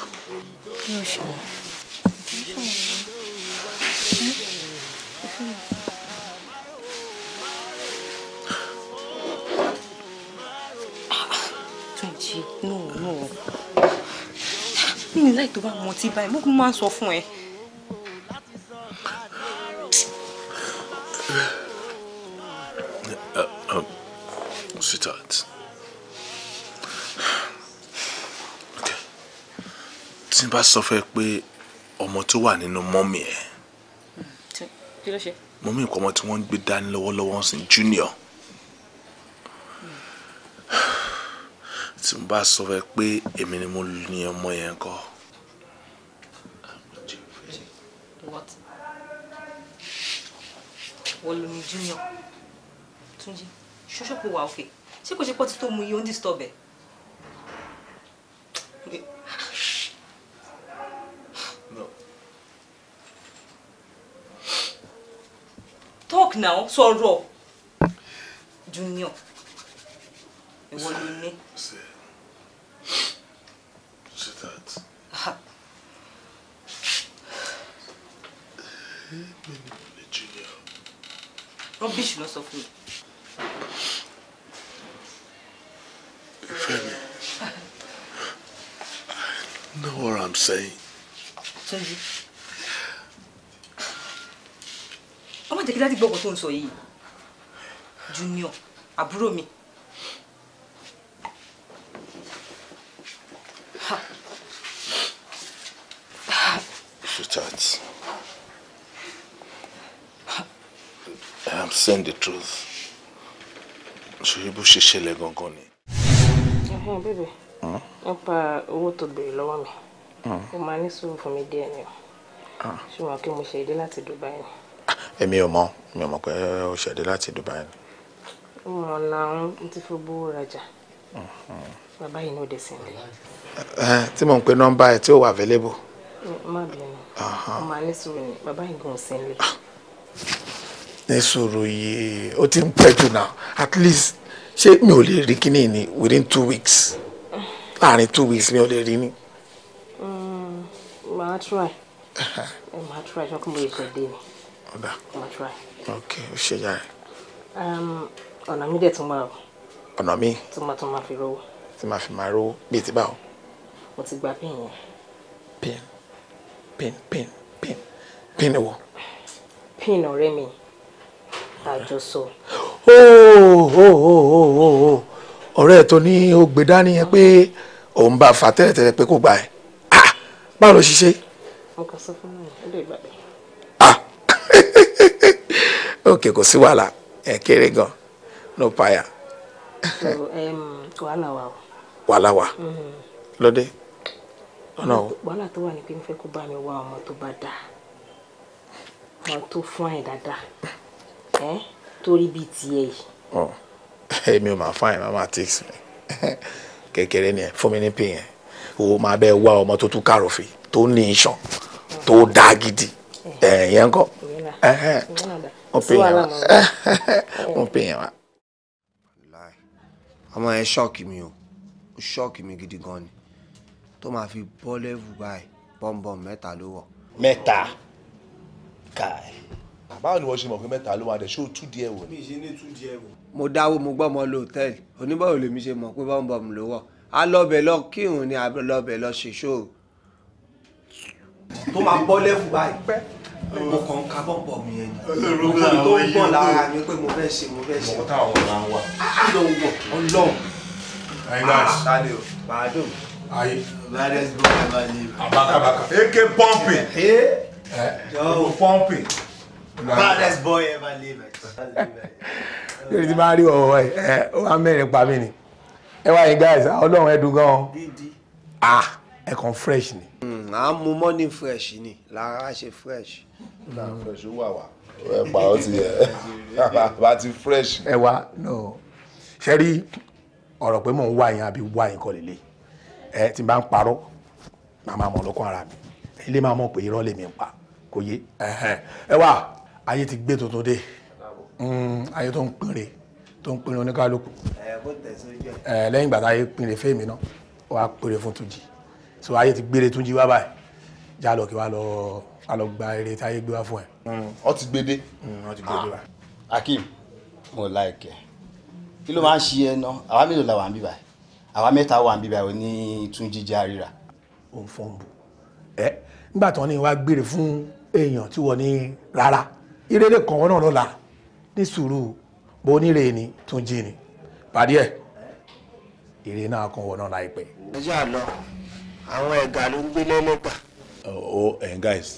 No, no mi ní láì tó bá mọ ọtí báyìí mo kún máa ń sọ fún ẹ. Uh, um, sweetheart okay tí n bá sọ fẹ́ pé ọmọ tó wà nínú mọ́mì ẹ̀ mọ́mì nǹkan tí wọ́n ń gbé dání lọ́wọ́lọ́wọ́ sí junior. Hmm tí n bá sọ fẹ́ pé èmi ni mo ní ọmọ yẹn kọ́. Junior Túnjí ṣọ́ṣọ́pọ̀ wà òkè ṣé kò ṣe pọ́ ti tó mu iye ó ń disturb ẹ̀. Talk now sọ̀rọ̀ Junior ìwọ ló ní that? Uh-huh. Rubbish ló sọ me? Femi, I know what I'm saying. Tunji. Ọmọ jẹ́ kí dájú gbọ́ ọkọ̀ tó ń Junior, àbúrò mi. chat. I am saying the truth. Ṣèyí bó ṣe ṣẹlẹ̀ gangan ni. Bébè, nípa owó your béèrè lọ́wọ́ mi, mo máa ní sùúrù fún mi díẹ̀ ni o. Ṣùgbọ́n kí mo ṣèdé láti Dubai ni. Èmi ò mọ̀, mi ò mọ̀ pé o ṣèdé láti Dubai ni. Mo na ń ti fi gbówó rajà. Bàbá yìí ló dé sí ilé. Tí mo ń pe nọ́mbà ẹ̀ tí ó wà available má bínú ọmọ ní sùúrù ni bàbá ìgàn sí ń lè. ní sùúrù yìí ó ti ń pẹ́ jù náà at least ṣé mi ò lè rí kíní ni within two weeks láàrin two weeks mi ò lè rí ni. Mm, màá try <laughs> màá try ṣọkàn mo lè ṣe dé ni màá try. ok ó ṣe yára. Um, ọ̀nà mi dẹ̀ tún máa wọ̀. ọ̀nà mi. tí mo tún máa fi rówó. tí mo máa fi máa rówó bíi ti báwo. mo ti gba pin yẹn. pin pain pain pain pain wọ. pain ọ̀rẹ́ mi àjọsọ. ọ̀rẹ́ ẹ̀ Oh, oh, oh, oh, oh, oh! oh, oh. pé òun bá fà tẹ́lẹ̀tẹ́lẹ̀ pé kò gbà ẹ́ ah, báwo ló ṣiṣẹ́. mo kàn sọ fún mi ó lè gbà bẹ́ẹ̀. Ah. <laughs> ok kò sí wàhálà ẹ kéré gan no paya. wàhálà wa o. wàhálà wa mm-hmm. lóde. Mm -hmm wàhálà tó wà ní pé mo fẹ́ kó bá mi wá ọmọ tó bá dáa ọmọ tó fún àyìn dáadáa torí bíi tiẹ̀ yìí. <laughs> èmi ò máa fáyìn máa máa mi <laughs> kékeré ni ẹ fún mi ní pin yẹn o máa bẹ wá ọmọ tó tún kárọ̀fì tó ní iṣan tó dá gidi ẹ̀yẹn kọ́ wọ́n pè yẹn wá ọmọ yẹn ṣọ́ọ̀kì mi o ṣọ́ọ̀kì mi gidi gan ni tó máa fi bọ́ lẹ́wù báyìí bọ́ǹbọ̀n mẹ́ta ló wọ̀. mẹ́ta káì. báwo ni wọ́n ṣe mọ̀ pé mẹ́ta ló wà dẹ̀ ṣé o tú díẹ̀ wò. mo dáwó mo gbọ́ ọmọ lọ hòtẹ́ẹ̀lì oníbàwò lèmi ṣe mọ̀ pé bọ́ǹbọ̀n ló wọ̀ a lọ́bẹ̀ lọ kírun ni a lọ ṣe ṣó. tó máa bọ́ lẹ́wù báyìí mo kàn ń ka bọ́ǹbọ̀n mi yẹn ni mo kàn tó ń bọ̀ lára mi pé mo fẹ́ ṣe mo fẹ́ ṣe. mọ̀ọ́tà ọ̀rọ̀ la wà. kí ló ń Ayi. Various go never leave. Abaka abaka. Eke pumping. Hey. Eh? Eh? Eh? Yo. Pumping. Various boy ever leave. Yóò ti máa rí ọ̀wọ́ ẹ̀ ó wá mẹ́rin pa mí ni. Ẹ guys, How long dùn gan-an. Gidi. Ah, ẹ kàn fresh ni. Hmm, à ń mu morning fresh ni, lára ṣe fresh. Lára fresh ó wà wá. Ẹ pa ó <laughs> ti fresh. Ẹ wá, no. Sherry, rí ọ̀rọ̀ pé mò ń wá yín àbí ẹ tí n bá ń parọ́ màá máa mọ̀ lọ́kàn ara mi ilé máa mọ̀ pé irọ́ lèmi ń pa kò yé ẹ wá ayé ti gbé tuntun dé hmm, ayé tó ń pinre tó ń pinre oníkálukú lẹ́yìn ìgbà táyé pinre fẹ́mi náà wàá pinre fún Túnjí so ayé ti gbére Túnjí wá báyìí já lọ kí wàá lọ wàá lọ gba eré táyé gbé wá fún ẹ. ọ hmm, ti gbede. ọ hmm, ti gbede wa. Ah, Akeem mo like ẹ kí ló máa ń ṣe ẹ ná àwa mélòó la wà ń bí báyìí. àwa mẹ́ta wà níbí báyìí ní túnjí járira. ó nígbà wàá gbére fún èèyàn tí wọ́n ní rárá ìrèlè kan wọn náà lọ́la ní sùúrù bó ni túnjí ni pàdé ẹ̀ ìrè náà kan wọn náà láìpẹ́. ẹ jẹ́ àlọ́ àwọn ẹ̀gà ló ń gbé lẹ́lẹ́gbà. ọ guys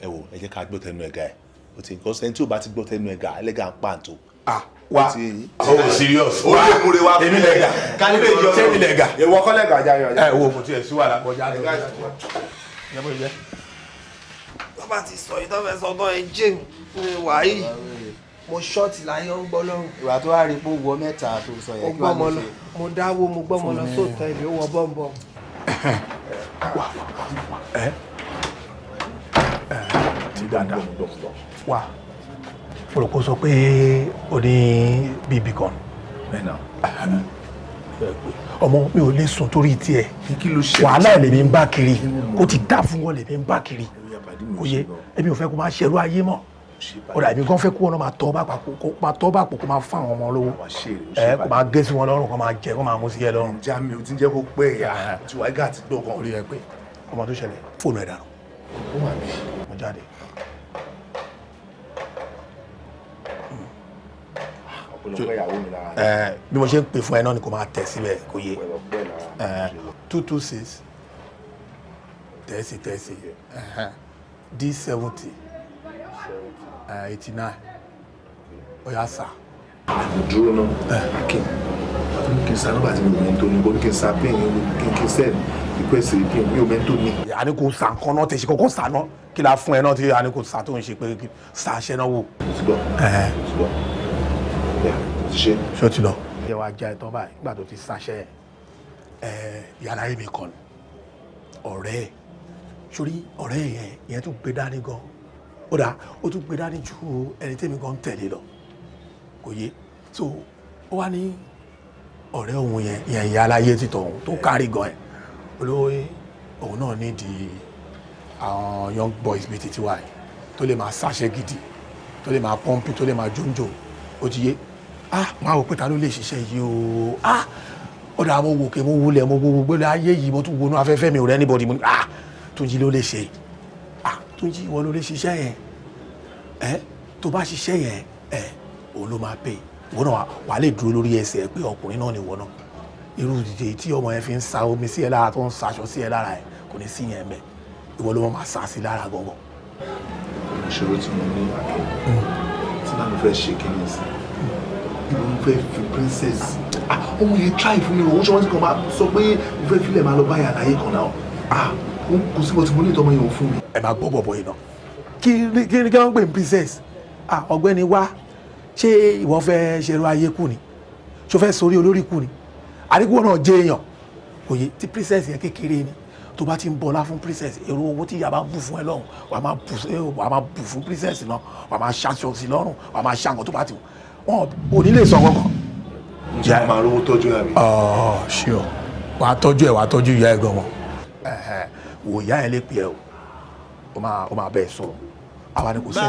ẹ wo ẹ jẹ́ ká o ti nǹkan sẹ́ni tí o bá ti gbọ́ tẹnu ẹ̀gà wa oh serious o le mure wa èmi lega kale le yo èmi lega e wo kolega ja yo ja e wo mo ti e si wa la ko ja do ya bo je tó bá ti sọ ìtọ́ fẹ́ sọ tán ẹ jẹ́ wàyí mo ṣọ́ọ̀tì láyé ó gbọ́ lọ́rùn. ìwà tó wá rí pé wọ mẹ́ta tó sọ yẹ kí wàá lọ sí. mo dáwó mo gbọ́ mo lọ sóòtọ́ ibi ó wọ bọ́ǹbọ̀. wà ti dáadáa wà mo rò kó sọ pé o ní bíbí kan. ọmọ mi ò lè sùn torí tiẹ̀ wàhálà ẹ̀ lèmi ń bá kiri ó ti dá fún wọn lèmi ń bá kiri kò yẹ èmi ò fẹ́ kó máa ṣerú ayé mọ́ ọ̀dà èmi gan fẹ́ kó wọn máa tọ́ bá pàpò kó máa tọ́ bá pò kó máa fún àwọn ọmọ lówó ẹ kó máa gé sí wọn lọ́rùn kó máa jẹ kó máa mú sí ẹ lọ́rùn. ǹjẹ́ mi ò ti jẹ́ kó pẹ́ ìyá tí wàá gà ti gbọ́ kan orí ẹ pé. ọmọ tó ṣẹlẹ̀ fóònù ẹ̀ dànù. ó wà mí. mo jáde. bí mo ṣe ń pè fún ẹ náà ni kò máa tẹ̀ síbẹ̀ kò yé two two six tẹ̀sí tẹ̀sí d seventy eighty nine ọ̀yà sà. dúró náà kí n kí n sa nígbà tí mi ò tó ní bó kí n sa pé kí n kí n sẹ́ẹ̀ ìpè sí kí n mi ò tó ní. àní kò sa nǹkan náà tẹ̀sí kókó sa náà kí la fún ẹ náà tí àní kò sa tó ń ṣe pé sa ṣẹ́ náà wò. ṣùgbọ́n ṣùgbọ́n ti ṣe. ṣó ti lọ. ẹ wá já ẹtọ́ báyìí nígbà tó ti ṣàṣẹ ẹ yàrá yìí mi kàn ọ̀rẹ́ ẹ̀ sórí ọ̀rẹ́ yẹn yẹn tún gbé dání gan ó dà ó tún gbé dání ju ẹni tẹ́mi gan tẹ̀lé lọ kò yé so ó wá ní ọ̀rẹ́ òun yẹn yẹn ìyá aláyé títọ̀ òun tó kárí gan ẹ̀ olówó òun náà ní di àwọn young boys bíi titi wa yìí tó lè máa ṣàṣẹ gidi tó lè máa pọ́ǹpì tó lè máa jóńjó ó ti yé ah máa wò pé ta ló lè ṣiṣẹ́ yìí o ah ọ̀dà mo wò kè mo wulẹ̀ mo gbogbo gbọ́dọ̀ ayé yìí mo tún wọnú afẹ́fẹ́ mi ò rẹ́ anybody mo ní ah Túnjí ló lè ṣe yìí ah Túnjí ìwọ ló lè ṣiṣẹ́ yẹn ẹ tó bá ṣiṣẹ́ yẹn ẹ òun ló máa pè ìwọ náà wàá lè dúró lórí ẹsẹ̀ pé ọkùnrin náà ni ìwọ náà irú ìdíje tí ọmọ yẹn fi ń sa omi sí ẹ lára tó ń saṣọ sí ẹ lára ẹ kò ní sí yẹn mẹ ìwọ ló máa sá sí lára gangan. ìṣòro tí mo ní àkẹ́kọ̀ọ́ hmm. tí náà mo fẹ́ ṣe kí ni sí i ìlú ń fẹ́ fi princess ọmọ ah, yẹn try fún mi o ṣé wọ́n ti kàn máa sọ pé mo fẹ́ filẹ̀ máa lọ báyà láyé kan náà ah, kò sí bọ́tí mo ní ìtọ́mọ yẹn ò fún mi. ẹ máa gbọ́ bọ̀bọ̀ yìí náà kí ni kí wọ́n pè ní princess ah, ọ̀gbẹ́ni wá ṣé ìwọ fẹ́ ṣerú ayé kù ni ṣo fẹ́ sorí olórí kù ni àdínkù náà jẹ́ èèyàn kò yé tí princess yẹn kékeré ni tó bá ti ń bọlá fún princess èrò owó tí ìyá bá bù fún ẹ lọ́rùn wàá máa bù fún princess náà wàá máa ṣaṣọ sí lọ́rùn wàá máa ṣàǹkó tó bá ti wù wọn ò ní lè sọ kankan. ǹjẹ́ a máa rówó tọ́jú ẹ̀ mi. ọ̀ ṣí o wà á tọ́jú ẹ̀ wà á tọ́jú ìyá ẹ̀ gan-an wò ìyá ẹ̀ lè pè ẹ́ o ó máa ó máa bẹ́ẹ̀ sọ̀rọ̀ àwa ni kò sí ẹ̀mí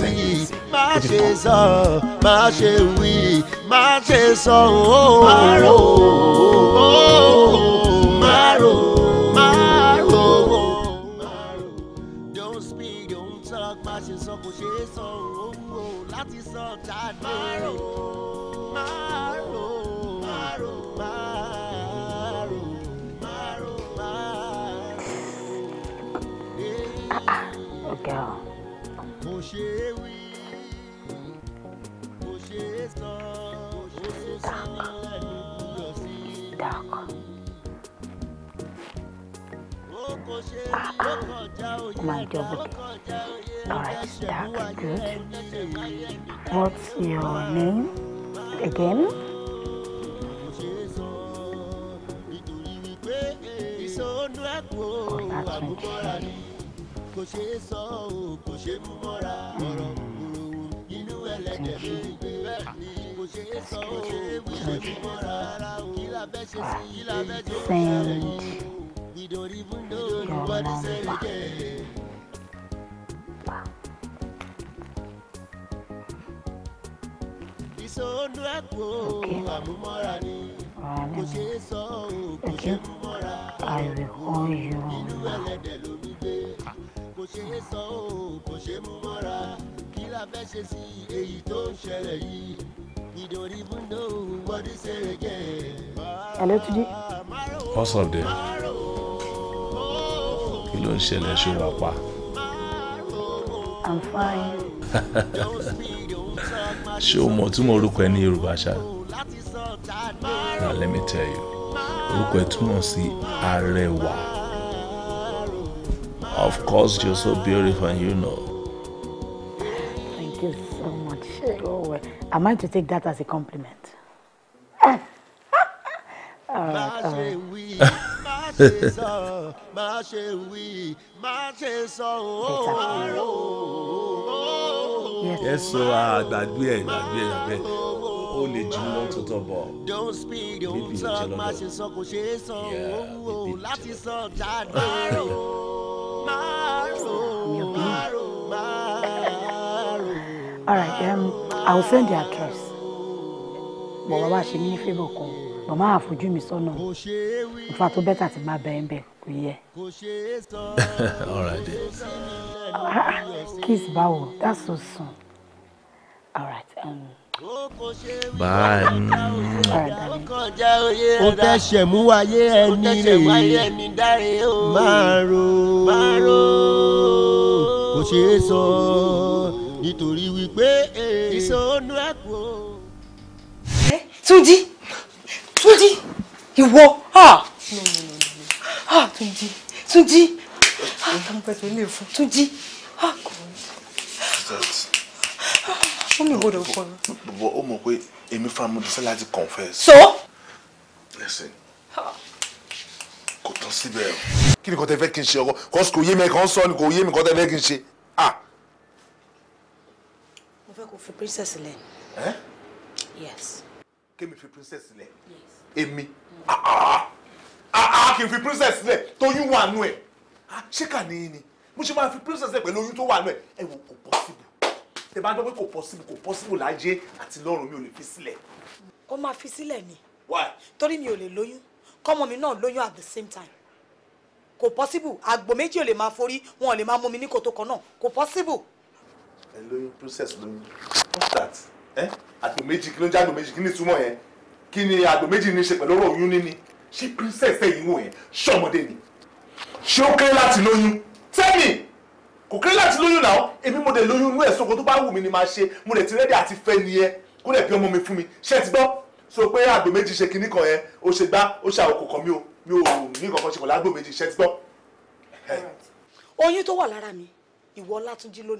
sẹ́yìn sí ó ti tọ́. má ṣe wí má ṣe sọ ooo má rò ooo má rò Don't speak, don't talk, má ṣe sọ kò ṣe sọ ooo ti sọ tàdé. máa mo ṣe é wí mo ṣe é sọ mo ṣe é sọ lẹ́nu kúlọ̀ sí i. Ah, ah. Oh my job. Alright, that's good. What's your name again? Oh, that's interesting. kò ṣe é sọ good. kò ṣe mú mọ́ra ọ̀rọ̀ kúrò inú Idori bundo olúwọlé sẹ́lẹ̀kẹ́. Ìsọ̀nù ẹ̀kọ́ àmúmọ́ra ni kò ṣeé sọ ọ́ kò ṣeé mú mọ́ra. Inú Hello, Tuji. What's up there? kí ló ń ṣẹlẹ̀ ṣó wà pa. I'm fine. <laughs> ṣé o mọ̀ túmọ̀ orúkọ ẹ ní Yorùbá ṣá. Now let me tell you orúkọ ẹ túmọ̀ sí arẹwà. Of course you're so beautiful and you know. Thank you so much. Oh, am I to take that as a compliment? <laughs> all right, <laughs> ṣe sọ má ṣe wí má ṣe sọ ooo. yẹ ah, sọ àgbàgbé ẹ gbàgbé ẹ bẹ o lè jù lọ tuntun bọ níbi ìjọlọ bọ níbi ìjọlọ. all right um, i will send the address. bọ̀ wá wá ṣe mí ní favour kan lọ máa fojú mi sọ́nà ìfà tó bẹ́tà ti máa bẹ̀ ẹ́ bẹ̀ kò yẹ. <laughs> Ah, kiss báwo that's so soon. alright. Um, báà ní. ó fẹ́ ṣẹ̀mú wáyé ẹni rè é máa ro kò ṣeé sọ nítorí wípé eh, ìsọnù ẹ̀kọ́. Eh, túnjí. Túnjí ìwọ Túnjí Túnjí àtàǹpẹ̀tẹ̀ ilé ìfún Túnjí ó mi gbọ́dọ̀ kọ́ ọ. bọ̀ ó mọ̀ pé èmi fún amúdi sẹ́lá ti confess. so. listen kò tán síbẹ̀ o. kí ni kò tẹ́ fẹ́ kí n ṣe ọkọ cause kò yé mi kàn sọ ni kò yé mi kò tẹ́ fẹ́ kí n ṣe. mo fẹ́ kó fi princess sílẹ̀. yes. kémi fi princess sílẹ̀. yes èmi ah, ah, ah, kì í fi princess sílẹ̀ tóyún wà nù ẹ̀ ṣé kà ní í ni mo ṣe máa fi princess sílẹ̀ pẹ̀lú oyún tó wà nù ẹ̀ ẹ wò kò possible tẹ bá gbọ́ pé kò possible kò possible láyé àti lọ́run mi ò lè fi sílẹ̀. kó máa fi sílẹ̀ ni torí mi ò lè lóyún kọ́mọ mi náà lóyún at the same time kò possible àgbò méjì ò lè máa forí wọn ò lè máa mú mi ní kòtò kan náà kò possible. ẹ lóyún princess lóyún what's that ẹ àgbò méjì kí ló ń jẹ́ àgbò méjì kí ni ìtumọ̀ yẹn kí ni àgbò méjì ní í ṣe pẹ̀lú ọ̀rọ̀ oyún níní ṣé princess ẹ̀yìn wò yẹn ṣọmọdé ni ṣé ó kéré láti lóyún tẹ́mi kò kéré láti lóyún náà èmi mo dẹ̀ lóyún inú ẹ̀sùn kan tó bá wù mí ni máa ṣe mo dẹ̀ ti rẹ́dí àti fẹ́ ni ẹ kó dẹ̀ bí ọmọ mi fún mi ṣé ti gbọ́ so pé àgbò méjì ṣe kinní kan yẹn ó ṣe gbá ó ṣe àwòkù kan mi ò mi ò ní kankan ṣe pẹ̀lú àgbò méjì ṣé ti gbọ́. oyún tó wà lára mi ìwọ Ọlátúnjí ló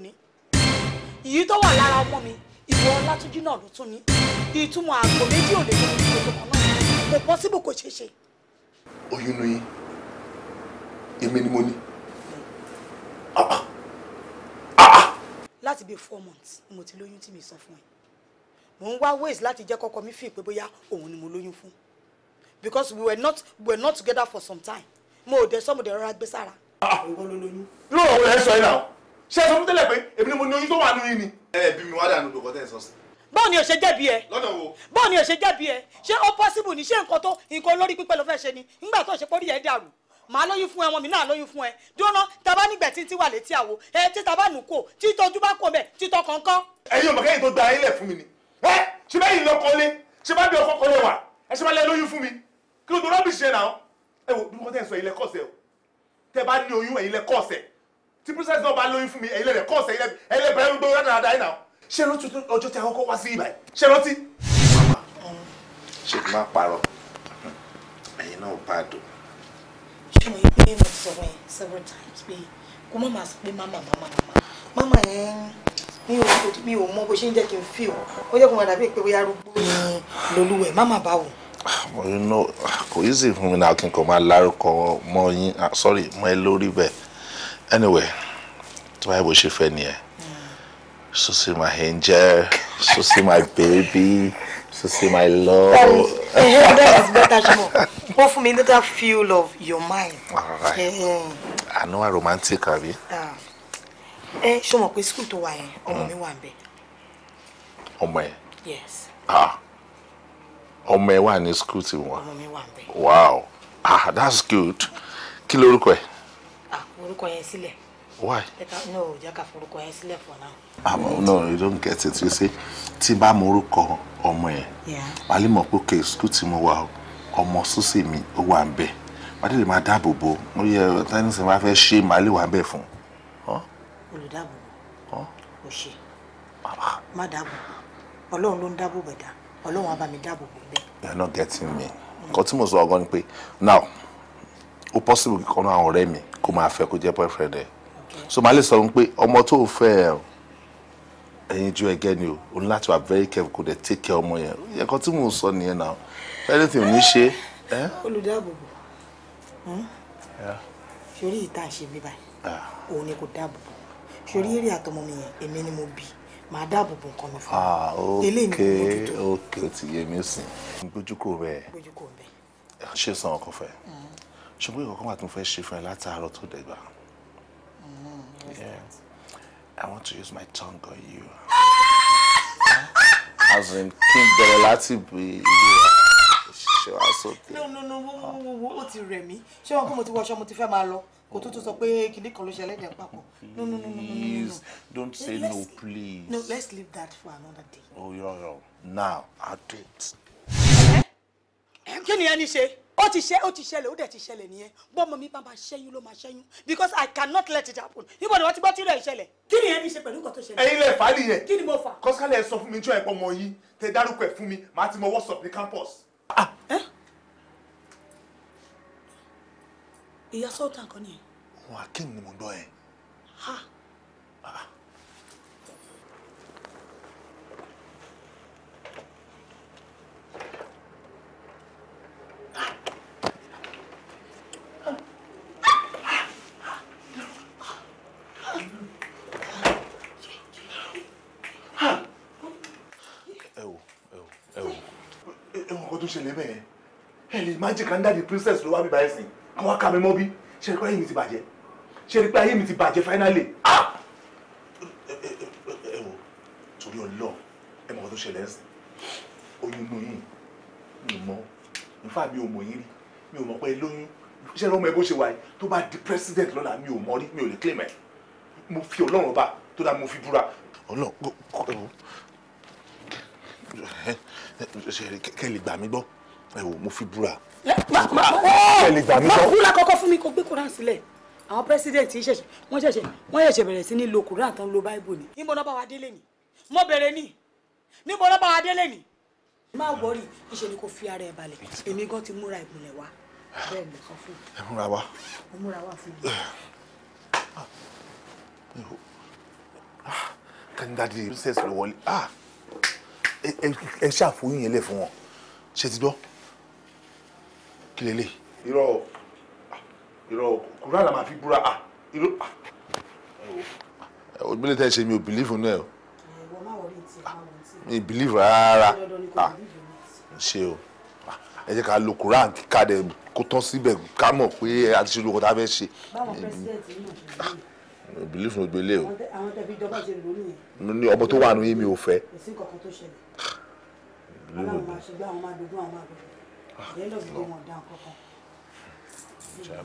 ìyí tó wà lára ọmọ mi ìwọ Ọlátúnjí náà ló tún ní ìtumọ̀ àgbò méjì ò lè tó ní gbogbo náà kò pọ́síbù kò ṣeé ṣe. oyún nu èmi ni mo ní. Ah, ah. Ah, láti bíi four months ni mo ti lóyún tí mi sọ fún ẹ mò ń wá ways láti jẹ́ kọ́kọ́ mi fi pé bóyá òun ni mo lóyún fún because we were not we were not together for some time mo ò dé sọ́mu dẹ̀ rọra gbé sára. ìwọ ló lóyún. lóòrò ẹ sọ yìí náà ṣé ẹ sọ fún tẹ́lẹ̀ pé èmi ni mo ní oyún tó wà nínú yín ni. ẹ bí mi wá dànù dòkọ́tẹ́ sọ sí báwo ni o ṣe jẹ̀bi ẹ báwo ni o ṣe jẹ̀bi ẹ ṣé ó possible ni ṣé nǹkan tó nǹkan olórí pípẹ́ ló fẹ́ ṣe ni nígbà tó ṣe pórí ẹ dàrú màá lóyún fún ẹ wọn mi náà lóyún fún ẹ dúró tàbá nígbà tí tí wà létí àwo ẹ tí tàbá nù kó tí tọjú bá kó bẹ títọ kọ̀ọ̀kan. ẹ̀yin ọmọ kẹyìn tó da ilẹ̀ fún mi ni ẹ ṣe bá yìí lọkọ lé ṣe bá bí ọkọ kọ lẹwà ẹ ṣe bá lẹ lóyún fún mi kí ló tó rọbìṣì ẹ náà ẹ wo dúró tẹ ẹ sọ ilẹ̀ kọsẹ̀ o tẹ bá ní oyún ẹ̀yin lẹ kọsẹ̀ tí princess náà bá lóyún fún mi ẹ̀yin lẹ kọsẹ̀ ẹ̀yin lẹ bẹ̀rẹ̀ gbogbo rẹ dáadáa yìí náà ṣé rántí ọjọ́ tí a kọ́kọ́ wá sí ibà ṣé rántí. ṣé kí n má parọ́ ẹ̀yin náà bá a dùn. ṣé mo yí pé mo sọ wọn several times pé kó má máa sọ pé má màmá màmá màmá yẹn mi ò mi ò mọ bó ṣe ń jẹ́ kí n fi o ó jẹ́ kó máa dàbí pé bóyá arúgbó ni lolúwẹ̀ má bá wò. mo yín náà kò yí sí fún mi náà kí n kàn máa lárúkọ mọ yín ah, sorry mọ ẹ lórí bẹ́ẹ̀ anyway tí wàá bó ṣe fẹ́ nìyẹn. Susie, my angel. Susie, my baby. Susie, my love. Well, um, eh, eh, that is better, Shimo. But for me, that feel of your mind. All right. Eh. I know I'm romantic, àbí? Ah. Eh, me what school tó wà yẹn, ọmọ mi mm. wà ńbẹ̀. Ọmọ ẹ? Yes. Ah. Oh, my wà is school tí wọ́n. Ọmọ mi wà ńbẹ̀. Wow. Ah, that's good. Kí lorúkọ Ah, orúkọ yẹn Why? No, jẹ́ ká forúkọ now. no, you don't get it. You see, tí bá mo orúkọ ọmọ yẹn, wà á lè mọ̀ pé kè skul tí mo wà ọmọ sọ́sẹ̀ mi ó wà ń bẹ̀. Wà á lè máa dáàbò bo. Mo yẹ tẹ́ni sìn máa fẹ́ ṣe màá lè wà ń bẹ̀ fún. Olùdáàbò bò. O ṣe. Má dáàbò bò. Ọlọ́run ló ń dáàbò bẹ̀dá. Ọlọ́run mi dáàbò bò You are not getting me. Nǹkan tí mo sọ now ó possible kí kan náà àwọn ọ̀rẹ́ mi kó boyfriend ẹ̀ so màá lè sọ pé ọmọ tó fẹ́ ẹyin ju ẹgẹ ni o o ní láti wà very careful kò dẹ̀ take care ọmọ yẹn ẹ̀kọ́ tí mò ń sọ nìyẹn náà anything ò ní ṣe. olùdáàbòbò sórí ìta ṣe bí báyìí ah. òun ni kò dáàbòbò sórí eré àtọmọ mi yẹn èmi ni mo bí màá dáàbòbò nǹkan mi fún un tẹ́lẹ̀ mi ò mójútó. ok ok ti yé mi sìn. gbójúkò rẹ gbójúkò rẹ. ṣé san ọkọ fẹ ṣùgbọ́n ìkọ̀kọ́ wà tó fẹ́ ṣe fún ẹ látàárọ̀ tó dẹ̀gbà. Yeah. I want to use my tongue on you. <laughs> As in, kí n bẹ̀rẹ̀ láti bí ìlú ṣe wá sókè. No no no wo wo wo o ti rẹ̀ mí ṣé wọn kó mo ti wọṣọ mo ti fẹ́ máa lọ kó tó tó sọ pé kinní kan ló ṣẹlẹ̀ dẹ̀ papọ̀. No no no no no. Please don't say no please. No let's leave that for another day. Oh yọ̀yọ̀ now our it. Ẹ kí ni ẹni ṣe? ó ti ṣe ó ti ṣẹlẹ̀ ó dẹ̀ ti ṣẹlẹ̀ nìyẹn bọ́mọ mi bá ma ṣẹ́yún ló ma ṣẹ́yún because I cannot let it happen níbo ni wọ́n ti gbọ́ tí rẹ̀ ṣẹlẹ̀ kí ni ẹni ṣe pẹ̀lú nǹkan tó ṣẹlẹ̀. ẹ̀yin lẹ fà á nìyẹn kí ni mo fà. kọ́sálẹ̀ sọ fún mi tí ẹ̀pọ̀ mọ yín tẹ dárúkọ ẹ̀ fún mi màá ti mọ wọ́sọ̀ ní campus. Ah, ìyá sọ́ọ̀tàn kan nìyẹn. wọn akéwì ni mo gbọ́ ẹ. Ah. ṣẹlẹ̀ bẹ́ẹ̀ ẹ lè má jẹ́ kanda the princess ló wá bíbá ẹ̀sìn àwọn aká mi mọ́ bí ṣe rí pé ayé mi ti bàjẹ́ ṣe rí pé ayé mi ti bàjẹ́ finally ah ẹ wò torí ọlọ ẹ mọ̀ ọ́ tó ṣẹlẹ̀ ẹ̀sìn oyún inú yìí mi mọ́ nfa mi ò mọ̀ yín rí mi ò mọ̀ pé lóyún ṣé lọ́mọ ẹ bó ṣe wà yìí tó bá di president lọ́la mi ò mọ̀ rí mi ò lè claim ẹ̀ mo fi ọlọ́run ọba tó dáa mo fi búra ọlọ́run kẹ́ lè gbà mí gbọ́ ẹ wò mo fi búra. kẹ́ lè gbà mí gbọ́. búra kọ́kọ́ fún mi kó gbé kóra sílẹ̀ àwọn pírẹsidẹ̀ntì ṣẹ̀ṣẹ̀ wọ́n ṣẹ̀ṣẹ̀ wọ́n ṣẹ̀ṣẹ̀ bẹ̀rẹ̀ sí ní lo kóra tán lo báíbù ni. níbo náà bá wa délé ni mo bẹ̀rẹ̀ ni níbo náà bá wa délé ni. má wọrí iṣẹ́ ni kò fi ara ẹ̀ balẹ̀ èmi gan ti múra ìmùlẹ̀ wa bẹ́ẹ̀ ni sọ fún mi. ẹ múra wa. ẹ múra wa fún mi ah ẹ ṣàfòyìn yẹn lẹ̀ fún wọn ṣe ti gbọ́ kí lè lè. irọ́ o irọ́ o kúrò àlà máa fi búra à ah, irọ́ à. Ah. ojúbílẹ̀ tẹ́ ṣe mi ò bìlífù náà o mi ò bìlífù rárá ṣe ah, o ẹ jẹ́ ká lo Quran kíkà dẹ̀ kó tán síbẹ̀ ká mọ̀ pé a ti ṣe olùkọ́ tá a fẹ́ ṣe. báwo pẹ́sidẹ̀ntì yìí ò bí believe no gbele o mo ní ọmọ tó wà nù yín mi ò fẹ́ ọlọ́run ṣe gbé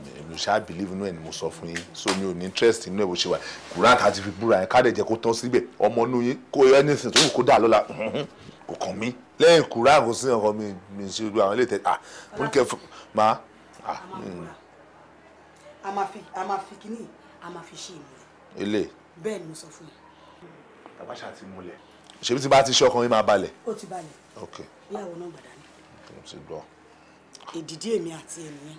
ah, believe inú ẹ mo sọ fún yín so mi ò ní interest inú ẹ bó ṣe wà kùrán àti fi yẹn káàdẹ̀ jẹ́ kó tán síbẹ̀ ọmọ inú yín kó yọ anything tó kó dà lọ́la kò kàn mí lẹ́yìn kùrán kò sí ọkọ mi mi ṣe gbogbo àwọn ilé tẹ ah mo ní fún ma. Ah, hmm. a máa fi a máa fi a máa ilé bẹ́ẹ̀ mo sọ fún yín. bàbá ti múlẹ̀ ṣèbí tí bá ti ṣe ọkàn yín máa balẹ̀. ó ti balẹ̀ ìyàwó náà mọ̀ dání. ti gbọ́. èdìdí èmi àti ènìyàn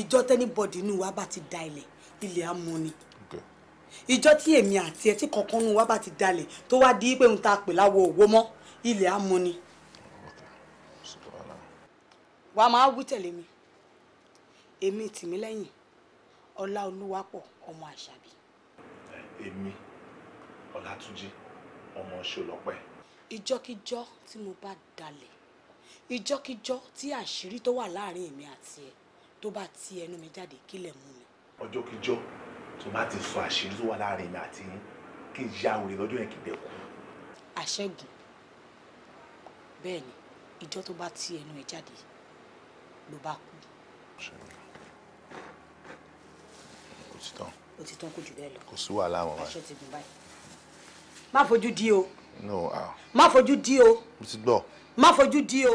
ìjọ tẹ́nibọ̀dì inú wa bá ti da ilẹ̀ ilẹ̀ á mú ni ìjọ tí èmi àti ẹ tí kankan nu wa bá ti dalẹ̀ tó wá di pé n ta pè láwo òwò mọ́ ilẹ̀ á mú ni. wà á máa wí tẹ̀lé mi èmi tìmí lẹ́yìn ọlá olúwapọ̀ ọmọ àṣàbí. èmi ọlátúnjí ọmọ ṣọlọpẹ ìjọ́kíjọ́ tí mo bá dalẹ̀ ìjọ́kíjọ́ tí àṣírí tó wà láàrin èmi àti ẹ tó bá ti ẹnu mi jáde kílẹ̀ mú mi. ọjọ́kíjọ́ tó bá ti sọ àṣírí tó wà láàrin èmi àti yín kí n ya òrè lọ́jọ́ yẹn kì í bẹ̀ kú. àṣẹ́gun bẹ́ẹ̀ ni ìjọ́ tó bá ti ẹnu ẹ jáde ló bá kú. ó ti tán. ó ti tán kò jù bẹ́ẹ̀ lọ. kò sí wàhálà wọn. aṣọ ti gùn báyìí. má fojú di o no ah. má fojú di o. mo ti gbọ́. má fojú di o.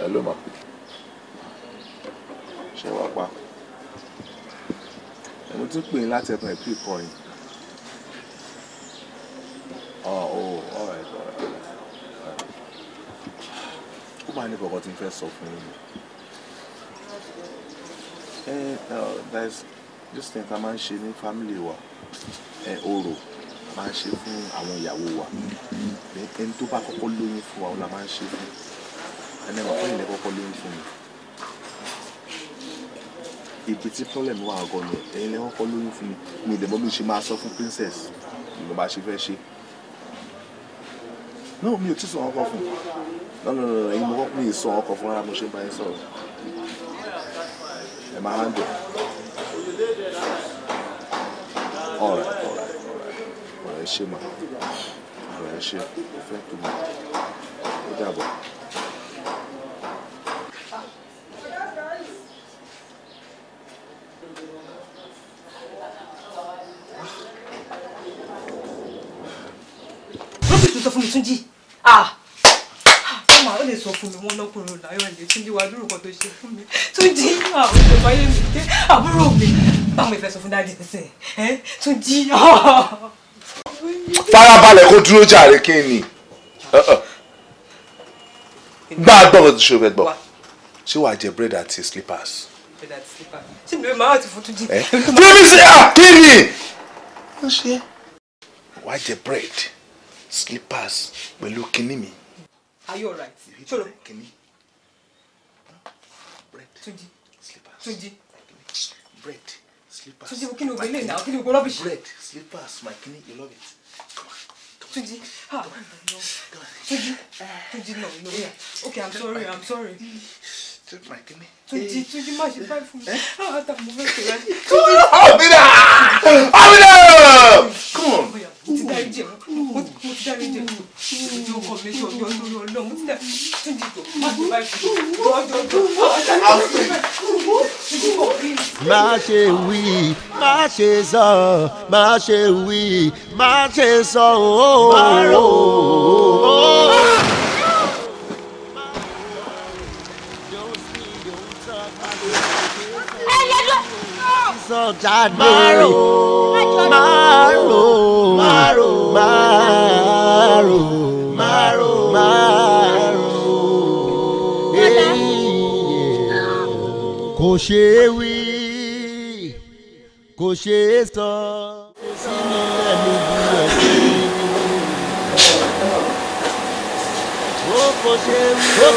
hello ma ṣe wá pa mo tún pè yín láti ẹ̀kan ìpín ìkọ́ yín oh oh all right all right ó máa ní kọ̀ọ̀kan tí n fẹ́ sọ fún yín. there is just ten ta máa ń ṣe ní family wa ẹ orò máa ń ṣe fún àwọn ìyàwó wa ẹni tó bá kọ́kọ́ lóyún fún wa ó la máa ń ṣe fún ẹni ẹ̀ma fún ìlẹ̀ kọ́kọ́ lóyún fún mi ibi tí problem wà gan ni ẹ̀yin lẹ́yìn kọ́kọ́ lóyún fún mi mi ìdẹ̀mọ́ mi ṣe máa sọ fún princess ìgbà bá ṣe fẹ́ ṣe náà mi ò tí sọ ọkọ fún lọ́nà ẹ̀yin mo kọ́kọ́ mi ì sọ fún ara mo ṣe ń bá yín sọ̀rọ̀ ẹ̀ máa ń dẹ̀. ṣe mà ọ̀rọ̀ ẹ ṣe ó tó mọ̀ ó dàbọ̀. sọ fún ọmọ ah! ah! àwọn lè sọ fún mi wọn lọkùnrin ọláyọ ilé túnjí wàá dúró kan tó ṣe fún mi túnjí àwọn ìjọba ayé mi jẹ àbúrò mi báwọn ìfẹ́ sọ fún dáàdì sísè túnjí. <laughs> farabalẹ̀ kó dúró jàre kéènì gbá gbọ́dọ̀ tó ṣe fẹ́ gbọ́ ṣé wàá jẹ bread and àti slippers. ṣé bèbè màá ti fojú jì. bíbí sí à kéènì ó ṣe wàá jẹ bread slippers pẹ̀lú kinní mi. are you alright? ṣòro tuji tuji bread slippers tuji kí ni o gbé lè nà kí ni o gbé rọ́bìṣì. bread slippers my kinní you love it. Tunji, ah, Tunji, Tunji, no, no. Okay, I'm sorry, I'm sorry. Túnjí Túnjí má ṣe báyìí fún mi. Àwọn àtàwọn ọmọ fẹ́ fẹ́ Túnjí. Ọ̀bìnà! Ọ̀bìnà! Come on. Mo ti dárí jẹ̀ mo ti dárí jẹ̀ mo ti ọkọ mi jọ ọjọ́ lórí ọlọ́run mo ti dárí jáde. Má rò má rò má rò má rò má rò má rò. Kò ṣeé wí, kò ṣeé sọ. Ó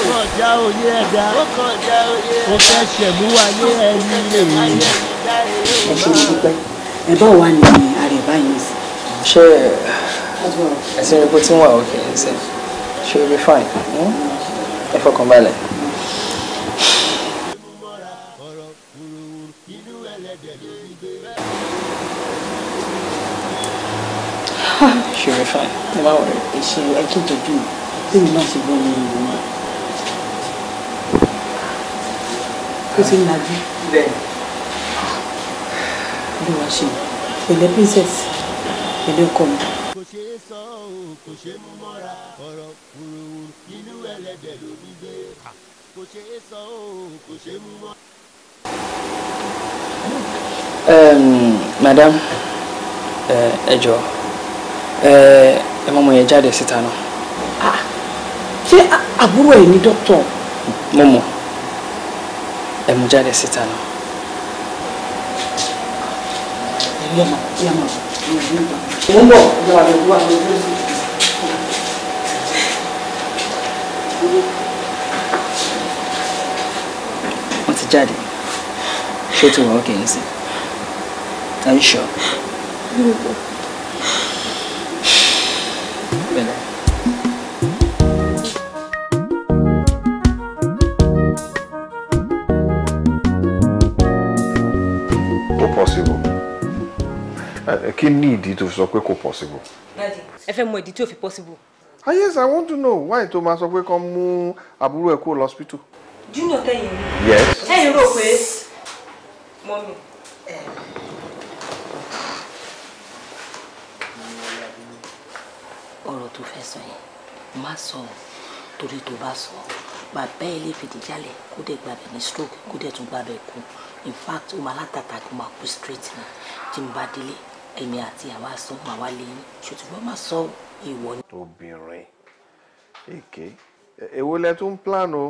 kọjá òye ẹ̀dá, ó fẹ́ ṣẹ̀mú ayé ẹni rèé ẹ ṣe mo dúpẹ́ ẹ bá wà ní ààrẹ báyìí sí. ṣé ẹsìn epo tí wọn òkè ń sẹ ṣé o bí fine hmm? ẹ fọkàn balẹ̀. ṣe rẹ fine ẹ má wọrẹ. ẹ ṣe ẹ tó tọ́jú mi lẹ́yìn náà ṣe gbọ́ mi ìlú náà. ó ti ń lajú bí wàá ṣe pẹ̀lẹ́ princess pẹ̀lẹ́ ọkọ mi. kò ṣe é sọ o kò ṣe mú mọ́ra ọ̀rọ̀ wùrùwùrù inú ẹlẹ́dẹ̀ ló ń gbé kò ṣe é sọ o kò ṣe mú mọ́ra. madam ẹ jọ̀ọ́ ẹ mọ yẹn jáde síta náà. Ah, ṣé àbúrò ẹ̀ ní dókítà. mo ẹ mú jáde síta náà. yàmà yàmà mo ń bọ̀ ìjọba àbẹ̀kú ti jáde ṣé o ti kì í sí are you sure. Bella. possible. Eh, kí ni ìdí to fi sọ pé possible. Daddy, ẹ fẹ́ mọ ìdí tí ò fi possible. ah yes i want to know why tó máa sọ pé kán mú àbúrò ẹ kúrò lọ́sípítù. junior tell rí. yes. tẹ̀yìn rò pé mommy. Eh, ọ̀rọ̀ tó fẹ́ sọ yẹn má sọ ọ́ torí tó bá sọ ọ́ bàbá ẹ fìdí jálẹ̀ kó dẹ̀ gbàbẹ̀ ní stroke kó dẹ̀ tún gbàbẹ̀ kú in fact ó máa látàtà kó máa kú straight ni tí n bá délé èmi àti àwa sọ máa wá lé yín ṣùtùgbọ́n máa sọ ìwọ ni. obìnrin èké èwo lẹ tún ń plan o.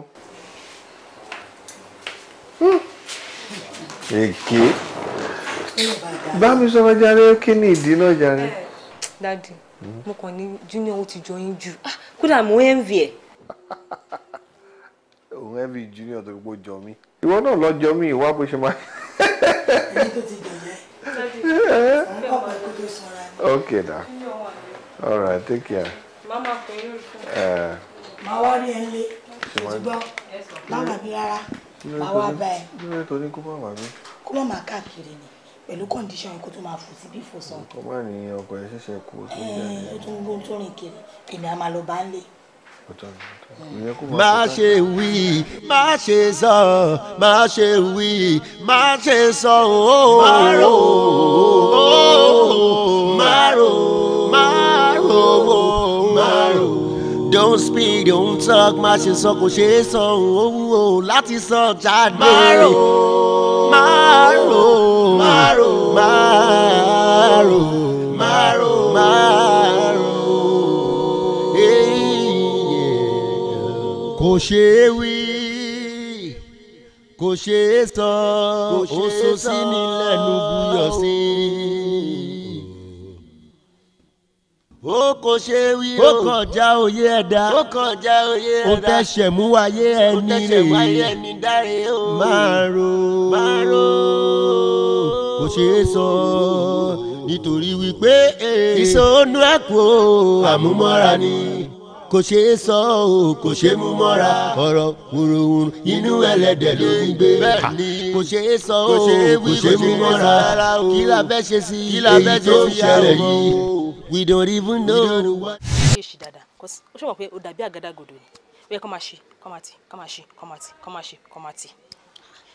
èké hmm. bá mi sọ fún jàre kí ni ìdí náà jàre. Eh, dadi mo kàn ní junior ó ti jọ yín jù ah, kódà mo ń envy ẹ. <laughs> òun envy junior tó gbó jọ mí. ìwọ náà lọ jọ mí ìwà bó ṣe máa. ẹni tó ti jọ yẹn okay now. all right take care. mama kò yóò fún. màá wá rí ẹ lé ṣùgbọ́n máma bí rárá màá wá bá ẹ. kí ló tó ní kó má wà mí. kó má máa káàkiri ni pẹ̀lú kọ́ndíṣọ̀n kó tó máa fò sí bí fò sàn. ọkọ máa ní ọkọ ẹ ṣẹ̀ṣẹ̀ kú eh, tó ń jẹ́ ẹ. ó tún gbóhùn tó rìn kiri èmi á máa lọ bá ń lé má ṣe wí má ṣe sọ má ṣe wí má ṣe sọ ooo má rò ooo má rò ooo má rò. don't speak don't talk má ṣe sọ kò ṣe é sọ ooo láti sọ jáde. má rò má rò má rò má rò má rò. kò ṣeé wí kò ṣeé sọ ó so sí ní lẹ́nu buyọ̀ sí i. ó kò ṣeé wí o ó kọjá òye ẹ̀dá ó kọjá òye ẹ̀dá ó tẹ̀sẹ̀ mú wáyé ẹni rèé máa máa ro kò ṣeé sọ nítorí wípé ìsọnù ẹ̀kọ́ àmúmọ́ra ni kò ṣe é sọ o kò ṣe mú mọ́ra ọ̀rọ̀ wùrùwùrù inú ẹlẹ́dẹ̀ ló ń gbé bẹ́ẹ̀ kò ṣe é sọ o kò ṣe mú mọ́ra kí la fẹ́ ṣe sí èyí tó ń ṣẹlẹ̀ yìí we don't even know. ṣé èsì dáadáa ó ṣe pé ó dàbí àgádágodo ni ó yẹ máa ṣe kó máa tì kó máa ṣe kó máa tì kó máa ṣe kó máa tì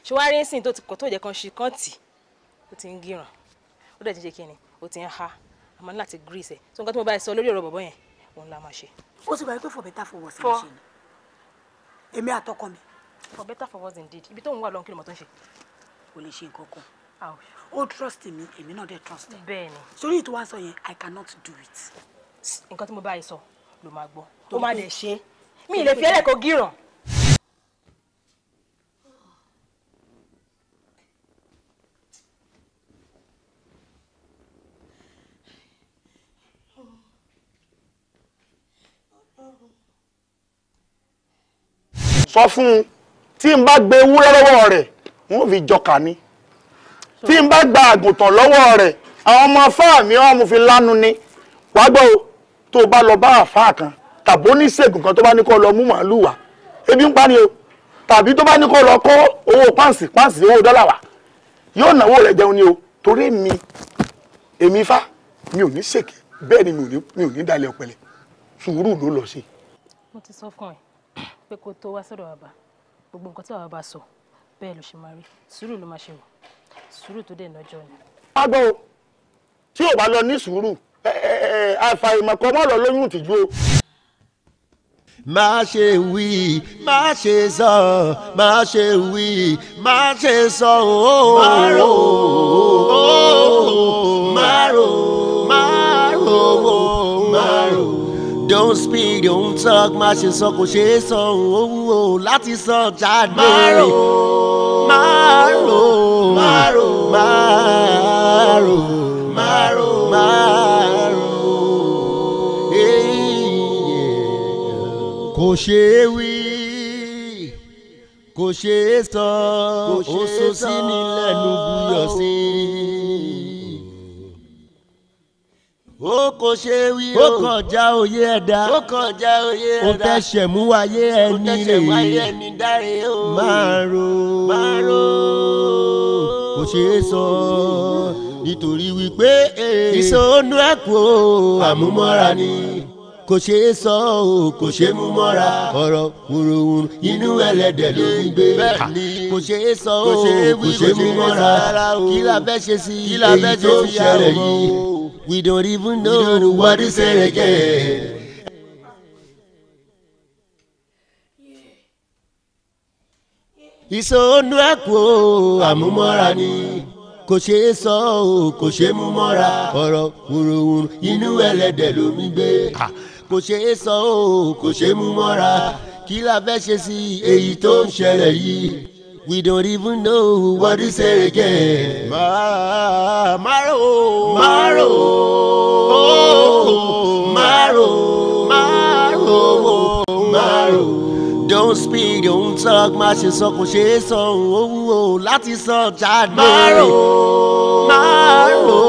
ṣé wàá rí nsìn tó tó jẹ kan ṣe kán tì ó ti ń gíràn ó dẹ̀ ti ṣe kí ni ó ti ń ha àmọ́ ní láti gírísẹ̀ tó nǹkan tí mo bá sọ lórí ọ̀rọ̀ bọ̀bọ̀ yẹn òun la máa ṣe ó sì gbà pé for better for worse ṣe ni èmi àtọkọ mi. for better for worse indeed ibi tó ń wà lọ́nkí lọ́mọ tó ń ṣe. kò lè ṣe nǹkan kan ó trust me. èmi náà dẹ̀ trust ẹ. bẹ́ẹ̀ni. sórí ètò wa sọ yẹn i cannot do it. nǹkan tí mo bá yìí sọ ló máa gbọ́ ó máa dẹ̀ ṣe mí ì lè fi ẹlẹ́kọ̀ọ́ gíràn. sọ fún un tí n bá gbé ewúrẹ́ lọ́wọ́ rẹ̀ wọ́n fi jọkà ni tí n bá gba àgùntàn lọ́wọ́ rẹ̀ àwọn ọmọ afáà mi wọ́n mú fi lánu ni wàá gbọ́ tó o bá lọ bá àfáà kan tàbí oníṣègùn kan tó bá ní kó lọ mú màálùú wá ebi ń pani o tàbí tó bá ní kó lọ kó owó páǹsì páǹsì owó dọ́là wá yóò náwó rẹ̀ jẹun ni o torí mi èmi fa, mi ò ní ṣèké bẹ́ẹ̀ ni mi ò ní dalẹ̀ ọ̀pẹ̀lẹ̀ sùúrù ló lọ sí. mo ti sọ fún ẹ pé kó tó wá sọ́dọ̀ bàbá gbogbo nǹkan tí bàbá bá sọ bẹ́ẹ̀ ló ṣe máa rí sùúrù ló máa ṣe wò sùúrù tó dẹ̀ lọ́jọ́ ni. agbọ́n o tí ò bá lọ ní sùúrù àfàìmọ̀kọ́ mọ́ lọ lóyún ìtìjú o. má ṣe wí má ṣe sọ má ṣe wí má ṣe sọ ooo má rò ooo má rò ooo. don't speak don't talk má ṣe sọ kò ṣe é sọ òun o láti sọ jáde má rò má rò má rò má rò má rò má rò kò ṣe é wí kò ṣe é sọ ó so sí ni lẹ́nu buyọ̀ sí i. ó kò ṣe wí o. ó kọjá òye ẹ̀dá. ó kọjá òye ẹ̀dá. ó tẹ̀sẹ̀ mú wáyé ẹni rè é. ó tẹ̀sẹ̀ mú wáyé ẹni dáre o. máa ro. máa ro. kò ṣeé sọ nítorí wípé. ìsọnù ẹ̀kú àmúmọ́ra ni kò ṣeé sọ o kò ṣeé mú mọ́ra ọ̀rọ̀ wúrowúro inú ẹlẹ́dẹ̀ ló ń gbé kò ṣeé sọ o kò ṣeé mú mọ́ra kí la fẹ́ ṣe sí èyí tó ń ṣẹlẹ̀ yìí. We don't even know, know what to say again. ìsọnù ẹ̀kú àmúmọ́ra ni kò ṣeé sọ o kò ṣeé mú mọ́ra ọ̀rọ̀ wùrùwùrù inú ẹlẹ́dẹ̀ ló mi gbé kò ṣeé sọ o kò ṣeé mú mọ́ra kí la fẹ́ ṣe sí èyí tó ń ṣẹlẹ̀ yìí. We don't even know what is again. Ma Maro, Maro, oh, Maro, Maro, Maro. Don't speak, don't talk, má ṣe sọ kò ṣe é sọ òun oh, o oh, láti sọ jáde. Maro, Maro,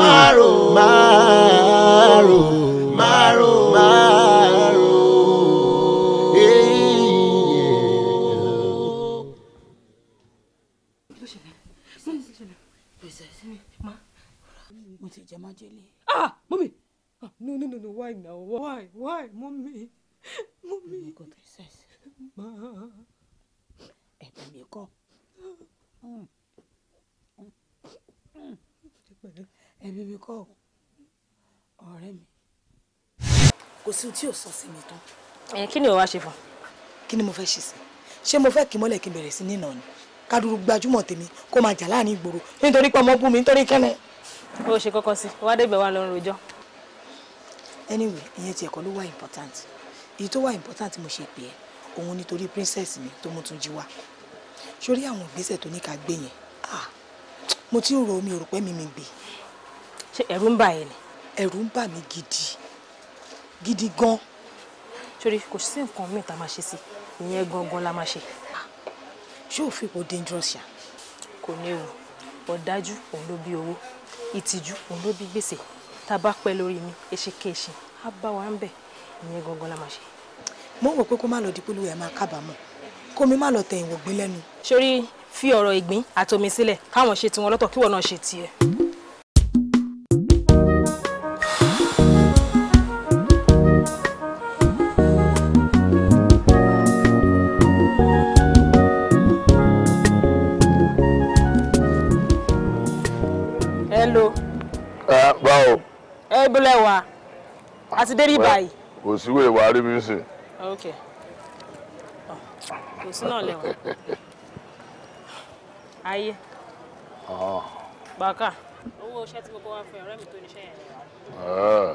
Maro, Maro, Maro, Maro. no, no, no. Why now? Why? Why? Mommy. Mommy. Miko, princess. Ma. Ẹ̀gbẹ́ mm. mm. mi kọ́. Ẹ̀gbẹ́ mi kọ́. Ọ̀rẹ́ mi. Kò sí ohun tí yóò sọ sí mi tán. Ẹ kí ni o wá ṣe fún? Kí ni mo fẹ́ ṣe sí? Ṣé mo fẹ́ kí mọ́lẹ̀ kí n bẹ̀rẹ̀ sí nínà ni? Kádùrú gbajúmọ̀ tèmi kó máa jà láàrin ìgboro nítorí pé ọmọ bú mi nítorí kẹ́nẹ̀. Ó ṣe kọ́kọ́ sí, wá débẹ̀ wá lọ rojọ́ anyway ìyẹn tiẹ̀ kọ́ ló wà important èyí tó wà important mo ṣe pè é òun nítorí princess mi tó mú tún jí wá sórí àwọn ìgbésẹ̀ tó ní ká gbé yẹn ah mo ti ń ro omi òrùpẹ mi mi gbé. ṣé ẹ̀rù ń bà yẹn ni. ẹ̀rù ń bà mí gidi gidi gan. sórí kò sí nǹkan míì tá a máa ṣe sí ìyẹn gangan la máa ṣe. Ah, ṣé òfin kò dangerous ya. kò ní ewu ọ̀dájú òun ló bí owó ìtìjú òun ló bí gbèsè tá a bá pẹ́ lórí mi èṣìkèṣì á bá wa ń bẹ̀ ìyẹn gangan la máa ṣe. mo ń wò pé kó má lọ di pé olúwa ẹ̀ máa kábàámọ̀ kó mi má lọ tẹ̀yìn wògbé lẹ́nu. sórí fi ọ̀rọ̀ ìgbín àtomi sílẹ̀ káwọn ṣe tiwọn lọ́tọ̀ kíwọ náà ṣe tiẹ̀. ẹgbẹ́lẹ̀ wa àti débi báyìí. kò sí wèé wàá rí mi sìn. ok kò sí náà lẹ́wọ̀n ayé ah. gbàkà owó iṣẹ́ tí gbogbo wa fún ọ̀rẹ́ mi tó níṣẹ́ yẹn. Ah.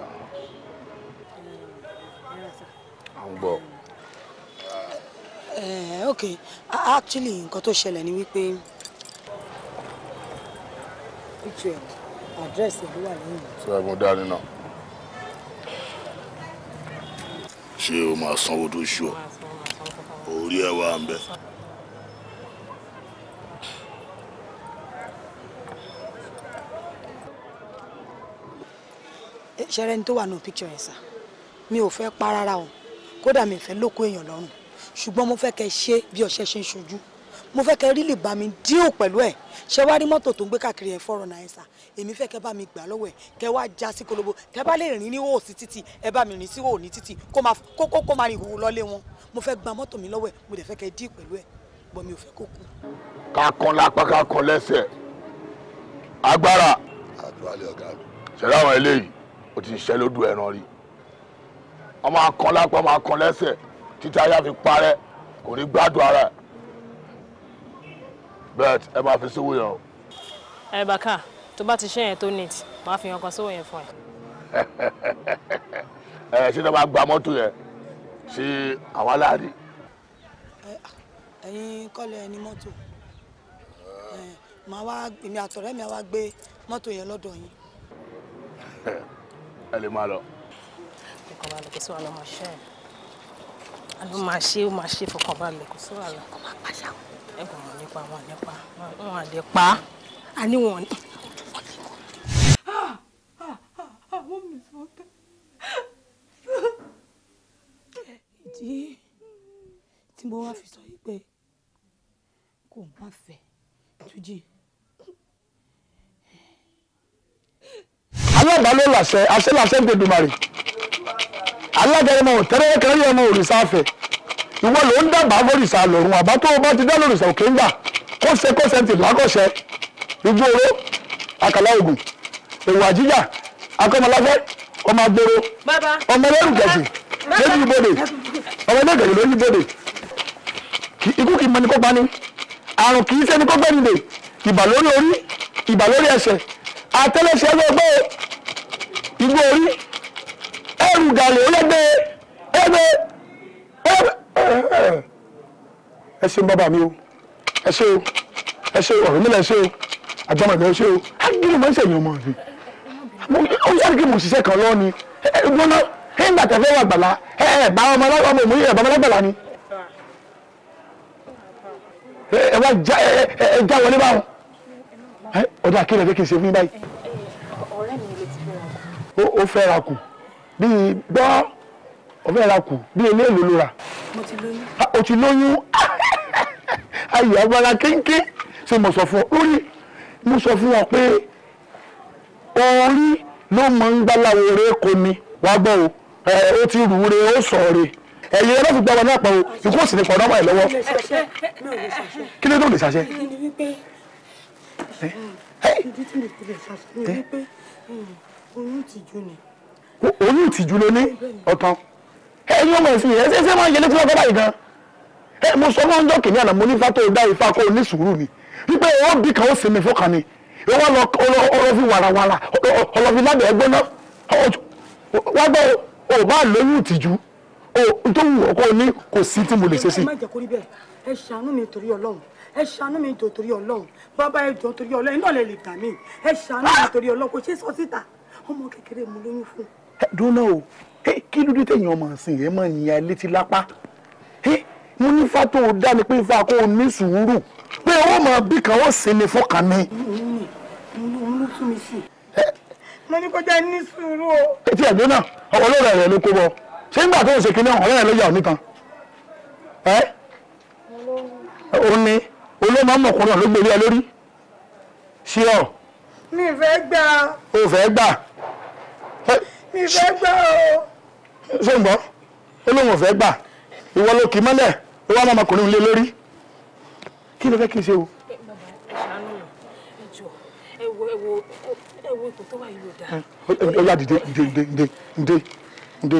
Hmm. ń gbọ́. Eh, ok actually nǹkan tó ṣẹlẹ̀ ni wípé picture ẹ̀ àdírẹ́sì ẹ̀ ló wà lẹ́yìn. sọ ẹ mo dání náà. ṣé o máa sanwó tó ṣù ọ orí ẹ wà ń bẹ. ṣẹ́rẹ́ ni tó wà nù picture yẹn sà mi ò fẹ́ pa rárá o kódà mi ò fẹ́ lóko èèyàn lọ́rùn ṣùgbọ́n mo fẹ́ kẹ́ ṣe bí ọ̀ṣẹ́ ṣe ń ṣojú mo fẹ́ kẹ́ rí lè bá mi díò pẹ̀lú ẹ̀ ṣe wá rí mọ́tò tó ń gbé káàkiri ẹ̀ fọ́rọ̀ náà ẹ̀ sà èmi fẹ́ kẹ́ bá mi gbà lọ́wọ́ ẹ̀ kẹ́ wá já sí kolobo kẹ́ bá lè rìn ní òsì títì ẹ bá mi rìn sí òní títì kó máa kókó kó máa rìn ìhòòhò lọ́lé wọn mo fẹ́ gba mọ́tò mi lọ́wọ́ ẹ̀ mo dẹ̀ fẹ́ kẹ́ dí pẹ̀lú ẹ̀ bọ́ mi ò fẹ́ kó kú. kakan lápá kakan lẹ́sẹ̀ agbára ṣẹlẹ àwọn eléyìí ó ti ṣiṣẹ́ lódú ẹran rí ọmọ akan lápá ọmọ akan lẹ́sẹ̀ títí ayá fi parẹ́ kò ní gbádùn ara ẹ̀ bẹ́ẹ̀ ẹ máa fi síwú yẹn o. ẹ bàkà tó bá ti ṣe yẹn tó neat màá fi hàn kan sówó yẹn fún ẹ. ẹ <laughs> eh, ṣé tó bá gba mọ́tò yẹn ṣé àwa láàrin. ẹ̀yin kọ́lẹ̀ ẹni mọ́tò eh, màá wá èmi àtọ̀rẹ́ mi wá gbé mọ́tò yẹn lọ́dọ̀ yín. <laughs> ẹ lè máa lọ. ẹ̀kọ́ bá lọ kí sọ́wọ́n lọ máa ṣe ẹ̀ àlọ́ máa ṣe ó máa ṣe fọkànbalẹ̀ kò sọ́wọ́n lọ. ẹ kò mọ̀ nípa wọn nípa wọn àdé pa á ní wọn tí mo wá fi sọ yìí pé kò má fẹ́ Túnjí. alága ló làṣẹ àṣẹ làṣẹ gbẹdùmarè alága ẹmọ òtẹrẹ kẹrẹ ẹmọ òrìṣà fẹ ìwọ ló ń dábàá bórìṣà lọ́rùn àbá tó o bá ti dá lórìṣà òkè ń gbà kọsẹ kọsẹ ti làkọsẹ ijó àkàlà ògùn èwà jíjà akọmọláfẹ ọmọ agbóró ọmọ lẹrù gẹ̀ẹ́sì lójú ibodè ọmọ lẹrù gẹ̀ẹ́sì lójú ibodè. ikú kì í mọ ẹni kó pani àrùn kì í ṣẹni kó gbẹ̀yìn dè ìbà lórí orí ìbà lórí ẹsẹ̀ àtẹlẹsẹ̀ ẹgbẹ́ igbó orí ẹrù gàlè ọlẹ́gbẹ́ ẹgbẹ́ ẹ ṣe bàbá mi o ẹ ṣe o ẹ ṣe ọ̀rọ̀ mi lẹ ṣe o àgbàmọ̀gbẹ́ ẹ ṣe o ágìrì máa ń ṣèyàn ọmọ mi ó yàrá kí mo ṣiṣẹ́ kan lọ́ọ́ ni ẹ gbọ́ná ẹ ń gbà tẹ́fẹ́ wà gbàlá ẹ ẹ bá ọmọ ọmọ òmùyẹ ẹ bá ọmọ ọlọ́gbàlá ni ẹ wá já ẹ já wọlé báwọn ọdún akéèrè fẹ́ kí n ṣe fún yín báyìí. ọ̀rẹ́ mi lè ti fẹ́ ra kù. ó fẹ́ ra kù bíi gbọ́ ó fẹ́ ra kù bíi eléèlò ló ra. mo ti lóyún. o ti lóyún <laughs> ayé agbára kéńké ṣe mo sọ fún ọ lórí mo sọ fún ọ pé orí ló máa ń gbáláwo rẹ kò ní wàá gbọ́ o ó ti rù ú rẹ ó sọ̀ rẹ ẹ̀yin ẹlọ́fi gbọ́ wọn náà pọ̀ o ikú òsì ní pọ̀ ọ̀dọ́mọ̀ ẹ̀ lọ́wọ́ kí ló dé òde ṣàṣẹ. oyún ìtìjú ló ní ọ̀tàn ẹ̀yin ọmọ ẹ̀sìn yẹn ṣẹ́ṣẹ́ máa ń yẹlé tí wọ́n kọ́ báyìí gan mo sọ fún ọjọ́ kìnìún àná mo ní fátó dá ifá kó o ní sùúrù ni wípé owó bí kan ó sinmi fọkàn ni owó lọ ọlọ́fi wàràwàrà ọlọ́fi lábẹ́ ẹgbẹ́ náà wá gbọ́ ò bá lóyún ìtìjú tó wù ọ́ kó ní kò sí tí mo lè ṣe sí. ẹ má jẹ́ kó rí bẹ́ẹ̀ ẹ ṣàánú mi torí ọlọ́run ẹ ṣàánú mi jọ torí ọlọ́run bàbá ẹ jọ torí ọlọ́run iná lè lè gbà mí ẹ ṣàánú mi torí ọlọ́run kò ṣe sọ síta ọmọ kékeré mo lóyún fún. dúnà o kí ló dé tẹ̀yìn ọmọ ọ̀sìn yẹn máa ń yan létí lápá mo ní ifá tó dá ni pé ifá kó o ní sùúrù pé ó máa bí kan ó sinmi fún kan mi. mo ní kó jẹ́ ní sùúrù o. etí ẹ̀gbọ́n náà ọ̀pọ̀lọpọ̀ ṣé nígbà tó ń ṣe kinní ọ̀rẹ́ rẹ̀ ló yà ọ́ nìkan ẹ́ òun ni olóòmọ ọmọkùnrin ọ̀hún ló gbélé ẹ lórí sí ọ. mi fẹ́ gbà. o fẹ́ gbà. mi fẹ́ gbà o. ṣé ń gbọ́ olóòmọ fẹ́ gbà ìwọ ló kì í mọ́lẹ̀ ìwọ ọmọ ọmọkùnrin lé lórí kí ló fẹ́ kí n ṣe o. bàbá ẹ ṣàánú ẹ jọ ẹ wo ẹ wo ẹ wo ipò tó wà yìí ló dáa.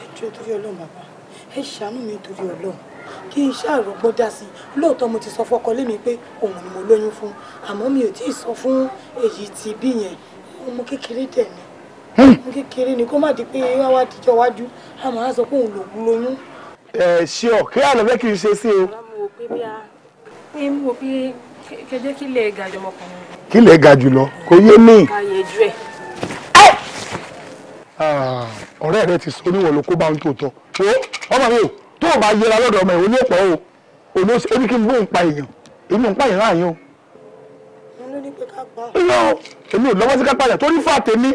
ṣé torí ọlọ́run bàbá ẹ ṣàánú mi torí ọlọ́run kí n ṣàrògbọ́n dá sí i lóòótọ́ mo ti sọ fọ́kọ lé mi pé òun ni mo lóyún fún àmọ́ mi ò tí ì sọ fún èyí ti bí yẹn ọmọ kékeré dẹ̀ ni hmm. ọmọ kékeré ni kó má di pé wá wá dijọ́ wájú a máa sọ pé òun lòún lóyún. ẹ ṣe ọ kí àná fẹ́ kí n ṣe sí o. ẹ mú o pé kẹjẹ kí lè ga jù ọmọkùnrin. kí lè ga jù lọ kò yé mi. kàyé jù ẹ ọ̀rẹ́ rẹ ti sọ oníwọ̀n ló kó bá ń tó tọ́ wo ọmọ mi o tó o bá yẹra lọ́dọ̀ ọmọ ẹ̀ oní ọ̀pọ̀ o òní ẹni kí n bó ń pa èèyàn èmi ò ń pààyàn láàyàn o. ìyá o èmi ò lọ́wọ́ sí ká pààyàn torí fà tèmi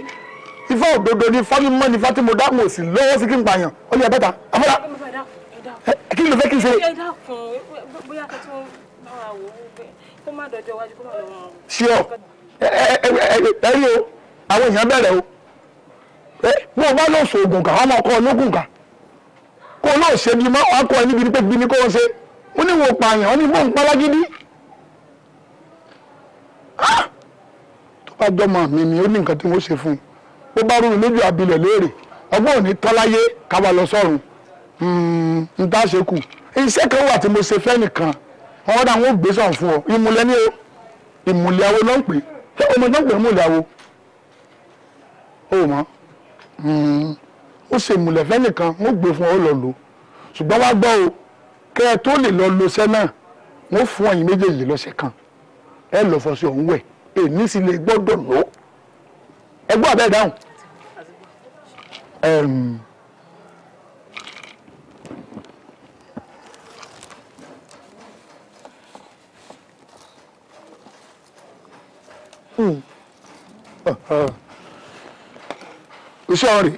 ifá òdodo ni fámi mọ́ ni fátìmọ̀ dáhùn òsì lọ́wọ́ sí kí n pààyàn ó ní ẹ̀bẹ́ta àmọ́ra kí ni mo fẹ́ kí n ṣe. ẹ dákun bóyá kí tí wọ́n bá wa wò ó bẹ́ẹ̀ kó má dọjọ́ iwájú kó má lọ́wọ́. ṣé ọ ẹ ẹ ẹ ẹ rí o àwọn èèyàn bẹ̀rẹ̀ o bó o bá lọ sóògùn kan, wọn máa kọ ológun kan, kó o náà ṣe bí má wàá kọ ẹ níbi pé ṣe pààyàn ó ní bóun pálágídí tó bá mi ni ní nǹkan tí wọn ṣe fún bó bá rú lójú abilẹ̀ léèrè ọgbọ́n lọ sọ́run hmm, n tá ṣe kù iṣẹ́ kan wà tí mo ṣe fẹ́ nìkan wọn dà ọ ni o Hmm. ó ṣe ìmùlẹ̀ fẹ́nìkan wọ́n gbé fún ọ lọ lò ṣùgbọ́n wá gbọ́ o kẹ́ ẹ tó lè lọ lo iṣẹ́ náà wọ́n fún ẹ̀yin méjèèjì lọ́sẹ̀ kan ẹ lọ fọ sí ọ̀hún wẹ̀ èmi sì lè gbọ́dọ̀ lọ ẹ gbọ́ abẹ́ dáhùn Hmm. Uh-huh iṣẹ́ rẹ̀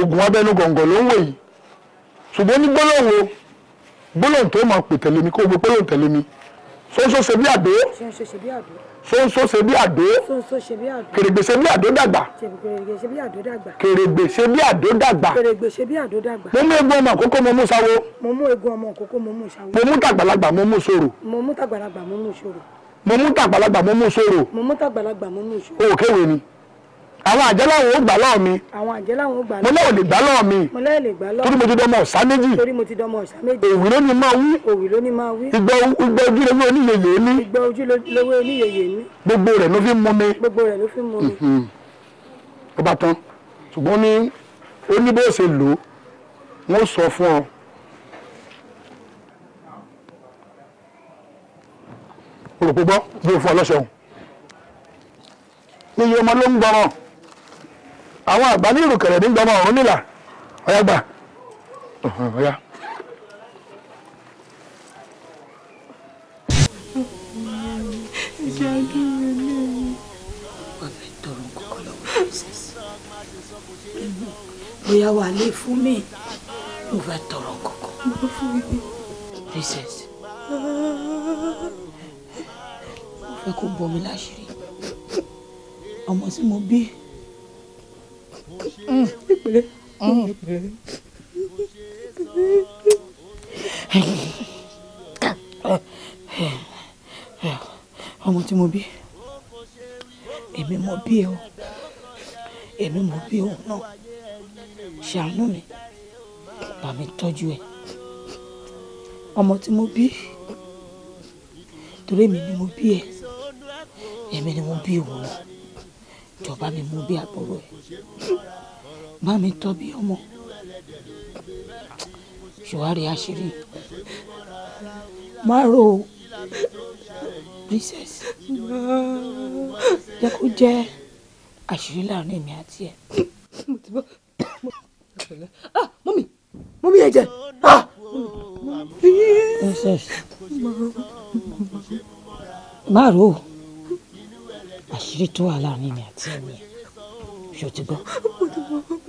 oògùn abẹnú gọ̀ǹgọ̀ ló ń wò yìí ṣùgbọ́n ní gbólóhùn o gbólóhùn tó máa pè tẹ̀lé mi kó o gbé gbólóhùn tẹ̀lé mi ṣé ń ṣe ṣe ṣe bí àdó sonso ṣe bí àdó kèrègbè ṣe bí àdó dàgbà kèrègbè ṣe bí àdó dàgbà mo mú egun ọmọ àkókò mo mú sawo mo mú tàgbàlagbà mo mú sòrò mo mú tàgbàlagbà mo mú sòrò òkèwé ni àwọn àjẹ́ láwọn ò gbà lọ́ọ̀ mi. àwọn àjẹ́ láwọn ò gbà lọ́ọ̀ mi. mo lọ́ọ̀ lè gbà lọ́ọ̀ mi. mo lọ́ọ̀ lè gbà lọ́ọ̀ mi. torí mo ti dọmọ ọ̀sá méjì. torí mo ti dọmọ ọ̀sá méjì. òwì ló ní máa wí. òwì ló ní máa wí. ìgbà ojú lówó oníyèyè ní. ìgbà ojú lówó oníyèyè ní. gbogbo rẹ̀ ló fi mú mi. gbogbo rẹ̀ ló fi mú mi. Mhm. ó bá tán ṣùgbọ́n ní ó ní bó ṣe lò ó wọ́n sọ fún ọ. olùkó gbọ́ bí o fún ọ lọ́sọ̀ọ́ àwọn àgbà ní ìrùkẹ̀rẹ̀ nígbà ọmọ ọ̀run nílà ọ̀yá gbà ọ̀yá. bóyá wà lè fún mi mo fẹ́ tọrọ kankan. princess ah. mo fẹ́ kó bọ́ mi láṣìírí ọmọ tí mo bí ọmọ tí mo bí èmi mo bí ẹ o èmi mo bí òun náà ṣàánú mi bá mi tọ́jú ẹ ọmọ tí mo bí torí èmi ni mo bí ẹ èmi ni mo bí òun náà jọba mi mú bí àbúrò ẹ bá mi tọ́ bí ọmọ ṣùwárí àṣírí má ro princess jẹ́ kó jẹ́ àṣírí láàrin èmi àti ẹ. mọ́mí ah, mọ́mí ẹ jẹ́ ah, princess má ro àṣírí tó wà láàrin mi àti ẹni ẹ ṣó ti gbọ́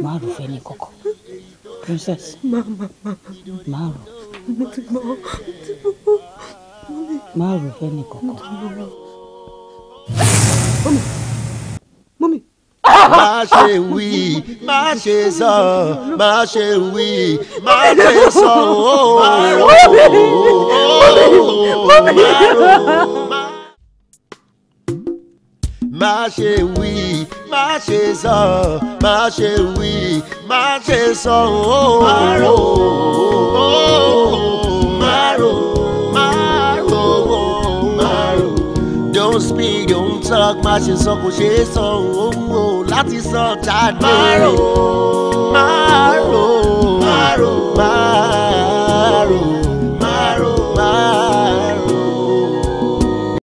má rò fẹ́ ní kọ̀kọ̀ princess má rò má rò fẹ́ ní kọ̀kọ̀. mọ́mí. má ṣe wí má ṣe sọ má ṣe wí má ṣe sọ ooo. mọ́mí mọ́mí mọ́mí má ṣe wí má ṣe sọ má ṣe wí má ṣe sọ ooo. má rò ooo má rò má rò ooo má rò. don't speak don't talk má ṣe sọ kò ṣe é sọ ooo láti sọ jáde. má rò má rò má rò má rò.